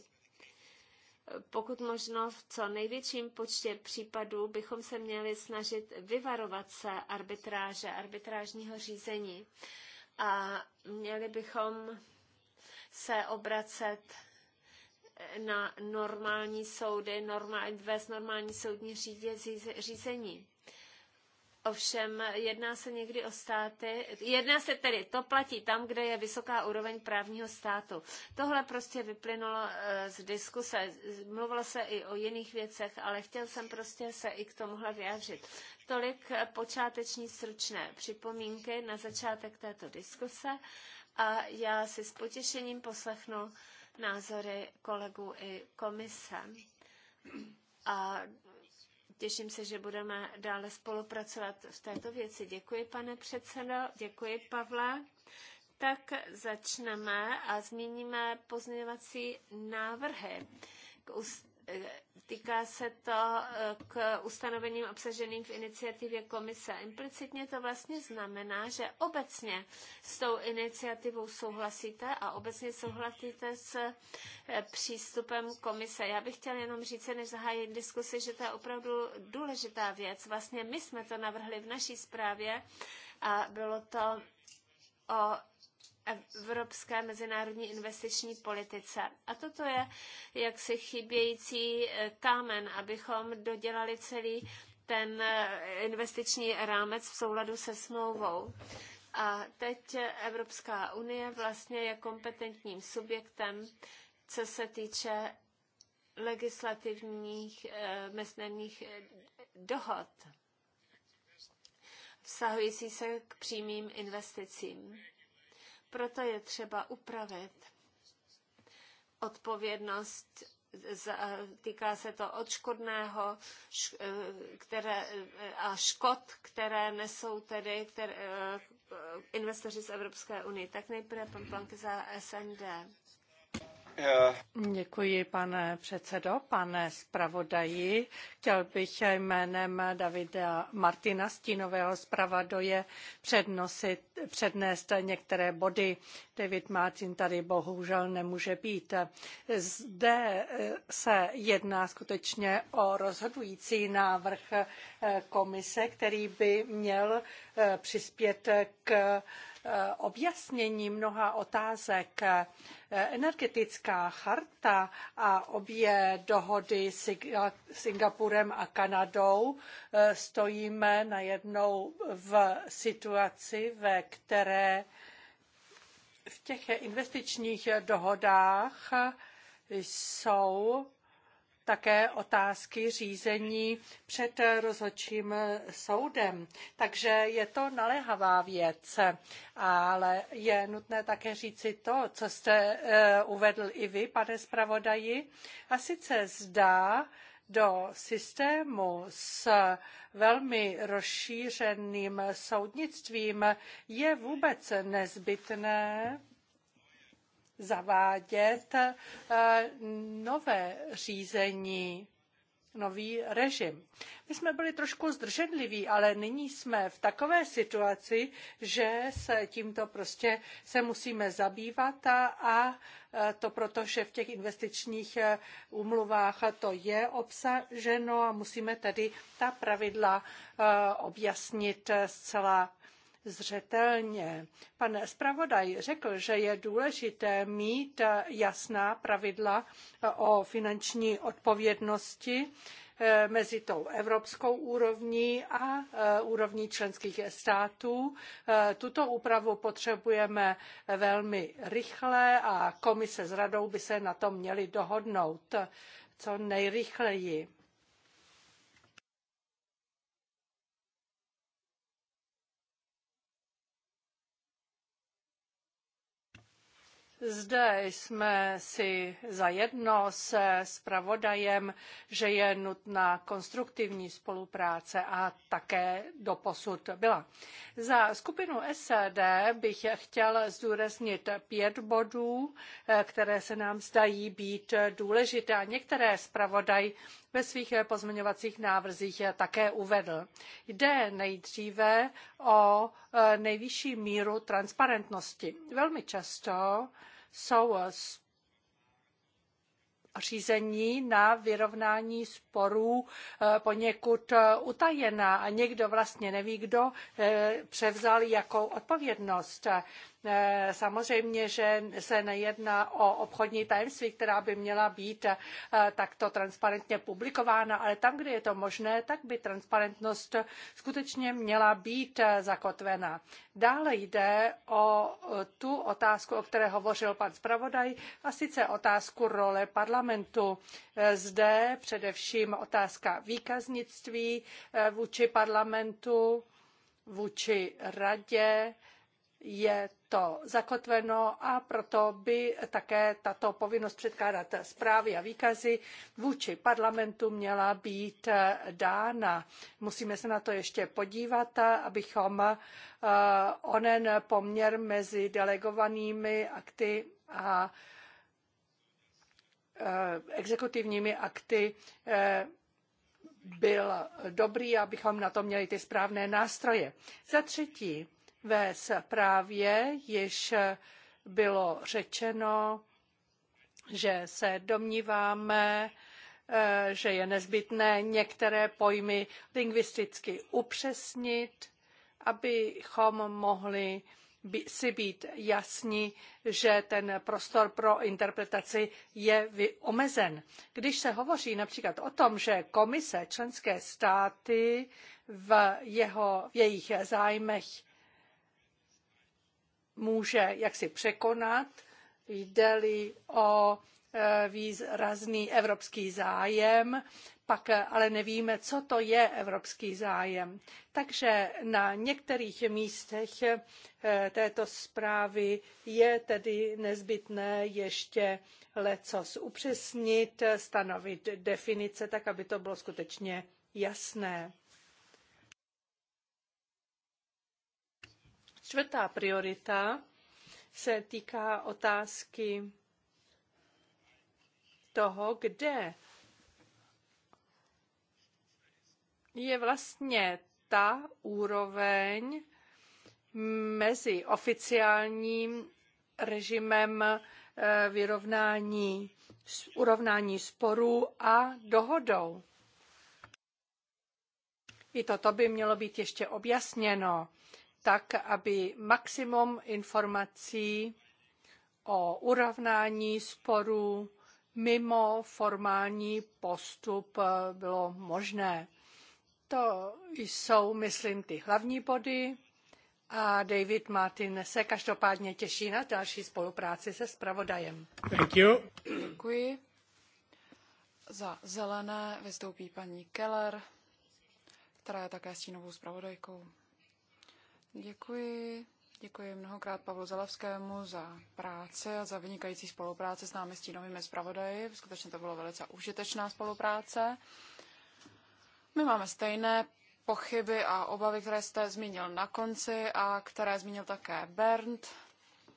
Pokud možno v co největším počtě případů bychom se měli snažit vyvarovat se arbitráže, arbitrážního řízení a měli bychom se obracet na normální soudy, normál, vést normální soudní řízení. Ovšem jedná se někdy o státy, jedná se tedy, to platí tam, kde je vysoká úroveň právního státu. Tohle prostě vyplynulo eh, z diskuse, mluvilo se i o jiných věcech, ale chtěl jsem prostě se i k tomuhle vyjádřit. Tolik eh, počáteční stručné připomínky na začátek této diskuse a já si s potěšením poslechnu názory kolegů i komise. A Těším se, že budeme dále spolupracovat v této věci. Děkuji, pane předsedo, děkuji, Pavla. Tak začneme a zmíníme pozměňovací návrhy k, týká se to eh, k ustanovením obsaženým v iniciativě komise. Implicitně to vlastně znamená, že obecně s tou iniciativou souhlasíte a obecně souhlasíte s eh, přístupem komise. Já bych chtěla jenom říct, než zahájit diskusi, že to je opravdu důležitá věc. Vlastně my jsme to navrhli v naší zprávě a bylo to o evropské mezinárodní investiční politice. A toto je jaksi chybějící eh, kámen, abychom dodělali celý ten eh, investiční rámec v souladu se smlouvou. A teď Evropská unie vlastně je kompetentním subjektem, co se týče legislativních eh, mezinárodních dohod vsahující se k přímým investicím. Proto je třeba upravit odpovědnost týká se to odškodného eh, které, eh, a škod, které nesou tedy které, eh, investoři z Evropské unie. Tak nejprve pan Planke za SND. Děkuji, pane předsedo, pane zpravodaji. Chtěl bych jménem Davida Martina, stínového zpravodaje, přednést některé body. David Martin tady bohužel nemůže být. Zde se jedná skutečně o rozhodující návrh komise, který by měl přispět k Eh, objasnění mnoha otázek. Eh, energetická charta a obě dohody s Singapurem a Kanadou eh, stojíme najednou v situaci, ve které v těch investičních dohodách jsou také otázky řízení před rozhodčím soudem. Takže je to naléhavá věc, ale je nutné také říci to, co jste eh, uvedl i vy, pane zpravodaji, a sice zdá, do systému s velmi rozšířeným soudnictvím je vůbec nezbytné zavádět eh, nové řízení nový režim. My jsme byli trošku zdrženliví, ale nyní jsme v takové situaci, že se tímto prostě se musíme zabývat a, a to proto, že v těch investičních eh, úmluvách to je obsaženo a musíme tedy ta pravidla eh, objasnit zcela zřetelně. Pan zpravodaj řekl, že je důležité mít jasná pravidla o finanční odpovědnosti eh, mezi tou evropskou úrovní a eh, úrovní členských států. Eh, tuto úpravu potřebujeme velmi rychle a komise s radou by se na tom měly dohodnout co nejrychleji Zde jsme si zajedno se zpravodajem, že je nutná konstruktivní spolupráce a také doposud byla. Za skupinu SED bych chtěl zdůraznit pět bodů, eh, které se nám zdají být důležité a některé zpravodaj ve svých pozměňovacích návrzích také uvedl. Jde nejdříve o eh, nejvyšší míru transparentnosti. Velmi často jsou eh, řízení na vyrovnání sporů eh, poněkud eh, utajená a někdo vlastně neví, kdo převzal jakou odpovědnost. Eh, samozřejmě, že se nejedná o obchodní tajemství, která by měla být eh, takto transparentně publikována, ale tam, kde je to možné, tak by transparentnost skutečně měla být eh, zakotvena. Dále jde o tu otázku, o které hovořil pan zpravodaj, a sice otázku role parlamentu. Zde především otázka výkaznictví vůči parlamentu, vůči radě, je to zakotveno a proto by také tato povinnost předkládat zprávy a výkazy vůči parlamentu měla být eh, dána. Musíme se na to ještě podívat, eh, abychom eh, onen poměr mezi delegovanými akty a exekutivními akty byl dobrý, abychom na to měli ty správné nástroje. Za třetí, ve zprávě již bylo řečeno, že se domníváme, eh, že je nezbytné některé pojmy lingvisticky upřesnit, abychom mohli si být jasni, že ten prostor pro interpretaci je omezen. Když se hovoří například o tom, že komise členské státy v, v jejich zájmech může jaksi překonat, jde-li o e, výrazný evropský zájem, pak e, ale nevíme, co to je evropský zájem. Takže na některých místech e, této zprávy je tedy nezbytné ještě lecos upřesnit, stanovit definice, tak aby to bylo skutečně jasné. Čtvrtá priorita se týká otázky toho, kde je vlastně ta úroveň mezi oficiálním režimem eh, vyrovnání, urovnání sporů a dohodou. I toto by mělo být ještě objasněno tak aby maximum informací o urovnání sporů mimo formální postup eh, bylo možné. To jsou, myslím, ty hlavní body a David Martin se každopádně těší na další spolupráci se spravodajem. Thank you. Děkuji. Za zelené vystoupí paní Keller, která je také stínovou zpravodajkou. Děkuji. Děkuji mnohokrát Pavlu Zalavskému za práci a za vynikající spolupráci s námi stínovými zpravodaji. Skutečně to bylo velice užitečná spolupráce. My máme stejné pochyby a obavy, které jste zmínil na konci a které zmínil také Bernd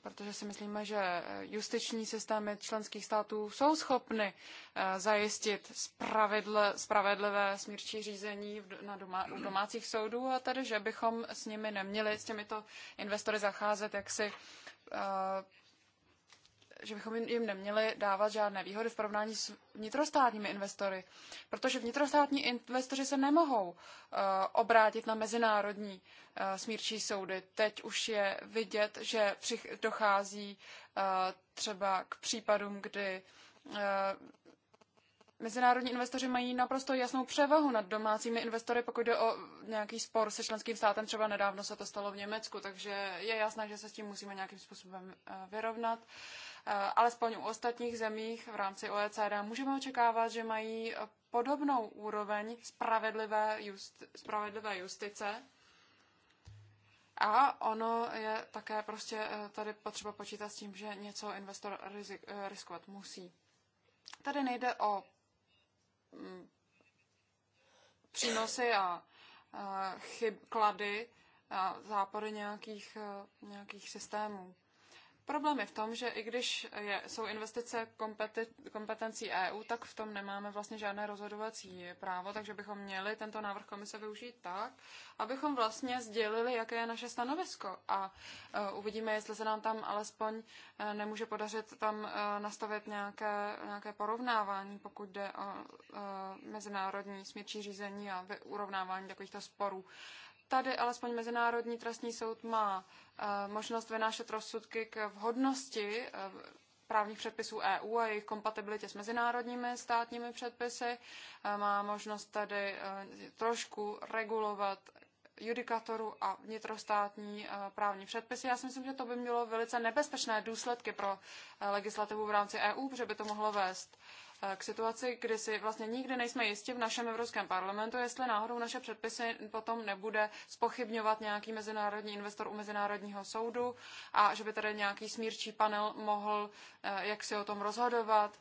protože si myslíme, že justiční systémy členských států jsou schopny eh, zajistit spravedlivé smírčí řízení na doma, u domácích soudů a tedy, že bychom s nimi neměli, s těmito investory zacházet jaksi eh, že bychom jim neměli dávat žádné výhody v porovnání s vnitrostátními investory, protože vnitrostátní investoři se nemohou uh, obrátit na mezinárodní uh, smírčí soudy. Teď už je vidět, že přich, dochází uh, třeba k případům, kdy mezinárodní investoři mají naprosto jasnou převahu nad domácími investory, pokud jde o nějaký spor se členským státem, třeba nedávno se to stalo v Německu, takže je jasné, že se s tím musíme nějakým způsobem eh, vyrovnat. Eh, alespoň u ostatních zemích v rámci OECD můžeme očekávat, že mají eh, podobnou úroveň spravedlivé, justi- spravedlivé justice. A ono je také prostě tady potřeba počítat s tím, že něco investor rizik, riskovat musí. Tady nejde o Mm. přínosy a chyb, klady a zápory nějakých, eh, nějakých systémů. Problém je v tom, že i když je, jsou investice kompetencí EU, tak v tom nemáme vlastně žádné rozhodovací právo, takže bychom měli tento návrh komise využít tak, abychom vlastně sdělili, jaké je naše stanovisko a uh, uvidíme, jestli se nám tam alespoň uh, nemůže podařit tam uh, nastavit nějaké, nějaké porovnávání, pokud jde o mezinárodní smětší řízení a urovnávání takovýchto sporů. Uh, Tady alespoň Mezinárodní trestní soud má eh, možnost vynášet rozsudky k vhodnosti eh, právních předpisů EU a jejich kompatibilitě s mezinárodními státními předpisy. Eh, má možnost tady trošku regulovat judikatoru a vnitrostátní právní předpisy. Já si myslím, že to by mělo velice nebezpečné důsledky pro legislativu v rámci EU, protože by to mohlo vést Eh, k situaci, kdy si vlastně nikdy nejsme jistí v našem Evropském parlamentu, jestli náhodou naše předpisy potom nebude spochybňovat nějaký mezinárodní investor u Mezinárodního soudu a že by tady nějaký smírčí panel mohl eh, jak si o tom rozhodovat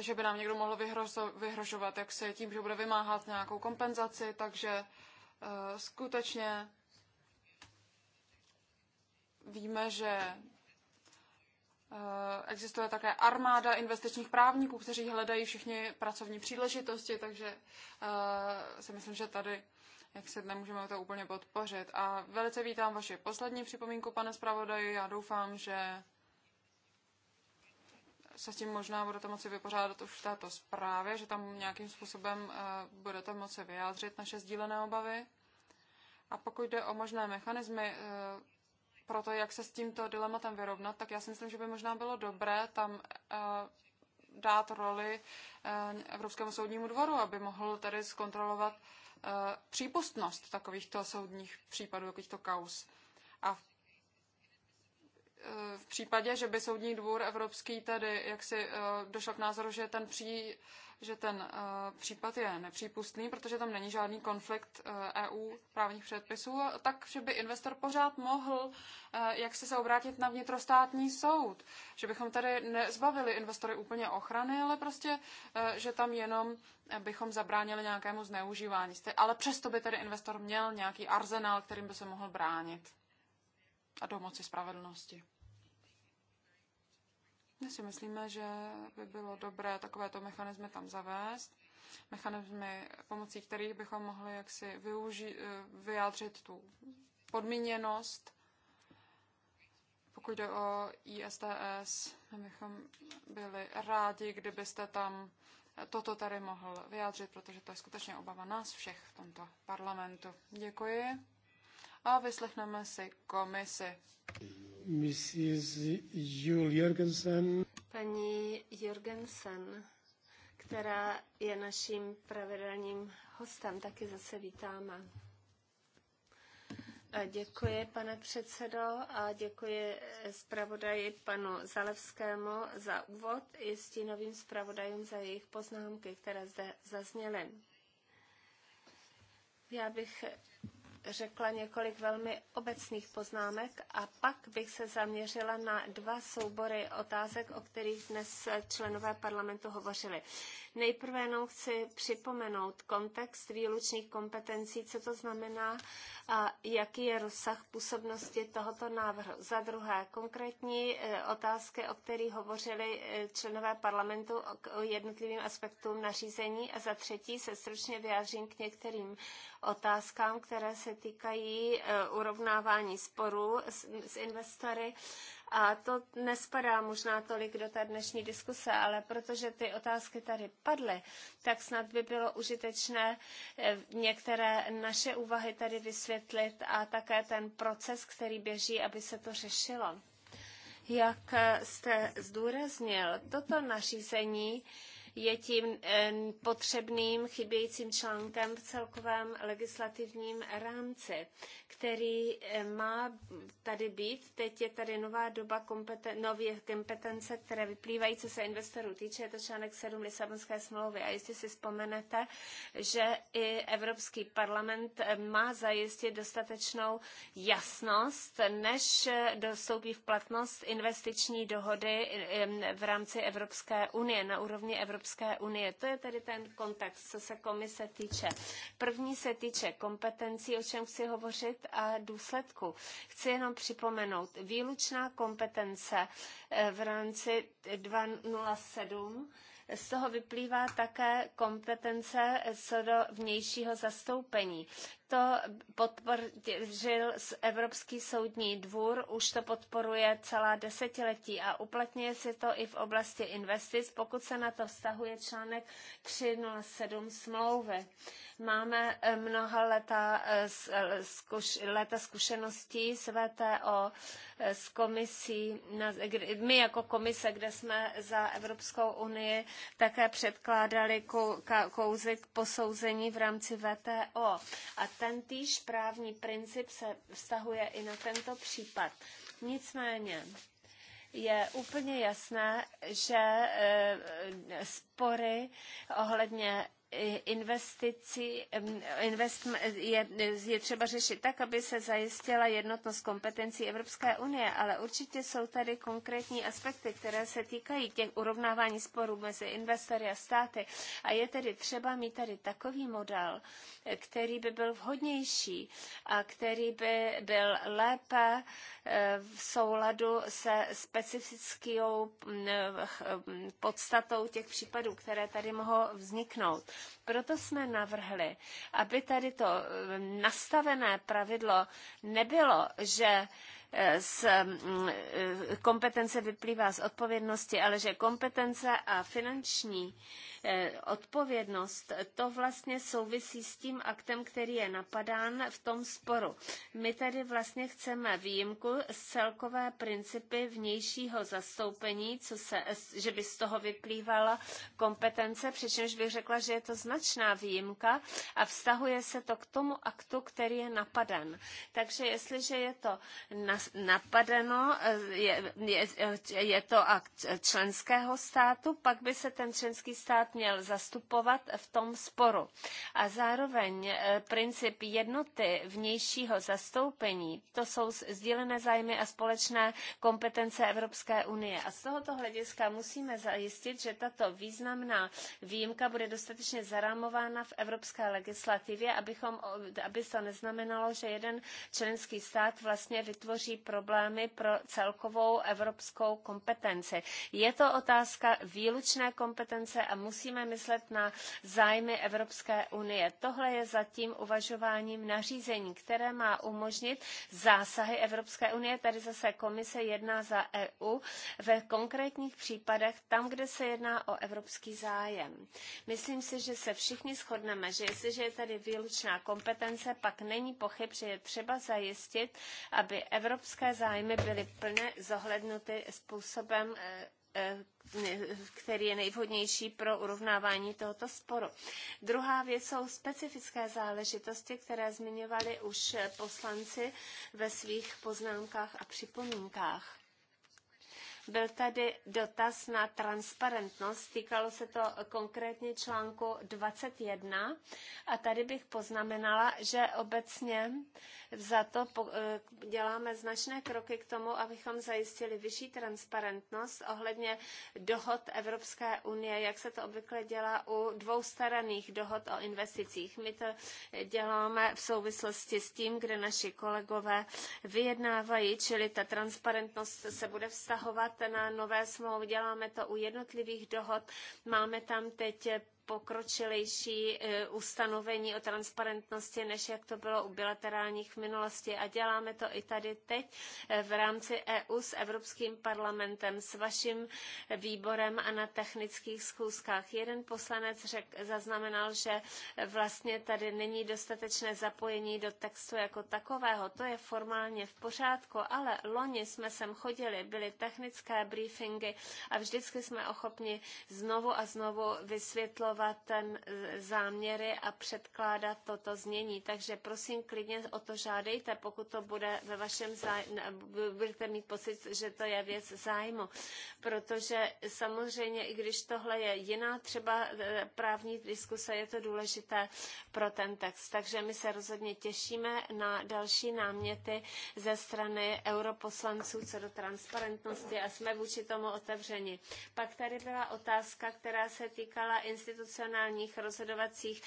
že by nám někdo mohl vyhrožovat, jak se tím, že bude vymáhat nějakou kompenzaci, takže uh, skutečně víme, že Eh, existuje také armáda investičních právníků, kteří hledají všechny pracovní příležitosti, takže eh, si myslím, že tady jak se nemůžeme to úplně podpořit. A velice vítám vaši poslední připomínku, pane zpravodaji. Já doufám, že se s tím možná budete moci vypořádat už v této zprávě, že tam nějakým způsobem eh, budete moci vyjádřit naše sdílené obavy. A pokud jde o možné mechanismy pro to, jak se s tímto dilematem vyrovnat, tak já si myslím, že by možná bylo dobré tam eh, dát roli eh, Evropskému soudnímu dvoru, aby mohl tady zkontrolovat eh, přípustnost takovýchto soudních případů, takovýchto kaus. A v v případě, že by Soudní dvůr evropský tedy jak si eh, došel k názoru, že ten, pří, že ten eh, případ je nepřípustný, protože tam není žádný konflikt EU eh, e právních předpisů, tak že by investor pořád mohl jak se obrátit na vnitrostátní soud. Že bychom tady nezbavili investory úplně ochrany, ale prostě, že tam jenom bychom zabránili nějakému zneužívání. Ale přesto by tedy investor měl nějaký arzenál, kterým by se mohl bránit a domoci spravedlnosti. My si myslíme, že by bylo dobré takovéto mechanizmy tam zavést, mechanizmy, pomocí kterých bychom mohli jaksi využi- eh, vyjádřit tu podmíněnost, pokud jde o ISTS, my bychom byli rádi, kdybyste tam toto tady mohl vyjádřit, protože to je skutečně obava nás všech v tomto parlamentu. Děkuji a vyslechneme si komisi. Mrs. Jul Jorgensen. Paní Jorgensen, která je naším pravidelným hostem, taky zase vítáme. Děkuji, pane předsedo, a děkuji zpravodaji panu Zalevskému za úvod i stínovým zpravodajům za jejich poznámky, které zde zazněly. Já bych řekla několik velmi obecných poznámek a pak bych se zaměřila na dva soubory otázek, o kterých dnes členové parlamentu hovořili. Nejprve jenom chci připomenout kontext výlučných kompetencí, co to znamená a jaký je rozsah působnosti tohoto návrhu. Za druhé, konkrétní e, otázky, o kterých hovořili e, členové parlamentu o jednotlivým aspektům nařízení a za třetí se stručně vyjádřím k některým otázkám, které se týkají e, urovnávání sporů s, s investory a to nespadá možná tolik do té dnešní diskuse, ale protože ty otázky tady padly, tak snad by bylo užitečné eh, některé naše úvahy tady vysvětlit a také ten proces, který běží, aby se to řešilo. Jak eh, jste zdůraznil, toto nařízení je tím potřebným chybějícím článkem v celkovém legislativním rámci, který má tady být. Teď je tady nová doba kompeten- nově kompetence, které vyplývají, co se investorů týče. Je to článek 7 Lisabonské smlouvy. A jestli si vzpomenete, že i Evropský parlament má zajistit dostatečnou jasnost, než dostoupí v platnost investiční dohody v rámci Evropské unie na úrovni Evropské Evropské unie. To je tedy ten kontext, co se komise týče. První se týče kompetencí, o čem chci hovořit, a důsledku. Chci jenom připomenout, výlučná kompetence eh, v rámci 207 z toho vyplývá také kompetence eh, co do vnějšího zastoupení to podpořil Evropský soudní dvůr, už to podporuje celá desetiletí a uplatňuje se to i v oblasti investic, pokud se na to vztahuje článek 307 smlouvy. Máme eh, mnoha leta, eh, eh, zkuš, leta zkušeností s VTO, s komisí, my jako komise, kde jsme za Evropskou unii také předkládali kouzy k posouzení v rámci VTO. A Tentýž právní princip se vztahuje i na tento případ. Nicméně je úplně jasné, že eh, spory ohledně investici, invest, je, je třeba řešit tak, aby se zajistila jednotnost kompetencí Evropské unie, ale určitě jsou tady konkrétní aspekty, které se týkají těch urovnávání sporů mezi investory a státy. A je tedy třeba mít tady takový model, který by byl vhodnější a který by byl lépe eh, v souladu se specifickou mm, mm, podstatou těch případů, které tady mohou vzniknout. Proto jsme navrhli, aby tady to eh, nastavené pravidlo nebylo, že z mm, eh, kompetence vyplývá z odpovědnosti, ale že kompetence a finanční eh, odpovědnost, to vlastně souvisí s tím aktem, který je napadán v tom sporu. My tady vlastně chceme výjimku z celkové principy vnějšího zastoupení, co se, že by z toho vyplývala kompetence, přičemž bych řekla, že je to značná výjimka a vztahuje se to k tomu aktu, který je napaden. Takže jestliže je to na napadeno, eh, je, je, eh, je to akt členského státu, pak by se ten členský stát měl zastupovat v tom sporu. A zároveň eh, princip jednoty vnějšího zastoupení, to jsou sdílené zájmy a společné kompetence Evropské unie. A z tohoto hlediska musíme zajistit, že tato významná výjimka bude dostatečně zarámována v evropské legislativě, abychom, aby to neznamenalo, že jeden členský stát vlastně vytvoří vytváří problémy pro celkovou evropskou kompetenci. Je to otázka výlučné kompetence a musíme myslet na zájmy Evropské unie. Tohle je zatím uvažováním nařízení, které má umožnit zásahy Evropské unie. Tady zase komise jedná za EU ve konkrétních případech tam, kde se jedná o evropský zájem. Myslím si, že se všichni shodneme, že jestliže je tady výlučná kompetence, pak není pochyb, že je třeba zajistit, aby Evropská evropské zájmy byly plně zohlednuty způsobem eh, eh, který je nejvhodnější pro urovnávání tohoto sporu. Druhá věc jsou specifické záležitosti, které zmiňovali už poslanci ve svých poznámkách a připomínkách. Byl tady dotaz na transparentnost, týkalo se to konkrétně článku 21 a tady bych poznamenala, že obecně za to eh, děláme značné kroky k tomu, abychom zajistili vyšší transparentnost ohledně dohod Evropské unie, jak se to obvykle dělá u staraných dohod o investicích. My to děláme v souvislosti s tím, kde naši kolegové vyjednávají, čili ta transparentnost se bude vztahovat na nové smlouvy, děláme to u jednotlivých dohod. Máme tam teď pokročilejší eh, ustanovení o transparentnosti, než jak to bylo u bilaterálních v minulosti. A děláme to i tady teď eh, v rámci EU s Evropským parlamentem, s vaším výborem a na technických schůzkách. Jeden poslanec řek, zaznamenal, že vlastně tady není dostatečné zapojení do textu jako takového. To je formálně v pořádku, ale loni jsme sem chodili, byly technické briefingy a vždycky jsme ochopni znovu a znovu vysvětlovat, formulovat ten záměry a předkládat toto znění. Takže prosím klidně o to žádejte, pokud to bude ve vašem zájmu, budete mít pocit, že to je věc zájmu. Protože samozřejmě, i když tohle je jiná třeba e, právní diskuse, je to důležité pro ten text. Takže my se rozhodně těšíme na další náměty ze strany europoslanců co do transparentnosti a jsme vůči tomu otevřeni. Pak tady byla otázka, která se týkala institucí institucionálních rozhodovacích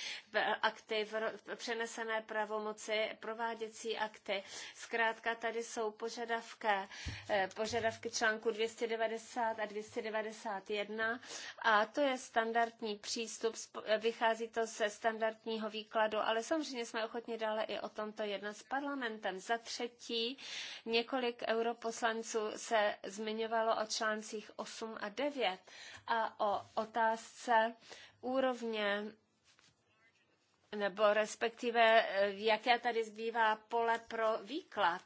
akty, přenesené pravomoci, prováděcí akty. Zkrátka tady jsou požadavky, eh, požadavky článku 290 a 291 a to je standardní přístup, eh, vychází to ze standardního výkladu, ale samozřejmě jsme ochotni dále i o tomto jednat s parlamentem. Za třetí, několik europoslanců se zmiňovalo o článcích 8 a 9 a o otázce úrovně nebo respektive eh, jaké tady zbývá pole pro výklad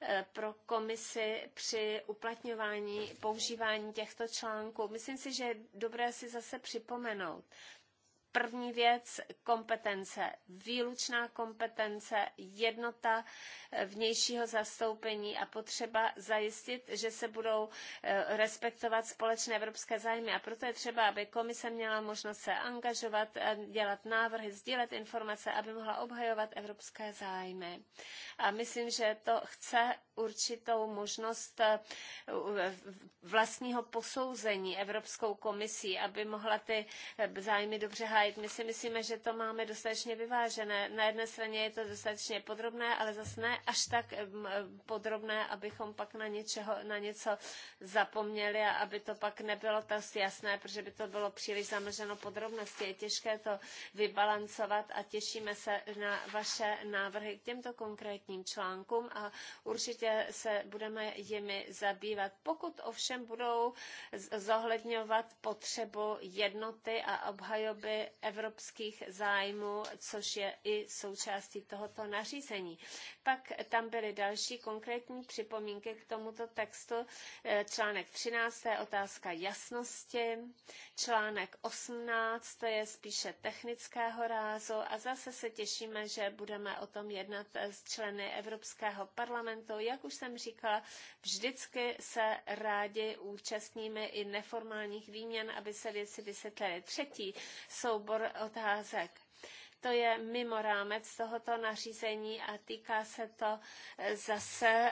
eh, pro komisi při uplatňování, používání těchto článků. Myslím si, že je dobré si zase připomenout, První věc, kompetence, výlučná kompetence, jednota vnějšího zastoupení a potřeba zajistit, že se budou eh, respektovat společné evropské zájmy. A proto je třeba, aby komise měla možnost se angažovat, eh, dělat návrhy, sdílet informace, aby mohla obhajovat evropské zájmy. A myslím, že to chce určitou možnost eh, vlastního posouzení Evropskou komisí, aby mohla ty eh, zájmy dobře hájit. My si myslíme, že to máme dostatečně vyvážené. Na jedné straně je to dostatečně podrobné, ale zase ne až tak eh, podrobné, abychom pak na, něčeho, na něco zapomněli a aby to pak nebylo tak jasné, protože by to bylo příliš zamrženo podrobnosti. Je těžké to vybalancovat a těšíme se na vaše návrhy k těmto konkrétním článkům a určitě jistě se budeme jimi zabývat, pokud ovšem budou zohledňovat potřebu jednoty a obhajoby evropských zájmů, což je i součástí tohoto nařízení. Pak tam byly další konkrétní připomínky k tomuto textu. E, článek 13. je otázka jasnosti, článek 18. to je spíše technického rázu a zase se těšíme, že budeme o tom jednat s členy Evropského parlamentu, jak jak už jsem říkala, vždycky se rádi účastníme i neformálních výměn, aby se věci vysvětlily. Třetí soubor otázek to je mimo rámec tohoto nařízení a týká se to zase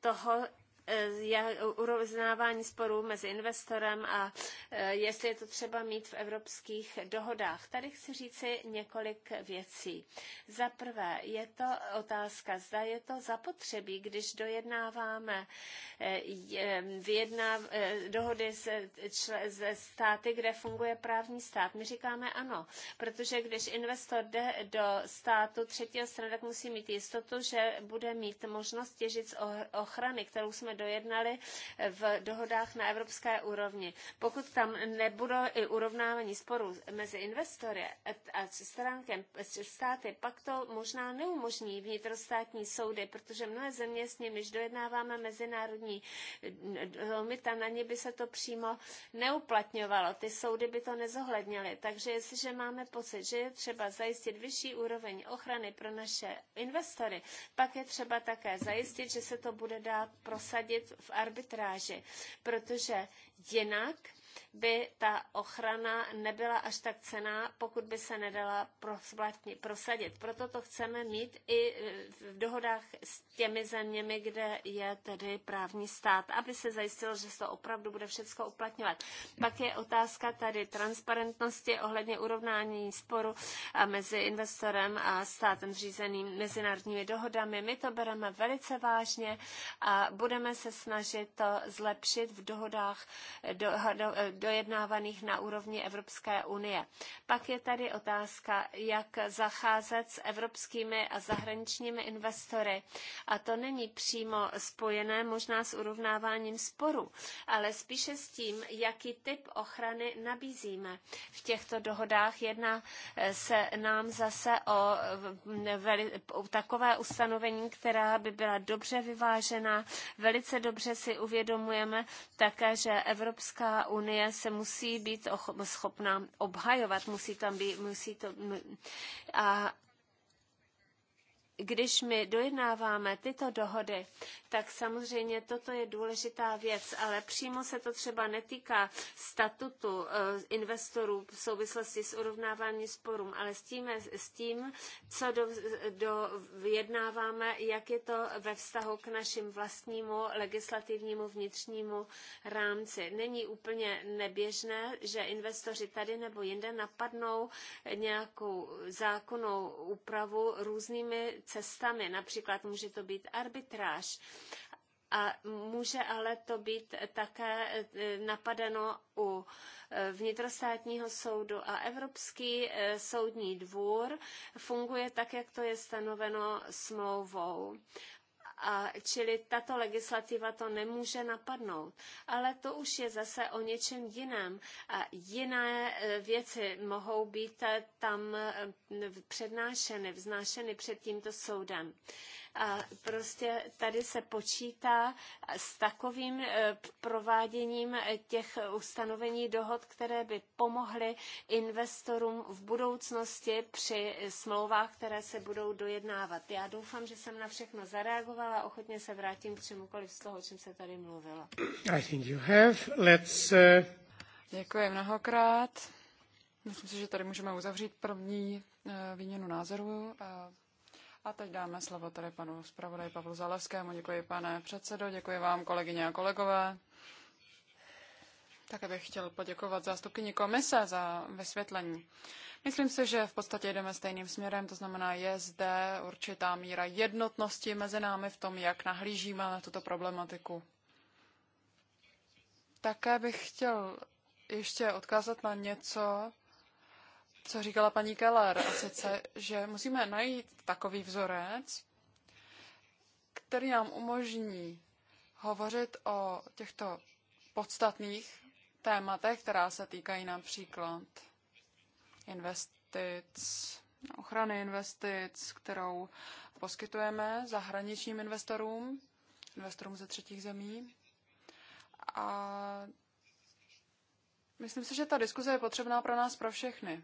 toho, Eh, uznávání sporů mezi investorem a eh, jestli je to třeba mít v evropských dohodách. Tady chci říci několik věcí. Za prvé, je to otázka, zda je to zapotřebí, když dojednáváme eh, vyjedná, dohody se, ze státy, kde funguje právní stát. My říkáme ano, protože když investor jde do státu třetího strany, tak musí mít jistotu, že bude mít možnost těžit z ochrany, kterou jsme jsme dojednali v dohodách na evropské úrovni. Pokud tam nebudou i urovnávání sporů mezi investory a stránkem státy, pak to možná neumožní vnitrostátní soudy, protože mnohé země s nimiž dojednáváme mezinárodní domy, tam na ně by se to přímo neuplatňovalo. Ty soudy by to nezohlednily. Takže jestliže máme pocit, že je třeba zajistit vyšší úroveň ochrany pro naše investory, pak je třeba také zajistit, že se to bude dát prosadit prosadit v arbitráži, protože jinak by ta ochrana nebyla až tak cená, pokud by se nedala prosadit. Proto to chceme mít i e, v dohodách s těmi zeměmi, kde je tedy právní stát, aby se zajistilo, že se to opravdu bude všechno uplatňovat. Pak je otázka tady transparentnosti ohledně urovnání sporu e, mezi investorem a státem řízeným mezinárodními dohodami. My to bereme velice vážně a budeme se snažit to zlepšit v dohodách, do, do, dojednávaných na úrovni Evropské unie. Pak je tady otázka, jak zacházet s evropskými a zahraničními investory. A to není přímo spojené možná s urovnáváním sporu, ale spíše s tím, jaký typ ochrany nabízíme. V těchto dohodách jedná eh, se nám zase o, eh, o takové ustanovení, která by byla dobře vyvážená. Velice dobře si uvědomujeme také, že Evropská unie se musí být schopná obhajovat, musí tam být, musí to, a když my dojednáváme tyto dohody, tak samozřejmě toto je důležitá věc, ale přímo se to třeba netýká statutu eh, investorů v souvislosti s urovnáváním sporům, ale s tím, s tím co do, do vyjednáváme, jak je to ve vztahu k našim vlastnímu legislativnímu vnitřnímu rámci. Není úplně neběžné, že investoři tady nebo jinde napadnou nějakou zákonnou úpravu různými cestami, například může to být arbitráž, a může ale to být také e, napadeno u e, vnitrostátního soudu a Evropský e, soudní dvůr funguje tak, jak to je stanoveno smlouvou. A čili tato legislativa to nemůže napadnout. Ale to už je zase o něčem jiném. A jiné e, věci mohou být e, tam e, přednášeny, vznášeny před tímto soudem. A prostě tady se počítá s takovým e, prováděním e, těch ustanovení dohod, které by pomohly investorům v budoucnosti při smlouvách, které se budou dojednávat. Já doufám, že jsem na všechno zareagovala a ochotně se vrátím k čemukoliv z toho, o čem se tady mluvila. I think you have. Let's, uh... Děkuji mnohokrát. Myslím si, že tady můžeme uzavřít první výměnu názorů. A teď dáme slovo tady panu zpravodaji Pavlu Zalevskému. Děkuji, pane předsedo, děkuji vám, kolegyně a kolegové. Také bych chtěl poděkovat zástupkyni komise za vysvětlení. Myslím si, že v podstatě jdeme stejným směrem, to znamená, je zde určitá míra jednotnosti mezi námi v tom, jak nahlížíme na tuto problematiku. Také bych chtěl ještě odkázat na něco, co říkala paní Keller, a sice, že musíme najít takový vzorec, který nám umožní hovořit o těchto podstatných tématech, která se týkají například investic, ochrany investic, kterou poskytujeme zahraničním investorům, investorům ze třetích zemí. A myslím si, že ta diskuze je potřebná pro nás, pro všechny.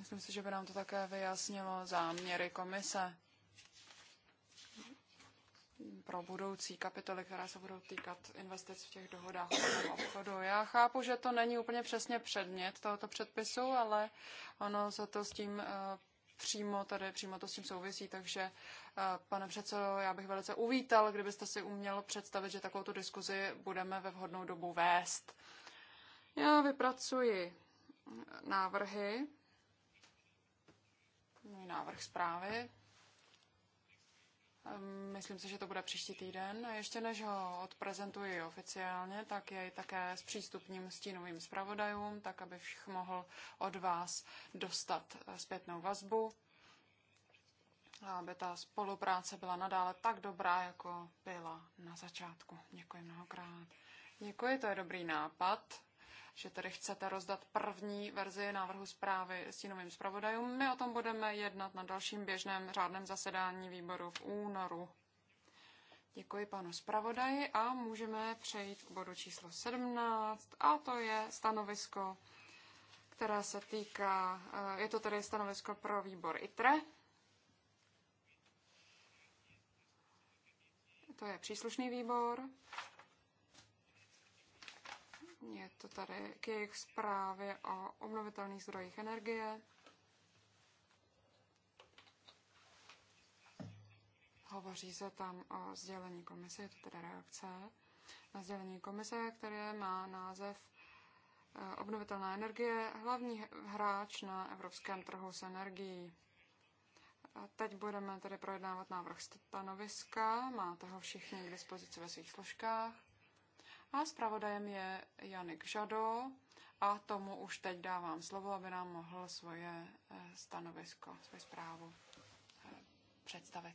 Myslím si, že by nám to také vyjasnilo záměry komise pro budoucí kapitoly, které se budou týkat investic v těch dohodách o obchodu. Já chápu, že to není úplně přesně předmět tohoto předpisu, ale ono se to s tím eh, přímo tady, přímo to s tím souvisí, takže eh, pane předsedo, já bych velice uvítal, kdybyste si uměl představit, že takovou tu diskuzi budeme ve vhodnou dobu vést. Já vypracuji návrhy můj návrh zprávy. Ehm, myslím si, že to bude příští týden. A ještě než ho odprezentuji oficiálně, tak jej také s přístupním stínovým zpravodajům, tak všich mohl od vás dostat eh, zpětnou vazbu. A aby ta spolupráce byla nadále tak dobrá, jako byla na začátku. Děkuji mnohokrát. Děkuji, to je dobrý nápad že tedy chcete rozdat první verzi návrhu zprávy novým zpravodajům. My o tom budeme jednat na dalším běžném řádném zasedání výboru v únoru. Děkuji panu zpravodaji a můžeme přejít k bodu číslo 17 a to je stanovisko, které se týká, eh, je to tedy stanovisko pro výbor ITRE. To je příslušný výbor. Je to tady k jejich zprávě o obnovitelných zdrojích energie. Hovoří se tam o sdělení komise, je to teda reakce na sdělení komise, které má název eh, Obnovitelná energie, hlavní hráč na evropském trhu s energií. A teď budeme tedy projednávat návrh stanoviska, máte ho všichni k dispozici ve svých složkách. A zpravodajem je Janik Žado a tomu už teď dávám slovo, aby nám mohl svoje eh, stanovisko, svoji zprávu eh, představit.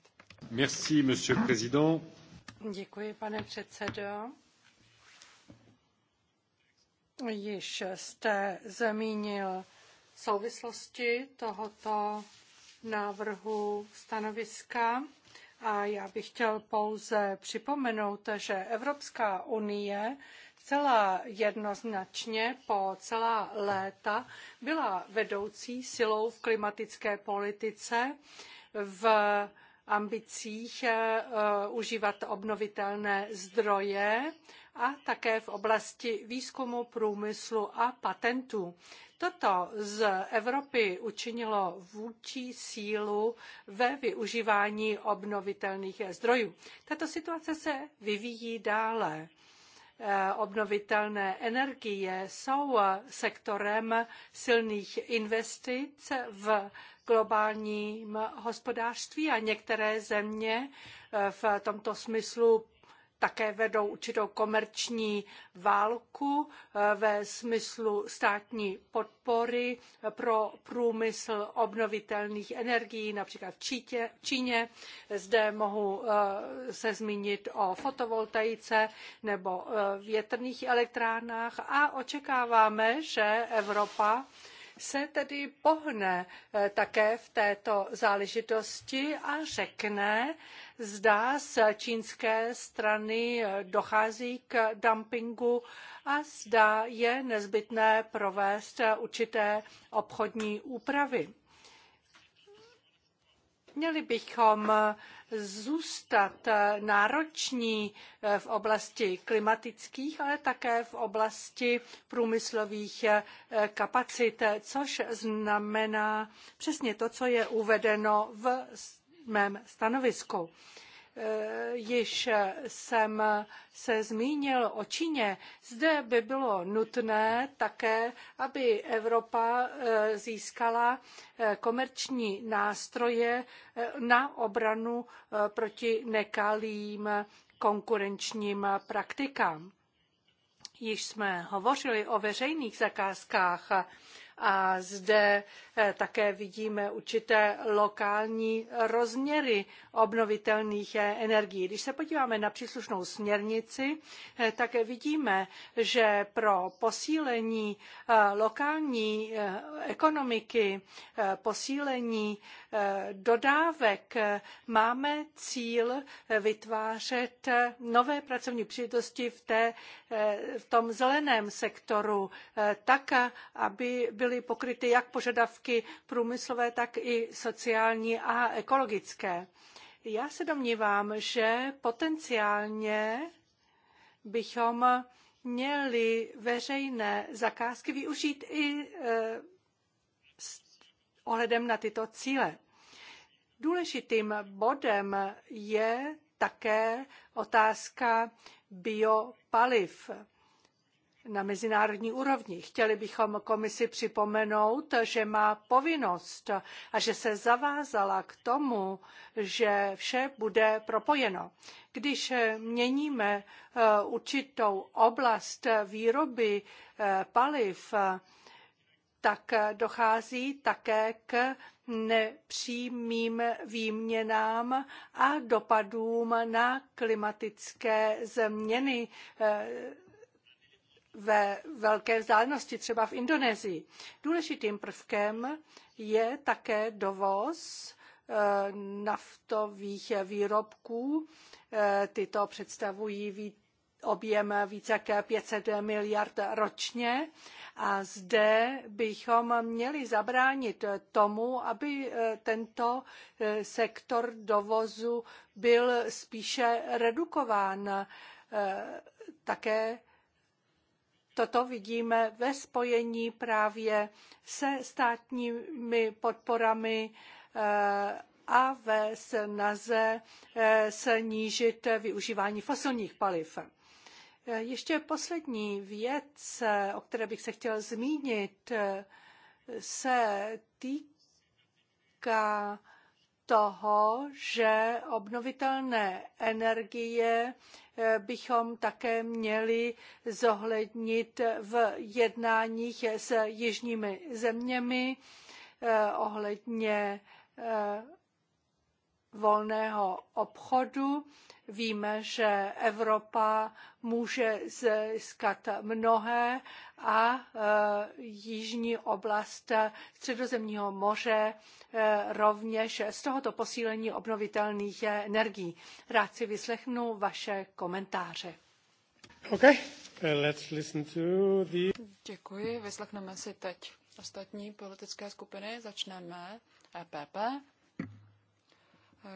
Merci, monsieur le président. Děkuji, pane předsedo. Již jste zmínil souvislosti tohoto návrhu stanoviska a já bych chtěl pouze připomenout, že Evropská unie zcela jednoznačně po celá léta byla vedoucí silou v klimatické politice, v ambicích eh, užívat obnovitelné zdroje a také v oblasti výzkumu, průmyslu a patentů. Toto z Evropy učinilo vůči sílu ve využívání obnovitelných zdrojů. Tato situace se vyvíjí dále eh, obnovitelné energie jsou sektorem silných investic v globálním hospodářství a některé země eh, v tomto smyslu také vedou určitou komerční válku eh, ve smyslu státní podpory eh, pro průmysl obnovitelných energií, například v Čítě, Číně. Zde mohu eh, se zmínit o fotovoltaice nebo větrných elektrárnách a očekáváme, že Evropa se tedy pohne také v této záležitosti a řekne, Zda z čínské strany eh, dochází k dumpingu a zda je nezbytné provést eh, určité obchodní úpravy měli bychom eh, zůstat nároční v oblasti klimatických, ale také v oblasti průmyslových kapacit, což znamená přesně to, co je uvedeno v mém stanovisku. E, již jsem se zmínil o Číně. Zde by bylo nutné také, aby Evropa e, získala e, komerční nástroje na obranu proti nekalým konkurenčním praktikám. Již jsme hovořili o veřejných zakázkách. A zde eh, také vidíme určité lokální rozměry obnovitelných eh, energií. Když se podíváme na příslušnou směrnici, eh, tak vidíme, že pro posílení lokální ekonomiky, posílení dodávek máme cíl vytvářet nové pracovní příležitosti v, té, v tom zeleném sektoru tak, aby byly pokryty jak požadavky průmyslové, tak i sociální a ekologické. Já se domnívám, že potenciálně bychom měli veřejné zakázky využít i eh, s ohledem na tyto cíle. Důležitým bodem je také otázka biopaliv na mezinárodní úrovni. Chtěli bychom komisi připomenout, že má povinnost a že se zavázala k tomu, že vše bude propojeno. Když měníme eh, určitou oblast výroby eh, paliv, tak dochází také k nepřímým výměnám a dopadům na klimatické změny eh, ve velké vzdálenosti, třeba v Indonésii. Důležitým prvkem je také dovoz eh, naftových výrobků. Eh, tyto představují objem více jak hundred miliard ročně. A zde bychom měli zabránit tomu, aby eh, tento eh, sektor dovozu byl spíše redukován. Eh, také Toto vidíme ve spojení právě se státními podporami a ve snaze snížit využívání fosilních paliv. Eh, ještě poslední věc, eh, o které bych se chtěla zmínit, eh, se týká toho, že obnovitelné energie bychom také měli zohlednit v jednáních s jižními zeměmi ohledně volného obchodu. Víme, že Evropa může získat mnohé a e, jižní oblast Středozemního moře e, rovněž z tohoto posílení obnovitelných energií. Rád si vyslechnu vaše komentáře. Okay. Uh, let's listen to the... Děkuji, vyslechneme si teď ostatní politické skupiny. Začneme EPP.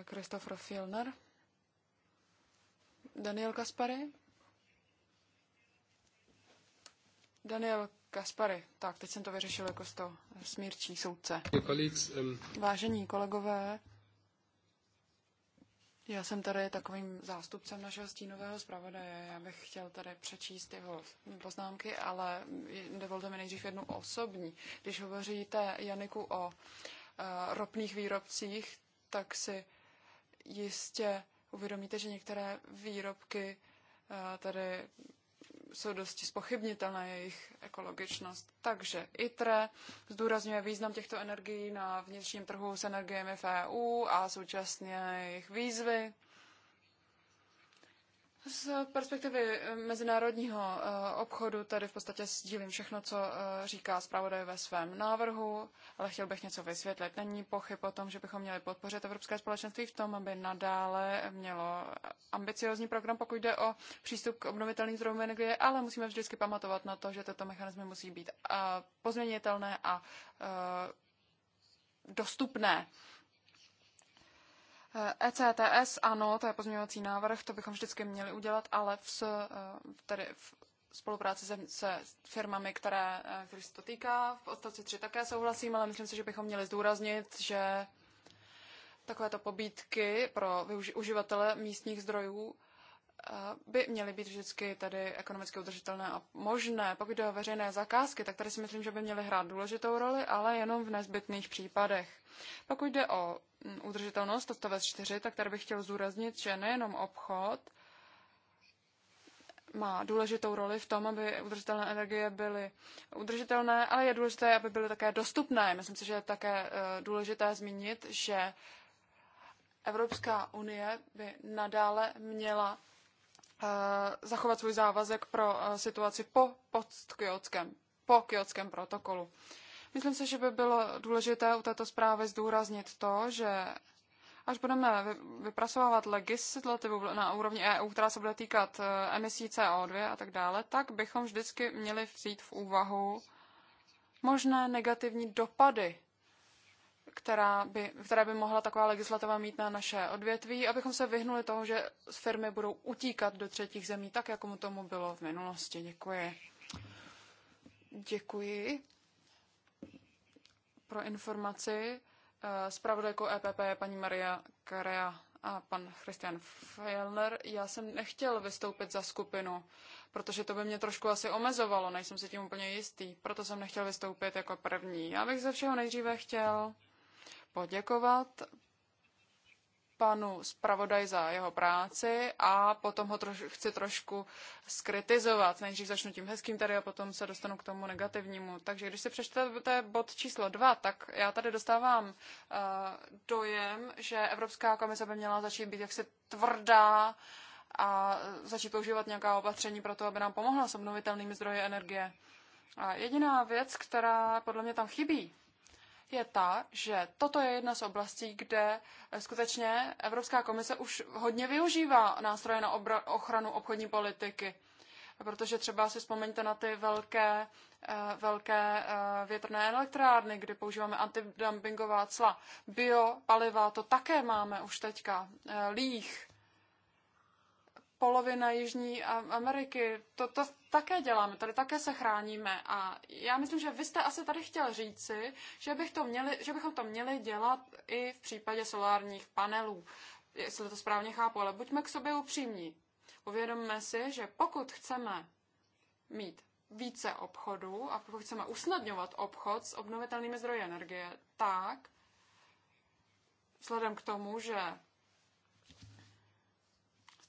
Kristofr Filner, Daniel Kaspary. Daniel Kaspary, tak teď jsem to vyřešil jako to smírčí soudce. Um, Vážení kolegové, já jsem tady takovým zástupcem našeho stínového zpravodaje. Já bych chtěl tady přečíst jeho poznámky, ale dovolte mi nejdřív jednu osobní. Když hovoříte, Janiku, o eh, ropných výrobcích, tak si jistě uvědomíte, že některé výrobky eh, tady jsou dosti spochybnitelné jejich ekologičnost. Takže ITRE zdůrazňuje význam těchto energií na vnitřním trhu s energiemi v EU a současně jejich výzvy z perspektivy eh, mezinárodního eh, obchodu tady v podstatě sdílím všechno, co eh, říká zpravodaj ve svém návrhu, ale chtěl bych něco vysvětlit. Není pochyb o tom, že bychom měli podpořit Evropské společenství v tom, aby nadále mělo ambiciozní program, pokud jde o přístup k obnovitelným zdrojům energie, ale musíme vždycky pamatovat na to, že tyto mechanismy musí být pozměnitelné a dostupné. ECTS, eh, e ano, to je pozměňovací návrh, to bychom vždycky měli udělat, ale v, eh, tedy v spolupráci se, se firmami, které, eh, které se to týká. V odstavci 3 také souhlasím, ale myslím si, že bychom měli zdůraznit, že takovéto pobídky pro uživatele místních zdrojů by měly být vždycky tady ekonomicky udržitelné a možné. Pokud jde o veřejné zakázky, tak tady si myslím, že by měly hrát důležitou roli, ale jenom v nezbytných případech. Pokud jde o udržitelnost odstavec 4, tak tady bych chtěl zúraznit, že nejenom obchod má důležitou roli v tom, aby udržitelné energie byly udržitelné, ale je důležité, aby byly také dostupné. Myslím si, že je také e, důležité zmínit, že Evropská unie by nadále měla Eh, zachovat svůj závazek pro eh, situaci po podkyotském, po kyotském protokolu. Myslím si, že by bylo důležité u této zprávy zdůraznit to, že až budeme vypracovávat legislativu na úrovni EU, která se bude týkat eh, emisí CO2 a tak dále, tak bychom vždycky měli vzít v úvahu možné negativní dopady která by, která by mohla taková legislativa mít na naše odvětví, abychom se vyhnuli toho, že firmy budou utíkat do třetích zemí, tak jako mu tomu bylo v minulosti. Děkuji. Děkuji pro informaci. Spravodajkou eh, EPP je paní Maria Karea a pan Christian Fjellner. Já jsem nechtěl vystoupit za skupinu, protože to by mě trošku asi omezovalo, nejsem si tím úplně jistý, proto jsem nechtěl vystoupit jako první. Já bych ze všeho nejdříve chtěl poděkovat panu zpravodaj za jeho práci a potom ho troš- chci trošku skritizovat. Nejdřív začnu tím hezkým tady a potom se dostanu k tomu negativnímu. Takže když si přečtete bod číslo dva, tak já tady dostávám uh, dojem, že Evropská komise by měla začít být jaksi tvrdá a začít používat nějaká opatření pro to, aby nám pomohla s obnovitelnými zdroji energie. A jediná věc, která podle mě tam chybí, je ta, že toto je jedna z oblastí, kde eh, skutečně Evropská komise už hodně využívá nástroje na ochranu obchodní politiky. Protože třeba si vzpomeňte na ty velké, eh, velké eh, větrné elektrárny, kdy používáme antidumpingová cla. Biopaliva, to také máme už teďka. Líh, polovina Jižní Ameriky. To, to také děláme, tady také se chráníme. A já myslím, že vy jste asi tady chtěl říci, že, bych to měli, že bychom to měli dělat i v případě solárních panelů. Jestli to správně chápu, ale buďme k sobě upřímní. Uvědomme si, že pokud chceme mít více obchodu a pokud chceme usnadňovat obchod s obnovitelnými zdroji energie, tak vzhledem k tomu, že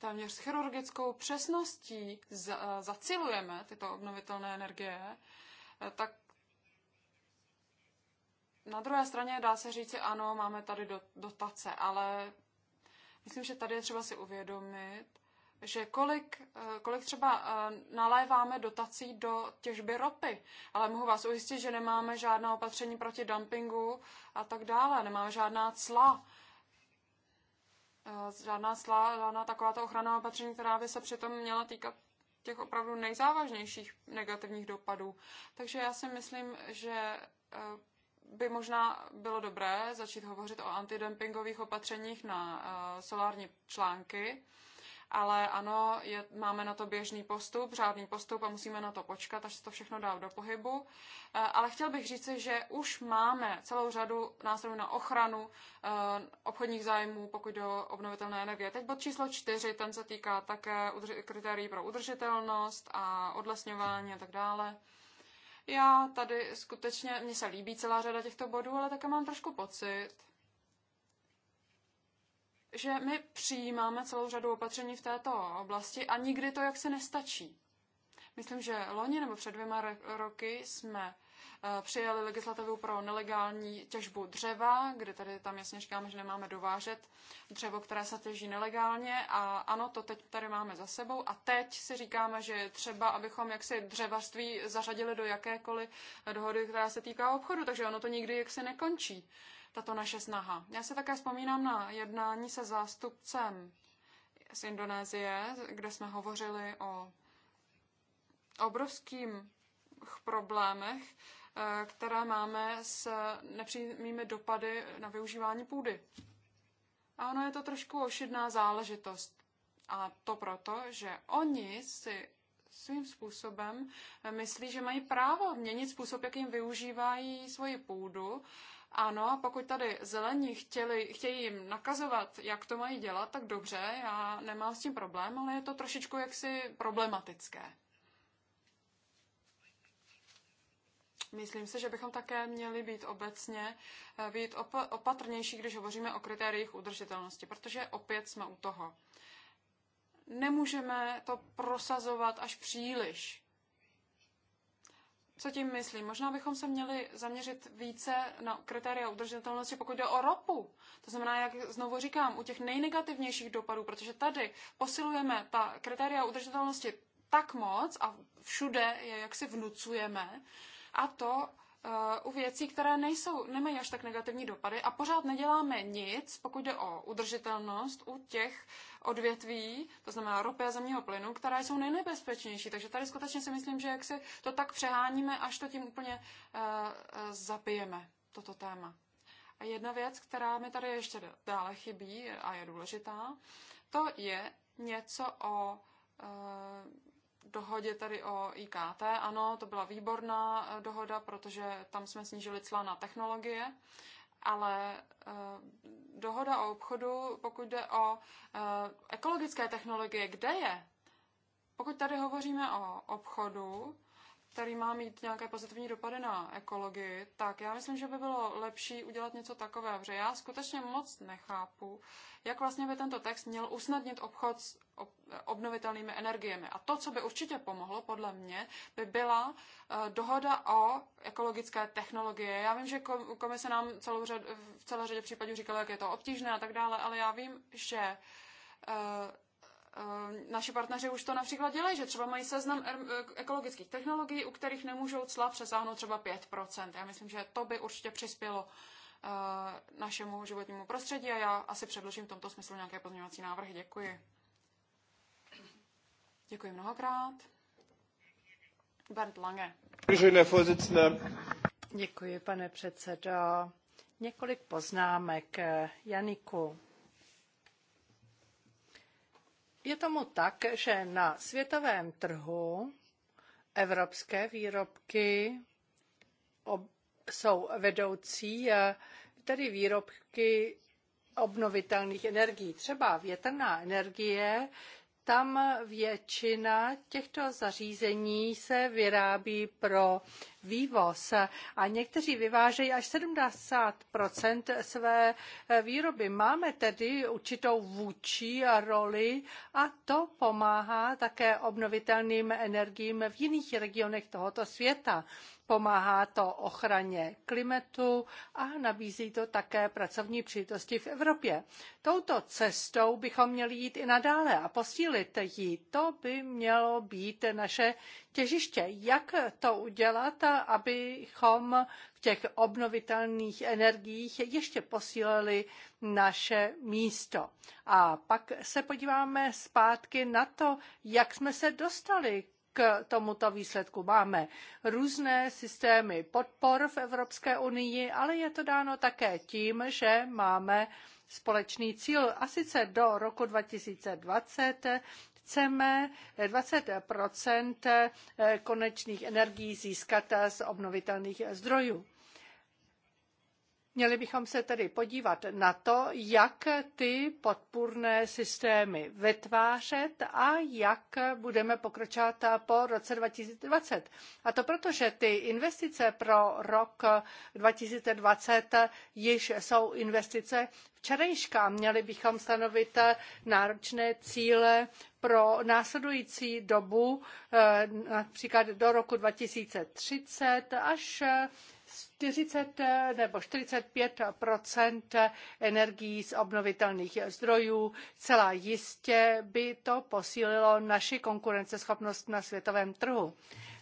téměř chirurgickou přesností eh, zacilujeme tyto obnovitelné energie, eh, tak na druhé straně dá se že ano, máme tady dotace, ale myslím, že tady je třeba si uvědomit, že kolik, eh, kolik třeba naléváme dotací do těžby ropy. Ale mohu vás ujistit, že nemáme žádná opatření proti dumpingu a tak dále, nemáme žádná cla. Eh, žádná, slá, žádná takováto ochrana opatření, která by se přitom měla týkat těch opravdu nejzávažnějších negativních dopadů. Takže já si myslím, že eh, by možná bylo dobré začít hovořit o antidumpingových opatřeních na eh, solární články, ale ano, je, máme na to běžný postup, řádný postup a musíme na to počkat, až se to všechno dá do pohybu. Eh, ale chtěl bych říci, že už máme celou řadu nástrojů na ochranu eh, obchodních zájmů, pokud do obnovitelné energie. Teď bod číslo čtyři, ten se týká také kritérií pro udržitelnost a odlesňování a tak dále. Já tady skutečně, mně se líbí celá řada těchto bodů, ale také mám trošku pocit, že my přijímáme celou řadu opatření v této oblasti a nikdy to jak se nestačí. Myslím, že loni nebo před dvěma roky jsme eh, přijali legislativu pro nelegální těžbu dřeva, kde tady tam jasně říkáme, že nemáme dovážet dřevo, které se těží nelegálně. A ano, to teď tady máme za sebou. A teď si říkáme, že je třeba, abychom jaksi dřevařství zařadili do jakékoliv eh, dohody, která se týká obchodu. Takže ono to nikdy jaksi nekončí tato naše snaha. Já se také vzpomínám na jednání se zástupcem z Indonésie, kde jsme hovořili o obrovských problémech, eh, které máme s nepřímými dopady na využívání půdy. A ono je to trošku ošidná záležitost. A to proto, že oni si svým způsobem myslí, že mají právo měnit způsob, jakým využívají svoji půdu ano, pokud tady zelení chtěli, chtějí jim nakazovat, jak to mají dělat, tak dobře, já nemám s tím problém, ale je to trošičku jaksi problematické. Myslím si, že bychom také měli být obecně eh, být opatrnější, když hovoříme o kritériích udržitelnosti, protože opět jsme u toho. Nemůžeme to prosazovat až příliš, co tím myslí? Možná bychom se měli zaměřit více na kritéria udržitelnosti, pokud jde o ropu. To znamená, jak znovu říkám, u těch nejnegativnějších dopadů, protože tady posilujeme ta kritéria udržitelnosti tak moc a všude je jaksi vnucujeme, a to Eh, u věcí, které nejsou, nemají až tak negativní dopady a pořád neděláme nic, pokud jde o udržitelnost u těch odvětví, to znamená ropy a zemního plynu, které jsou nejnebezpečnější. Takže tady skutečně si myslím, že jak si to tak přeháníme, až to tím úplně uh, zabijeme, toto téma. A jedna věc, která mi tady ještě dále chybí a je důležitá, to je něco o uh, dohodě tady o IKT. Ano, to byla výborná eh, dohoda, protože tam jsme snížili cla na technologie, ale eh, dohoda o obchodu, pokud jde o eh, ekologické technologie, kde je? Pokud tady hovoříme o obchodu, který má mít nějaké pozitivní dopady na ekologii, tak já myslím, že by bylo lepší udělat něco takového, protože já skutečně moc nechápu, jak vlastně by tento text měl usnadnit obchod s obnovitelnými energiemi. A to, co by určitě pomohlo, podle mě, by byla eh, dohoda o ekologické technologie. Já vím, že komise nám celou řad, v celé řadě případů říkala, jak je to obtížné a tak dále, ale já vím, že eh, Ehm, naši partneři už to například dělají, že třeba mají seznam eh, ekologických technologií, u kterých nemůžou cla přesáhnout třeba 5%. Já myslím, že to by určitě přispělo eh, našemu životnímu prostředí a já asi předložím v tomto smyslu nějaké pozměňovací návrhy. Děkuji. Děkuji mnohokrát. Bernd Lange. Děkuji, pane předsedo. Několik poznámek. Eh, Janiku, je tomu tak, že na světovém trhu evropské výrobky jsou vedoucí, eh, tedy výrobky obnovitelných energií. Třeba větrná energie tam většina těchto zařízení se vyrábí pro vývoz a někteří vyvážejí až 70 své výroby. Máme tedy určitou vůči roli a to pomáhá také obnovitelným energiím v jiných regionech tohoto světa pomáhá to ochraně klimatu a nabízí to také pracovní příležitosti v Evropě. Touto cestou bychom měli jít i nadále a posílit ji. To by mělo být naše těžiště. Jak to udělat, abychom v těch obnovitelných energiích ještě posílili naše místo. A pak se podíváme zpátky na to, jak jsme se dostali k tomuto výsledku. Máme různé systémy podpor v Evropské unii, ale je to dáno také tím, že máme společný cíl a sice do roku 2020 chceme 20 konečných energií získat z obnovitelných zdrojů. Měli bychom se tedy podívat na to, jak ty podpůrné systémy vytvářet a jak budeme pokračovat po roce 2020. A to proto, že ty investice pro rok 2020 již jsou investice včerejška. Měli bychom stanovit náročné cíle pro následující dobu, eh, například do roku 2030 až 40 nebo 45 energií z obnovitelných zdrojů. Celá jistě by to posílilo naši konkurenceschopnost na světovém trhu.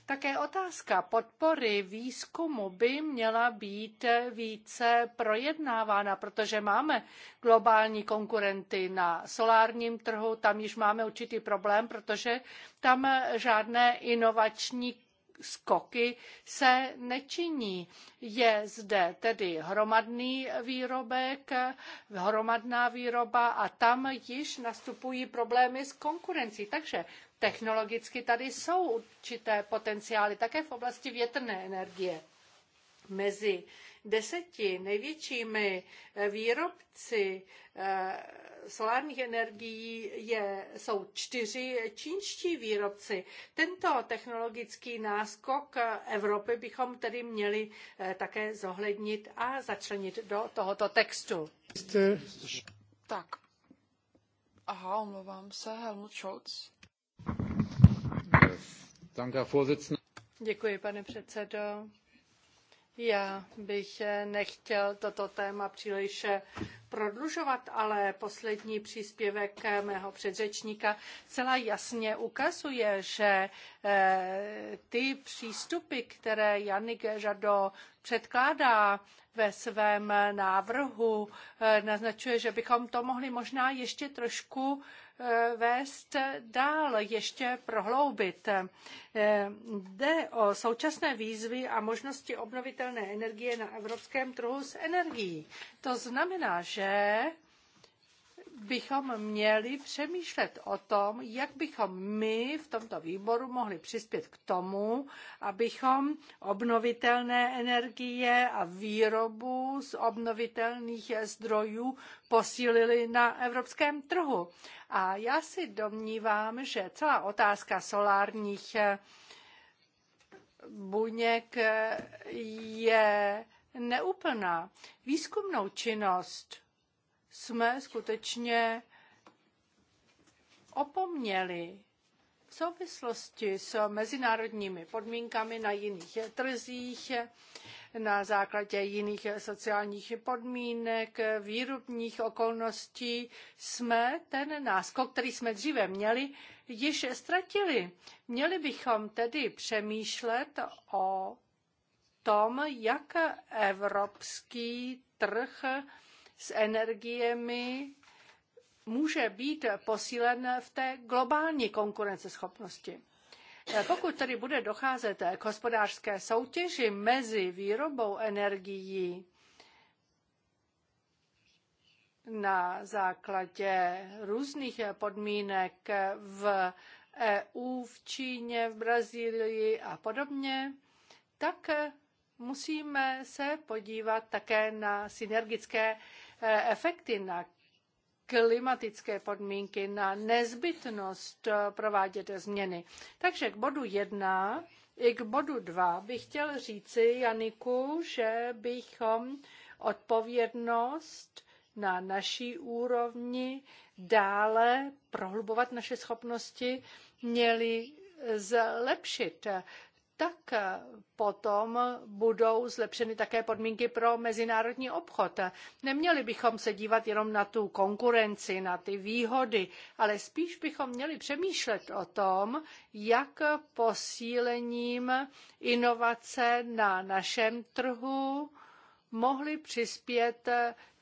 Také otázka podpory výzkumu by měla být více projednávána, protože máme globální konkurenty na solárním trhu, tam již máme určitý problém, protože tam žádné inovační skoky se nečiní. Je zde tedy hromadný výrobek, hromadná výroba a tam již nastupují problémy s konkurencí. Takže technologicky tady jsou určité potenciály také v oblasti větrné energie. Mezi deseti největšími výrobci eh, solárních energií je, jsou čtyři čínští výrobci. Tento technologický náskok Evropy bychom tedy měli eh, také zohlednit a začlenit do tohoto textu. Tak. Aha, omlouvám se, Helmut Scholz. Děkuji, pane předsedo. Já bych eh, nechtěl toto téma příliš eh, prodlužovat, ale poslední příspěvek mého předřečníka celá jasně ukazuje, že eh, ty přístupy, které Janik Žado předkládá ve svém návrhu, eh, naznačuje, že bychom to mohli možná ještě trošku eh, vést dál, ještě prohloubit. Jde o současné výzvy a možnosti obnovitelné energie na evropském trhu s energií. To znamená, že že bychom měli přemýšlet o tom, jak bychom my v tomto výboru mohli přispět k tomu, abychom obnovitelné energie a výrobu z obnovitelných zdrojů posílili na evropském trhu. A já si domnívám, že celá otázka solárních buněk je neúplná. Výzkumnou činnost jsme skutečně opomněli v souvislosti s mezinárodními podmínkami na jiných trzích, na základě jiných sociálních podmínek, výrobních okolností jsme ten náskok, který jsme dříve měli, již ztratili. Měli bychom tedy přemýšlet o tom, jak evropský trh s energiemi může být posílen v té globální konkurenceschopnosti. Pokud tedy bude docházet k hospodářské soutěži mezi výrobou energií na základě různých podmínek v EU, v Číně, v Brazílii a podobně, tak musíme se podívat také na synergické Eh, efekty na klimatické podmínky, na nezbytnost eh, provádět změny. Takže k bodu jedna i k bodu dva bych chtěl říci, Janiku, že bychom odpovědnost na naší úrovni dále prohlubovat naše schopnosti měli zlepšit tak eh, potom budou zlepšeny také podmínky pro mezinárodní obchod. Neměli bychom se dívat jenom na tu konkurenci, na ty výhody, ale spíš bychom měli přemýšlet o tom, jak posílením inovace na našem trhu mohly přispět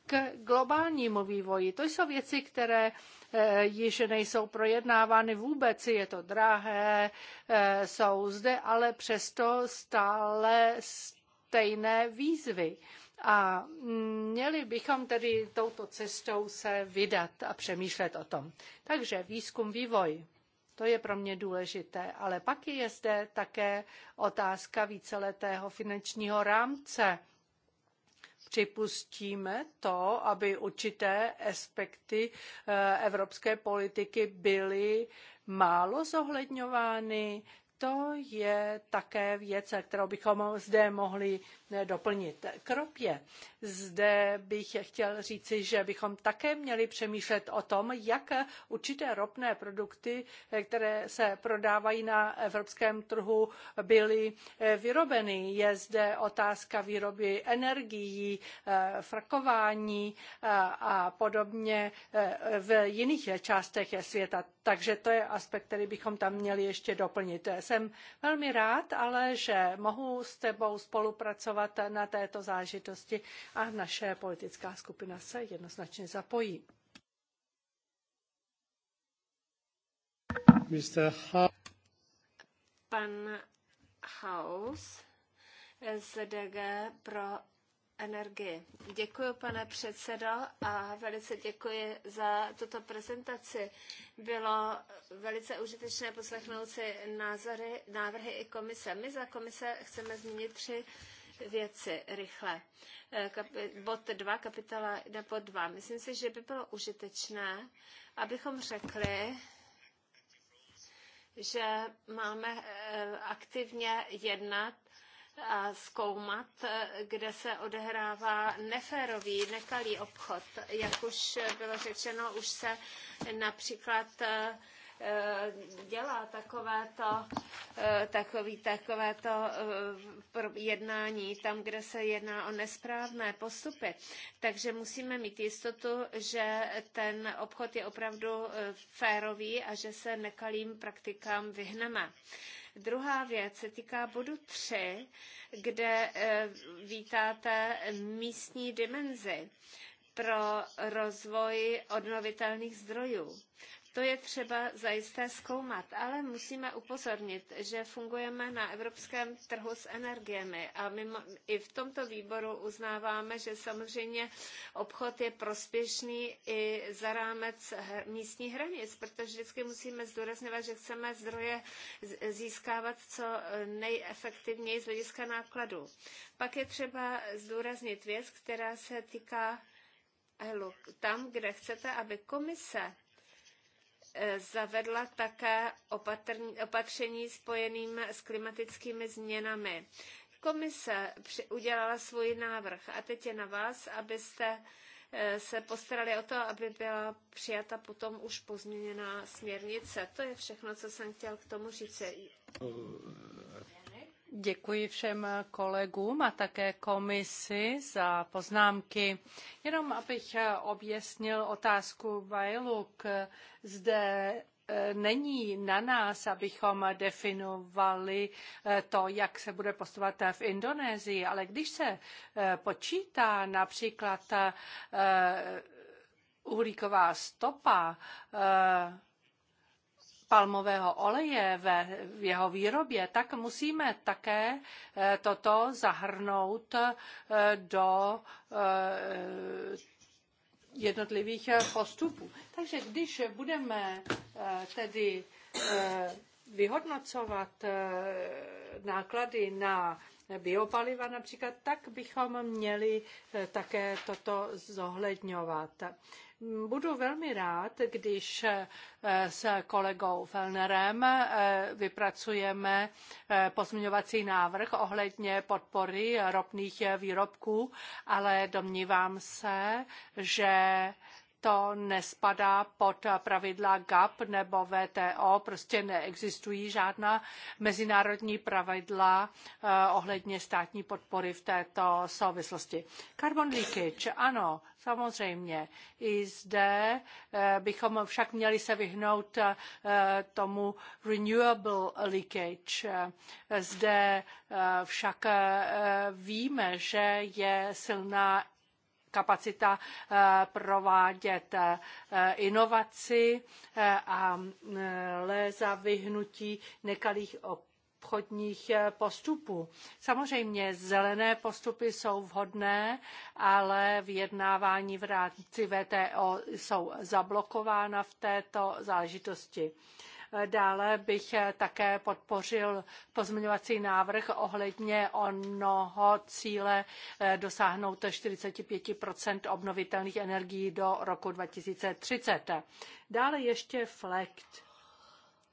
k globálnímu vývoji. To jsou věci, které eh, již nejsou projednávány vůbec, je to drahé, eh, jsou zde ale přesto stále stejné výzvy. A mm, měli bychom tedy touto cestou se vydat a přemýšlet o tom. Takže výzkum, vývoj. To je pro mě důležité. Ale pak je zde také otázka víceletého finančního rámce připustíme to, aby určité aspekty eh, evropské politiky byly málo zohledňovány, to je také věc, kterou bychom zde mohli eh, doplnit. Kropě zde bych chtěl říci, že bychom také měli přemýšlet o tom, jak určité ropné produkty, eh, které se prodávají na evropském trhu, byly eh, vyrobeny. Je zde otázka výroby energií, frakování a podobně v jiných částech světa. Takže to je aspekt, který bychom tam měli ještě doplnit jsem velmi rád, ale že mohu s tebou spolupracovat na této zážitosti a naše politická skupina se jednoznačně zapojí. Mr. Ha- Pan House pro energii. Děkuji, pane předsedo, a velice děkuji za tuto prezentaci. Bylo velice užitečné poslechnout si názory, návrhy i komise. My za komise chceme zmínit tři věci rychle. Eh, Kapi- bod 2, kapitola pod 2. Myslím si, že by bylo užitečné, abychom řekli, že máme eh, aktivně jednat zkoumat, eh, kde se odehrává neférový, nekalý obchod. Jak už bylo řečeno, už se například eh, eh, dělá takovéto takový, takovéto jednání tam, kde se jedná o nesprávné postupy. Takže musíme mít jistotu, že ten obchod je opravdu férový a že se nekalým praktikám vyhneme. Druhá věc se týká bodu 3, kde eh, vítáte místní dimenzi pro rozvoj odnovitelných zdrojů. To je třeba zajisté zkoumat, ale musíme upozornit, že fungujeme na evropském trhu s energiemi a my i v tomto výboru uznáváme, že samozřejmě obchod je prospěšný i za rámec místních hranic, protože vždycky musíme zdůrazňovat, že chceme zdroje získávat co eh, nejefektivněji z hlediska nákladů. Pak je třeba zdůraznit věc, která se týká tam, kde chcete, aby komise zavedla také opatření spojeným s klimatickými změnami. Komise udělala svůj návrh a teď je na vás, abyste eh, se postarali o to, aby byla přijata potom už pozměněná směrnice. To je všechno, co jsem chtěl k tomu říct. Eh, Děkuji všem kolegům a také komisi za poznámky. Jenom abych objasnil otázku Vajluk. Zde e, není na nás, abychom definovali e, to, jak se bude postupovat v Indonésii, ale když se e, počítá například uhlíková stopa, palmového oleje ve v jeho výrobě, tak musíme také eh, toto zahrnout eh, do eh, jednotlivých postupů. Takže když budeme tedy vyhodnocovat náklady na biopaliva například, tak bychom měli eh, také toto zohledňovat. Budu velmi rád, když eh, s kolegou Felnerem eh, vypracujeme pozměňovací návrh ohledně podpory ropných výrobků, ale domnívám se, že to nespadá pod pravidla GAP nebo VTO, prostě neexistují žádná mezinárodní pravidla eh, ohledně státní podpory v této souvislosti. Carbon leakage, ano, samozřejmě. I zde eh, bychom však měli se vyhnout eh, tomu renewable leakage. Zde však víme, že je silná kapacita eh, provádět eh, inovaci eh, a léza vyhnutí nekalých obchodních postupů. Samozřejmě zelené postupy jsou vhodné, ale vyjednávání v rámci VTO jsou zablokována v této záležitosti. Dále bych eh, také podpořil pozměňovací návrh ohledně onoho cíle eh, dosáhnout 45 obnovitelných energií do roku 2030. Dále ještě FLECT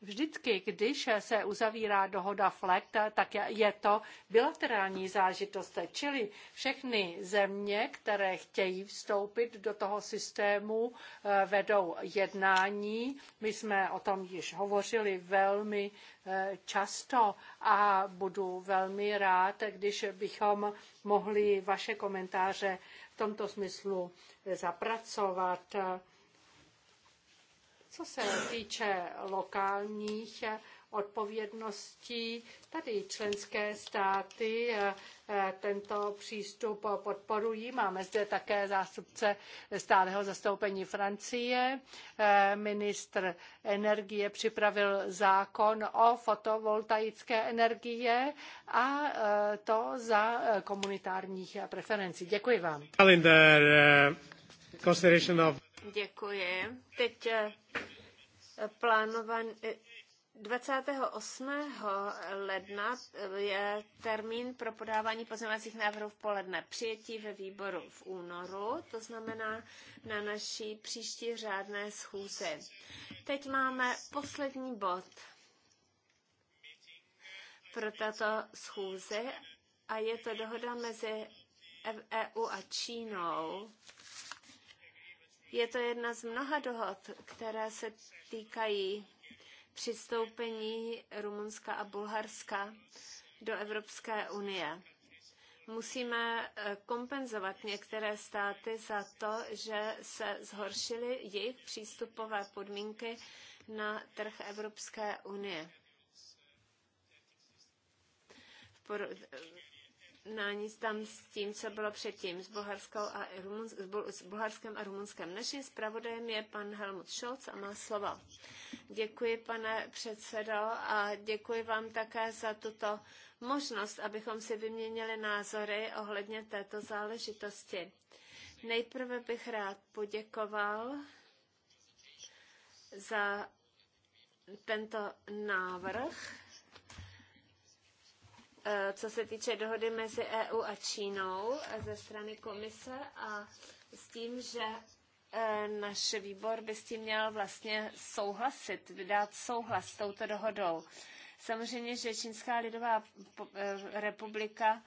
Vždycky, když se uzavírá dohoda FLECT, tak je to bilaterální zážitost, čili všechny země, které chtějí vstoupit do toho systému, eh, vedou jednání. My jsme o tom již hovořili velmi eh, často a budu velmi rád, když bychom mohli vaše komentáře v tomto smyslu eh, zapracovat. Co se týče lokálních eh, odpovědností, tady členské státy eh, eh, tento přístup podporují. Máme zde také zástupce stáleho zastoupení Francie. Ministr energie připravil zákon o fotovoltaické energie a to za komunitárních preferencí. Děkuji vám. Calendar, uh, consideration of... Děkuji. Teď eh, plánovaný 28. Eh, ledna eh, je termín pro podávání pozměňovacích návrhů v poledne. Přijetí ve výboru v únoru, to znamená na naší příští řádné schůzi. Teď máme poslední bod pro tato schůzi a je to dohoda mezi e- EU a Čínou je to jedna z mnoha dohod, které se týkají přistoupení Rumunska a Bulharska do Evropské unie. Musíme eh, kompenzovat některé státy za to, že se zhoršily jejich přístupové podmínky na trh Evropské unie nic tam s tím, co bylo předtím s, Bulharskou a Rumunsk, s Bulharskem a Rumunskem. Naším zpravodajem je pan Helmut Scholz a má slova. Děkuji, pane předsedo, a děkuji vám také za tuto možnost, abychom si vyměnili názory ohledně této záležitosti. Nejprve bych rád poděkoval za tento návrh Eh, co se týče dohody mezi EU a Čínou eh, ze strany komise a s tím, že eh, náš výbor by s tím měl vlastně souhlasit, dát souhlas s touto dohodou. Samozřejmě, že Čínská lidová republika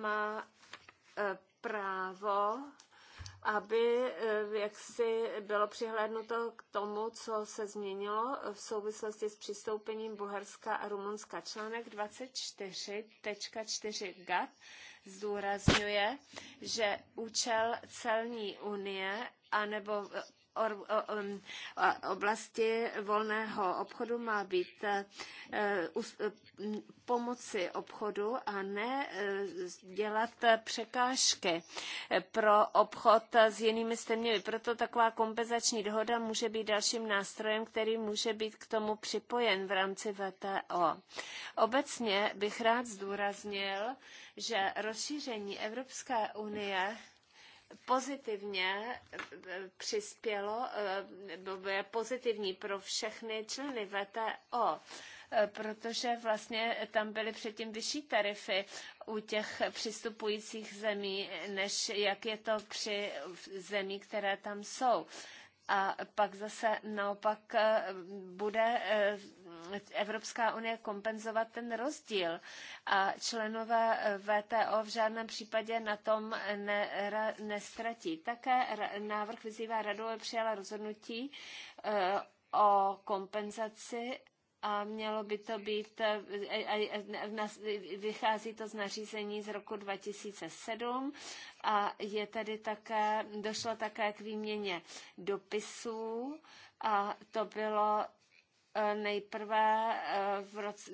má právo aby eh, jaksi bylo přihlédnuto k tomu, co se změnilo v souvislosti s přistoupením Bulharska a Rumunska. Článek 24.4 GAT zdůrazňuje, že účel celní unie anebo Um, oblasti volného obchodu má být eh, eh, pomoci obchodu a ne eh, dělat překážky pro obchod s jinými stejnými. Proto taková kompenzační dohoda může být dalším nástrojem, který může být k tomu připojen v rámci VTO. Obecně bych rád zdůraznil, že rozšíření Evropské unie pozitivně eh, přispělo, eh, je pozitivní pro všechny členy VTO eh, protože vlastně tam byly předtím vyšší tarify u těch přistupujících zemí, než jak je to při zemí, které tam jsou a pak zase naopak eh, bude eh, Evropská unie kompenzovat ten rozdíl a členové eh, VTO v žádném případě na tom ne, ra, nestratí. Také návrh vyzývá radu, aby přijala rozhodnutí o kompenzaci a mělo by to být, eh, eh, eh, vychází to z nařízení z roku 2007 a je tady také, došlo také k výměně dopisů a to bylo Eh, nejprve eh, v roce,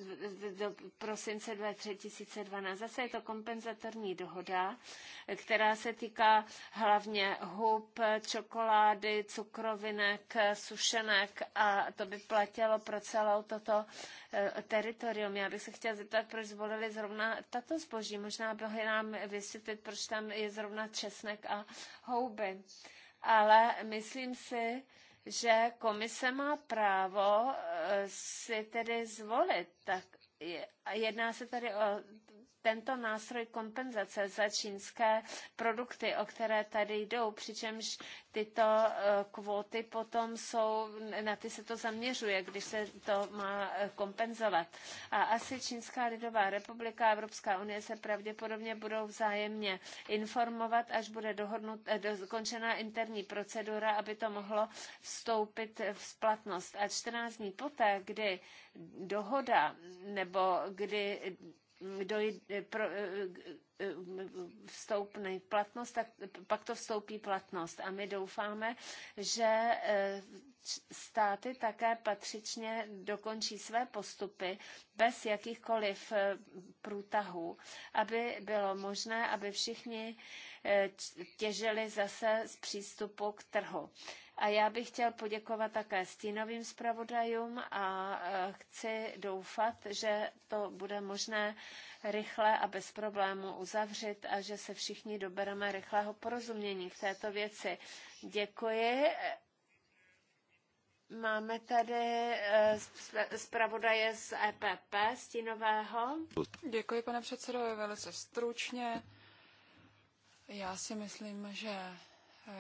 do prosince 2012. Zase je to kompenzatorní dohoda, která se týká hlavně hub, čokolády, cukrovinek, sušenek a to by platilo pro celou toto eh, teritorium. Já bych se chtěla zeptat, proč zvolili zrovna tato zboží. Možná bych nám vysvětlit, proč tam je zrovna česnek a houby. Ale myslím si, že komise má právo eh, si tedy zvolit, tak jedná se tady o tento nástroj kompenzace za čínské produkty, o které tady jdou, přičemž tyto eh, kvóty potom jsou, na ty se to zaměřuje, když se to má eh, kompenzovat. A asi Čínská lidová republika a Evropská unie se pravděpodobně budou vzájemně informovat, až bude dohodnut, eh, dokončená interní procedura, aby to mohlo vstoupit v splatnost. A 14 dní poté, kdy dohoda nebo kdy dojde, pro, eh, eh, eh, vstoupne platnost, tak pak to vstoupí platnost. A my doufáme, že státy také patřičně dokončí své postupy bez jakýchkoliv průtahů, aby bylo možné, aby všichni těžili zase z přístupu k trhu. A já bych chtěl poděkovat také stínovým zpravodajům a e, chci doufat, že to bude možné rychle a bez problému uzavřít a že se všichni dobereme rychlého porozumění v této věci. Děkuji. Máme tady e, zpravodaje z EPP, stínového. Děkuji, pane předsedo, velice stručně. Já si myslím, že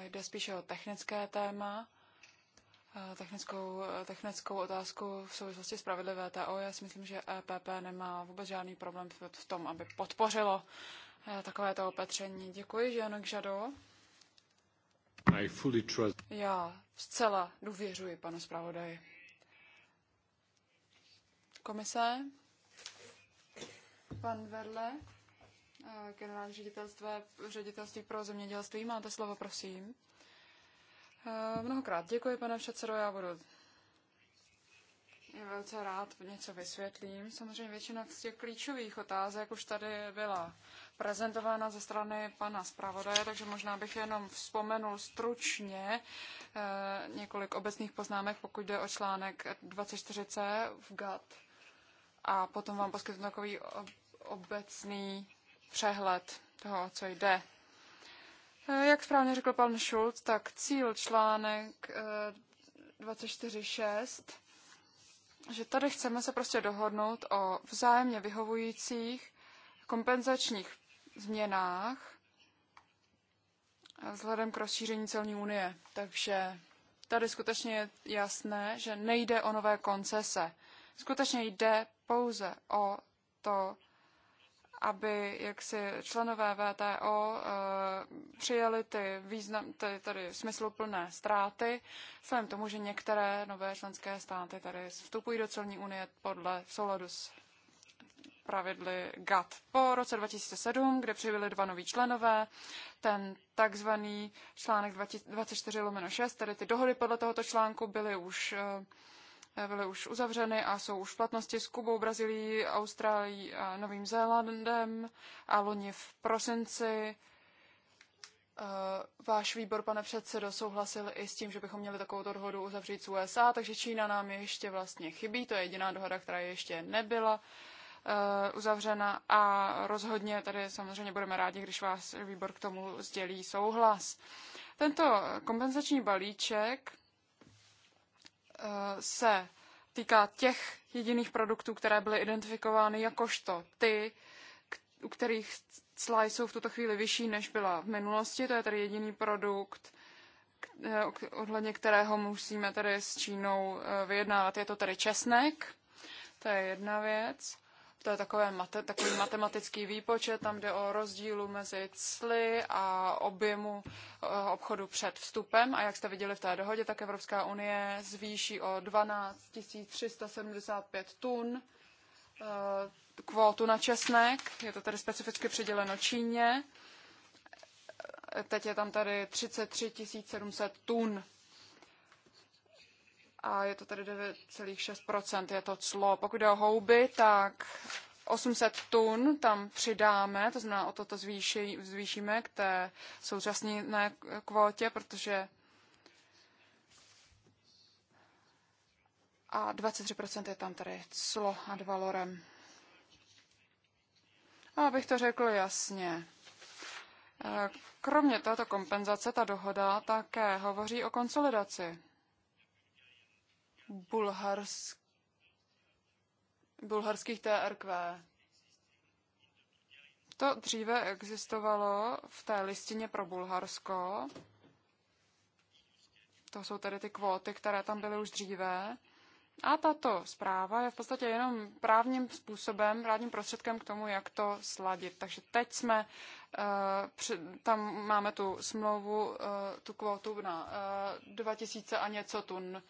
Jde spíše o technické téma, technickou, technickou otázku v souvislosti s pravidly VTO. Já si myslím, že EPP nemá vůbec žádný problém v tom, aby podpořilo eh, takovéto opatření. Děkuji, Janek Žado. I fully trust. Já zcela důvěřuji panu zpravodaji. Komise? Pan Verle? Eh, generální ředitelství, ředitelství pro zemědělství. Máte slovo, prosím. Eh, mnohokrát děkuji, pane předsedo, já budu velice rád něco vysvětlím. Samozřejmě většina z těch klíčových otázek už tady byla prezentována ze strany pana zpravodaje, takže možná bych jenom vzpomenul stručně eh, několik obecných poznámek, pokud jde o článek 24c v GAT. A potom vám poskytnu takový obecný přehled toho, co jde. Eh, jak správně řekl pan Schulz, tak cíl článek 24.6, eh, že tady chceme se prostě dohodnout o vzájemně vyhovujících kompenzačních změnách eh, vzhledem k rozšíření celní unie. Takže tady skutečně je jasné, že nejde o nové koncese. Skutečně jde pouze o to, aby jaksi členové VTO eh, přijali ty, význam, ty tady smysluplné ztráty, vzhledem tomu, že některé nové členské státy tady vstupují do celní unie podle souladu s pravidly GATT. Po roce 2007, kde přibyli dva noví členové, ten takzvaný článek 24 6, tedy ty dohody podle tohoto článku byly už eh, byly už uzavřeny a jsou už v platnosti s Kubou, Brazílií, Austrálií a Novým Zélandem a loni v prosinci eh, váš výbor, pane předsedo, souhlasil i s tím, že bychom měli takovou dohodu uzavřít s USA, takže Čína nám ještě vlastně chybí, to je jediná dohoda, která ještě nebyla eh, uzavřena a rozhodně tady samozřejmě budeme rádi, když vás výbor k tomu sdělí souhlas. Tento kompenzační balíček se týká těch jediných produktů, které byly identifikovány jakožto ty, u kterých cla jsou v tuto chvíli vyšší, než byla v minulosti. To je tedy jediný produkt, eh, ohledně kterého musíme tedy s Čínou eh, vyjednávat. Je to tedy česnek, to je jedna věc to je takové mate, takový matematický výpočet, tam jde o rozdílu mezi cly a objemu eh, obchodu před vstupem. A jak jste viděli v té dohodě, tak Evropská unie zvýší o 12 375 tun eh, kvótu na česnek. Je to tedy specificky přiděleno Číně. Teď je tam tady 33 700 tun a je to tady 9,6%, je to clo. Pokud jde o houby, tak 800 tun tam přidáme, to znamená o toto zvýši, zvýšíme k té současné kvótě, protože a 23% je tam tady clo a valorem. A abych to řekl jasně, eh, kromě této kompenzace ta dohoda také hovoří o konsolidaci bulharsk, bulharských TRQ. To dříve existovalo v té listině pro Bulharsko. To jsou tedy ty kvóty, které tam byly už dříve. A tato zpráva je v podstatě jenom právním způsobem, právním prostředkem k tomu, jak to sladit. Takže teď jsme, eh, tam máme tu smlouvu, eh, tu kvotu na 2000 eh, a něco tun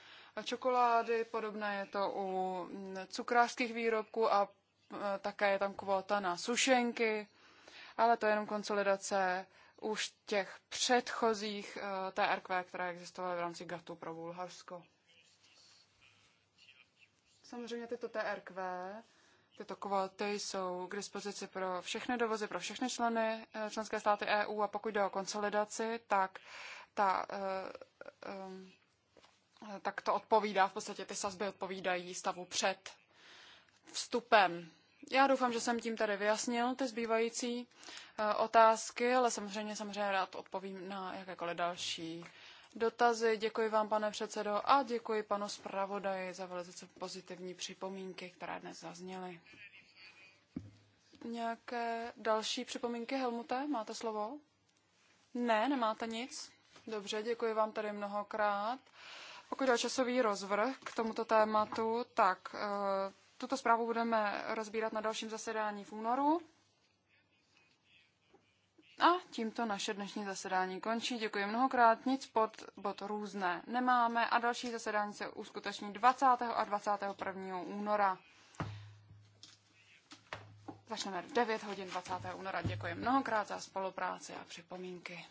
čokolády, podobné je to u cukrářských výrobků a e, také je tam kvóta na sušenky, ale to je jenom konsolidace už těch předchozích e, TRQ, které existovaly v rámci GATU pro Bulharsko. Samozřejmě tyto TRQ, tyto kvóty jsou k dispozici pro všechny dovozy, pro všechny členy e, členské státy EU a pokud jde o konsolidaci, tak ta uh, um, tak to odpovídá, v podstatě ty sazby odpovídají stavu před vstupem. Já doufám, že jsem tím tady vyjasnil ty zbývající eh, otázky, ale samozřejmě, samozřejmě rád odpovím na jakékoliv další dotazy. Děkuji vám, pane předsedo, a děkuji panu zpravodaji za velice pozitivní připomínky, které dnes zazněly. Nějaké další připomínky, Helmute? Máte slovo? Ne, nemáte nic? Dobře, děkuji vám tady mnohokrát. Pokud je o časový rozvrh k tomuto tématu, tak eh, tuto zprávu budeme rozbírat na dalším zasedání v únoru. A tímto naše dnešní zasedání končí. Děkuji mnohokrát. Nic pod bod různé nemáme a další zasedání se uskuteční 20. a 21. února. Začneme v 9 hodin 20. února. Děkuji mnohokrát za spolupráci a připomínky.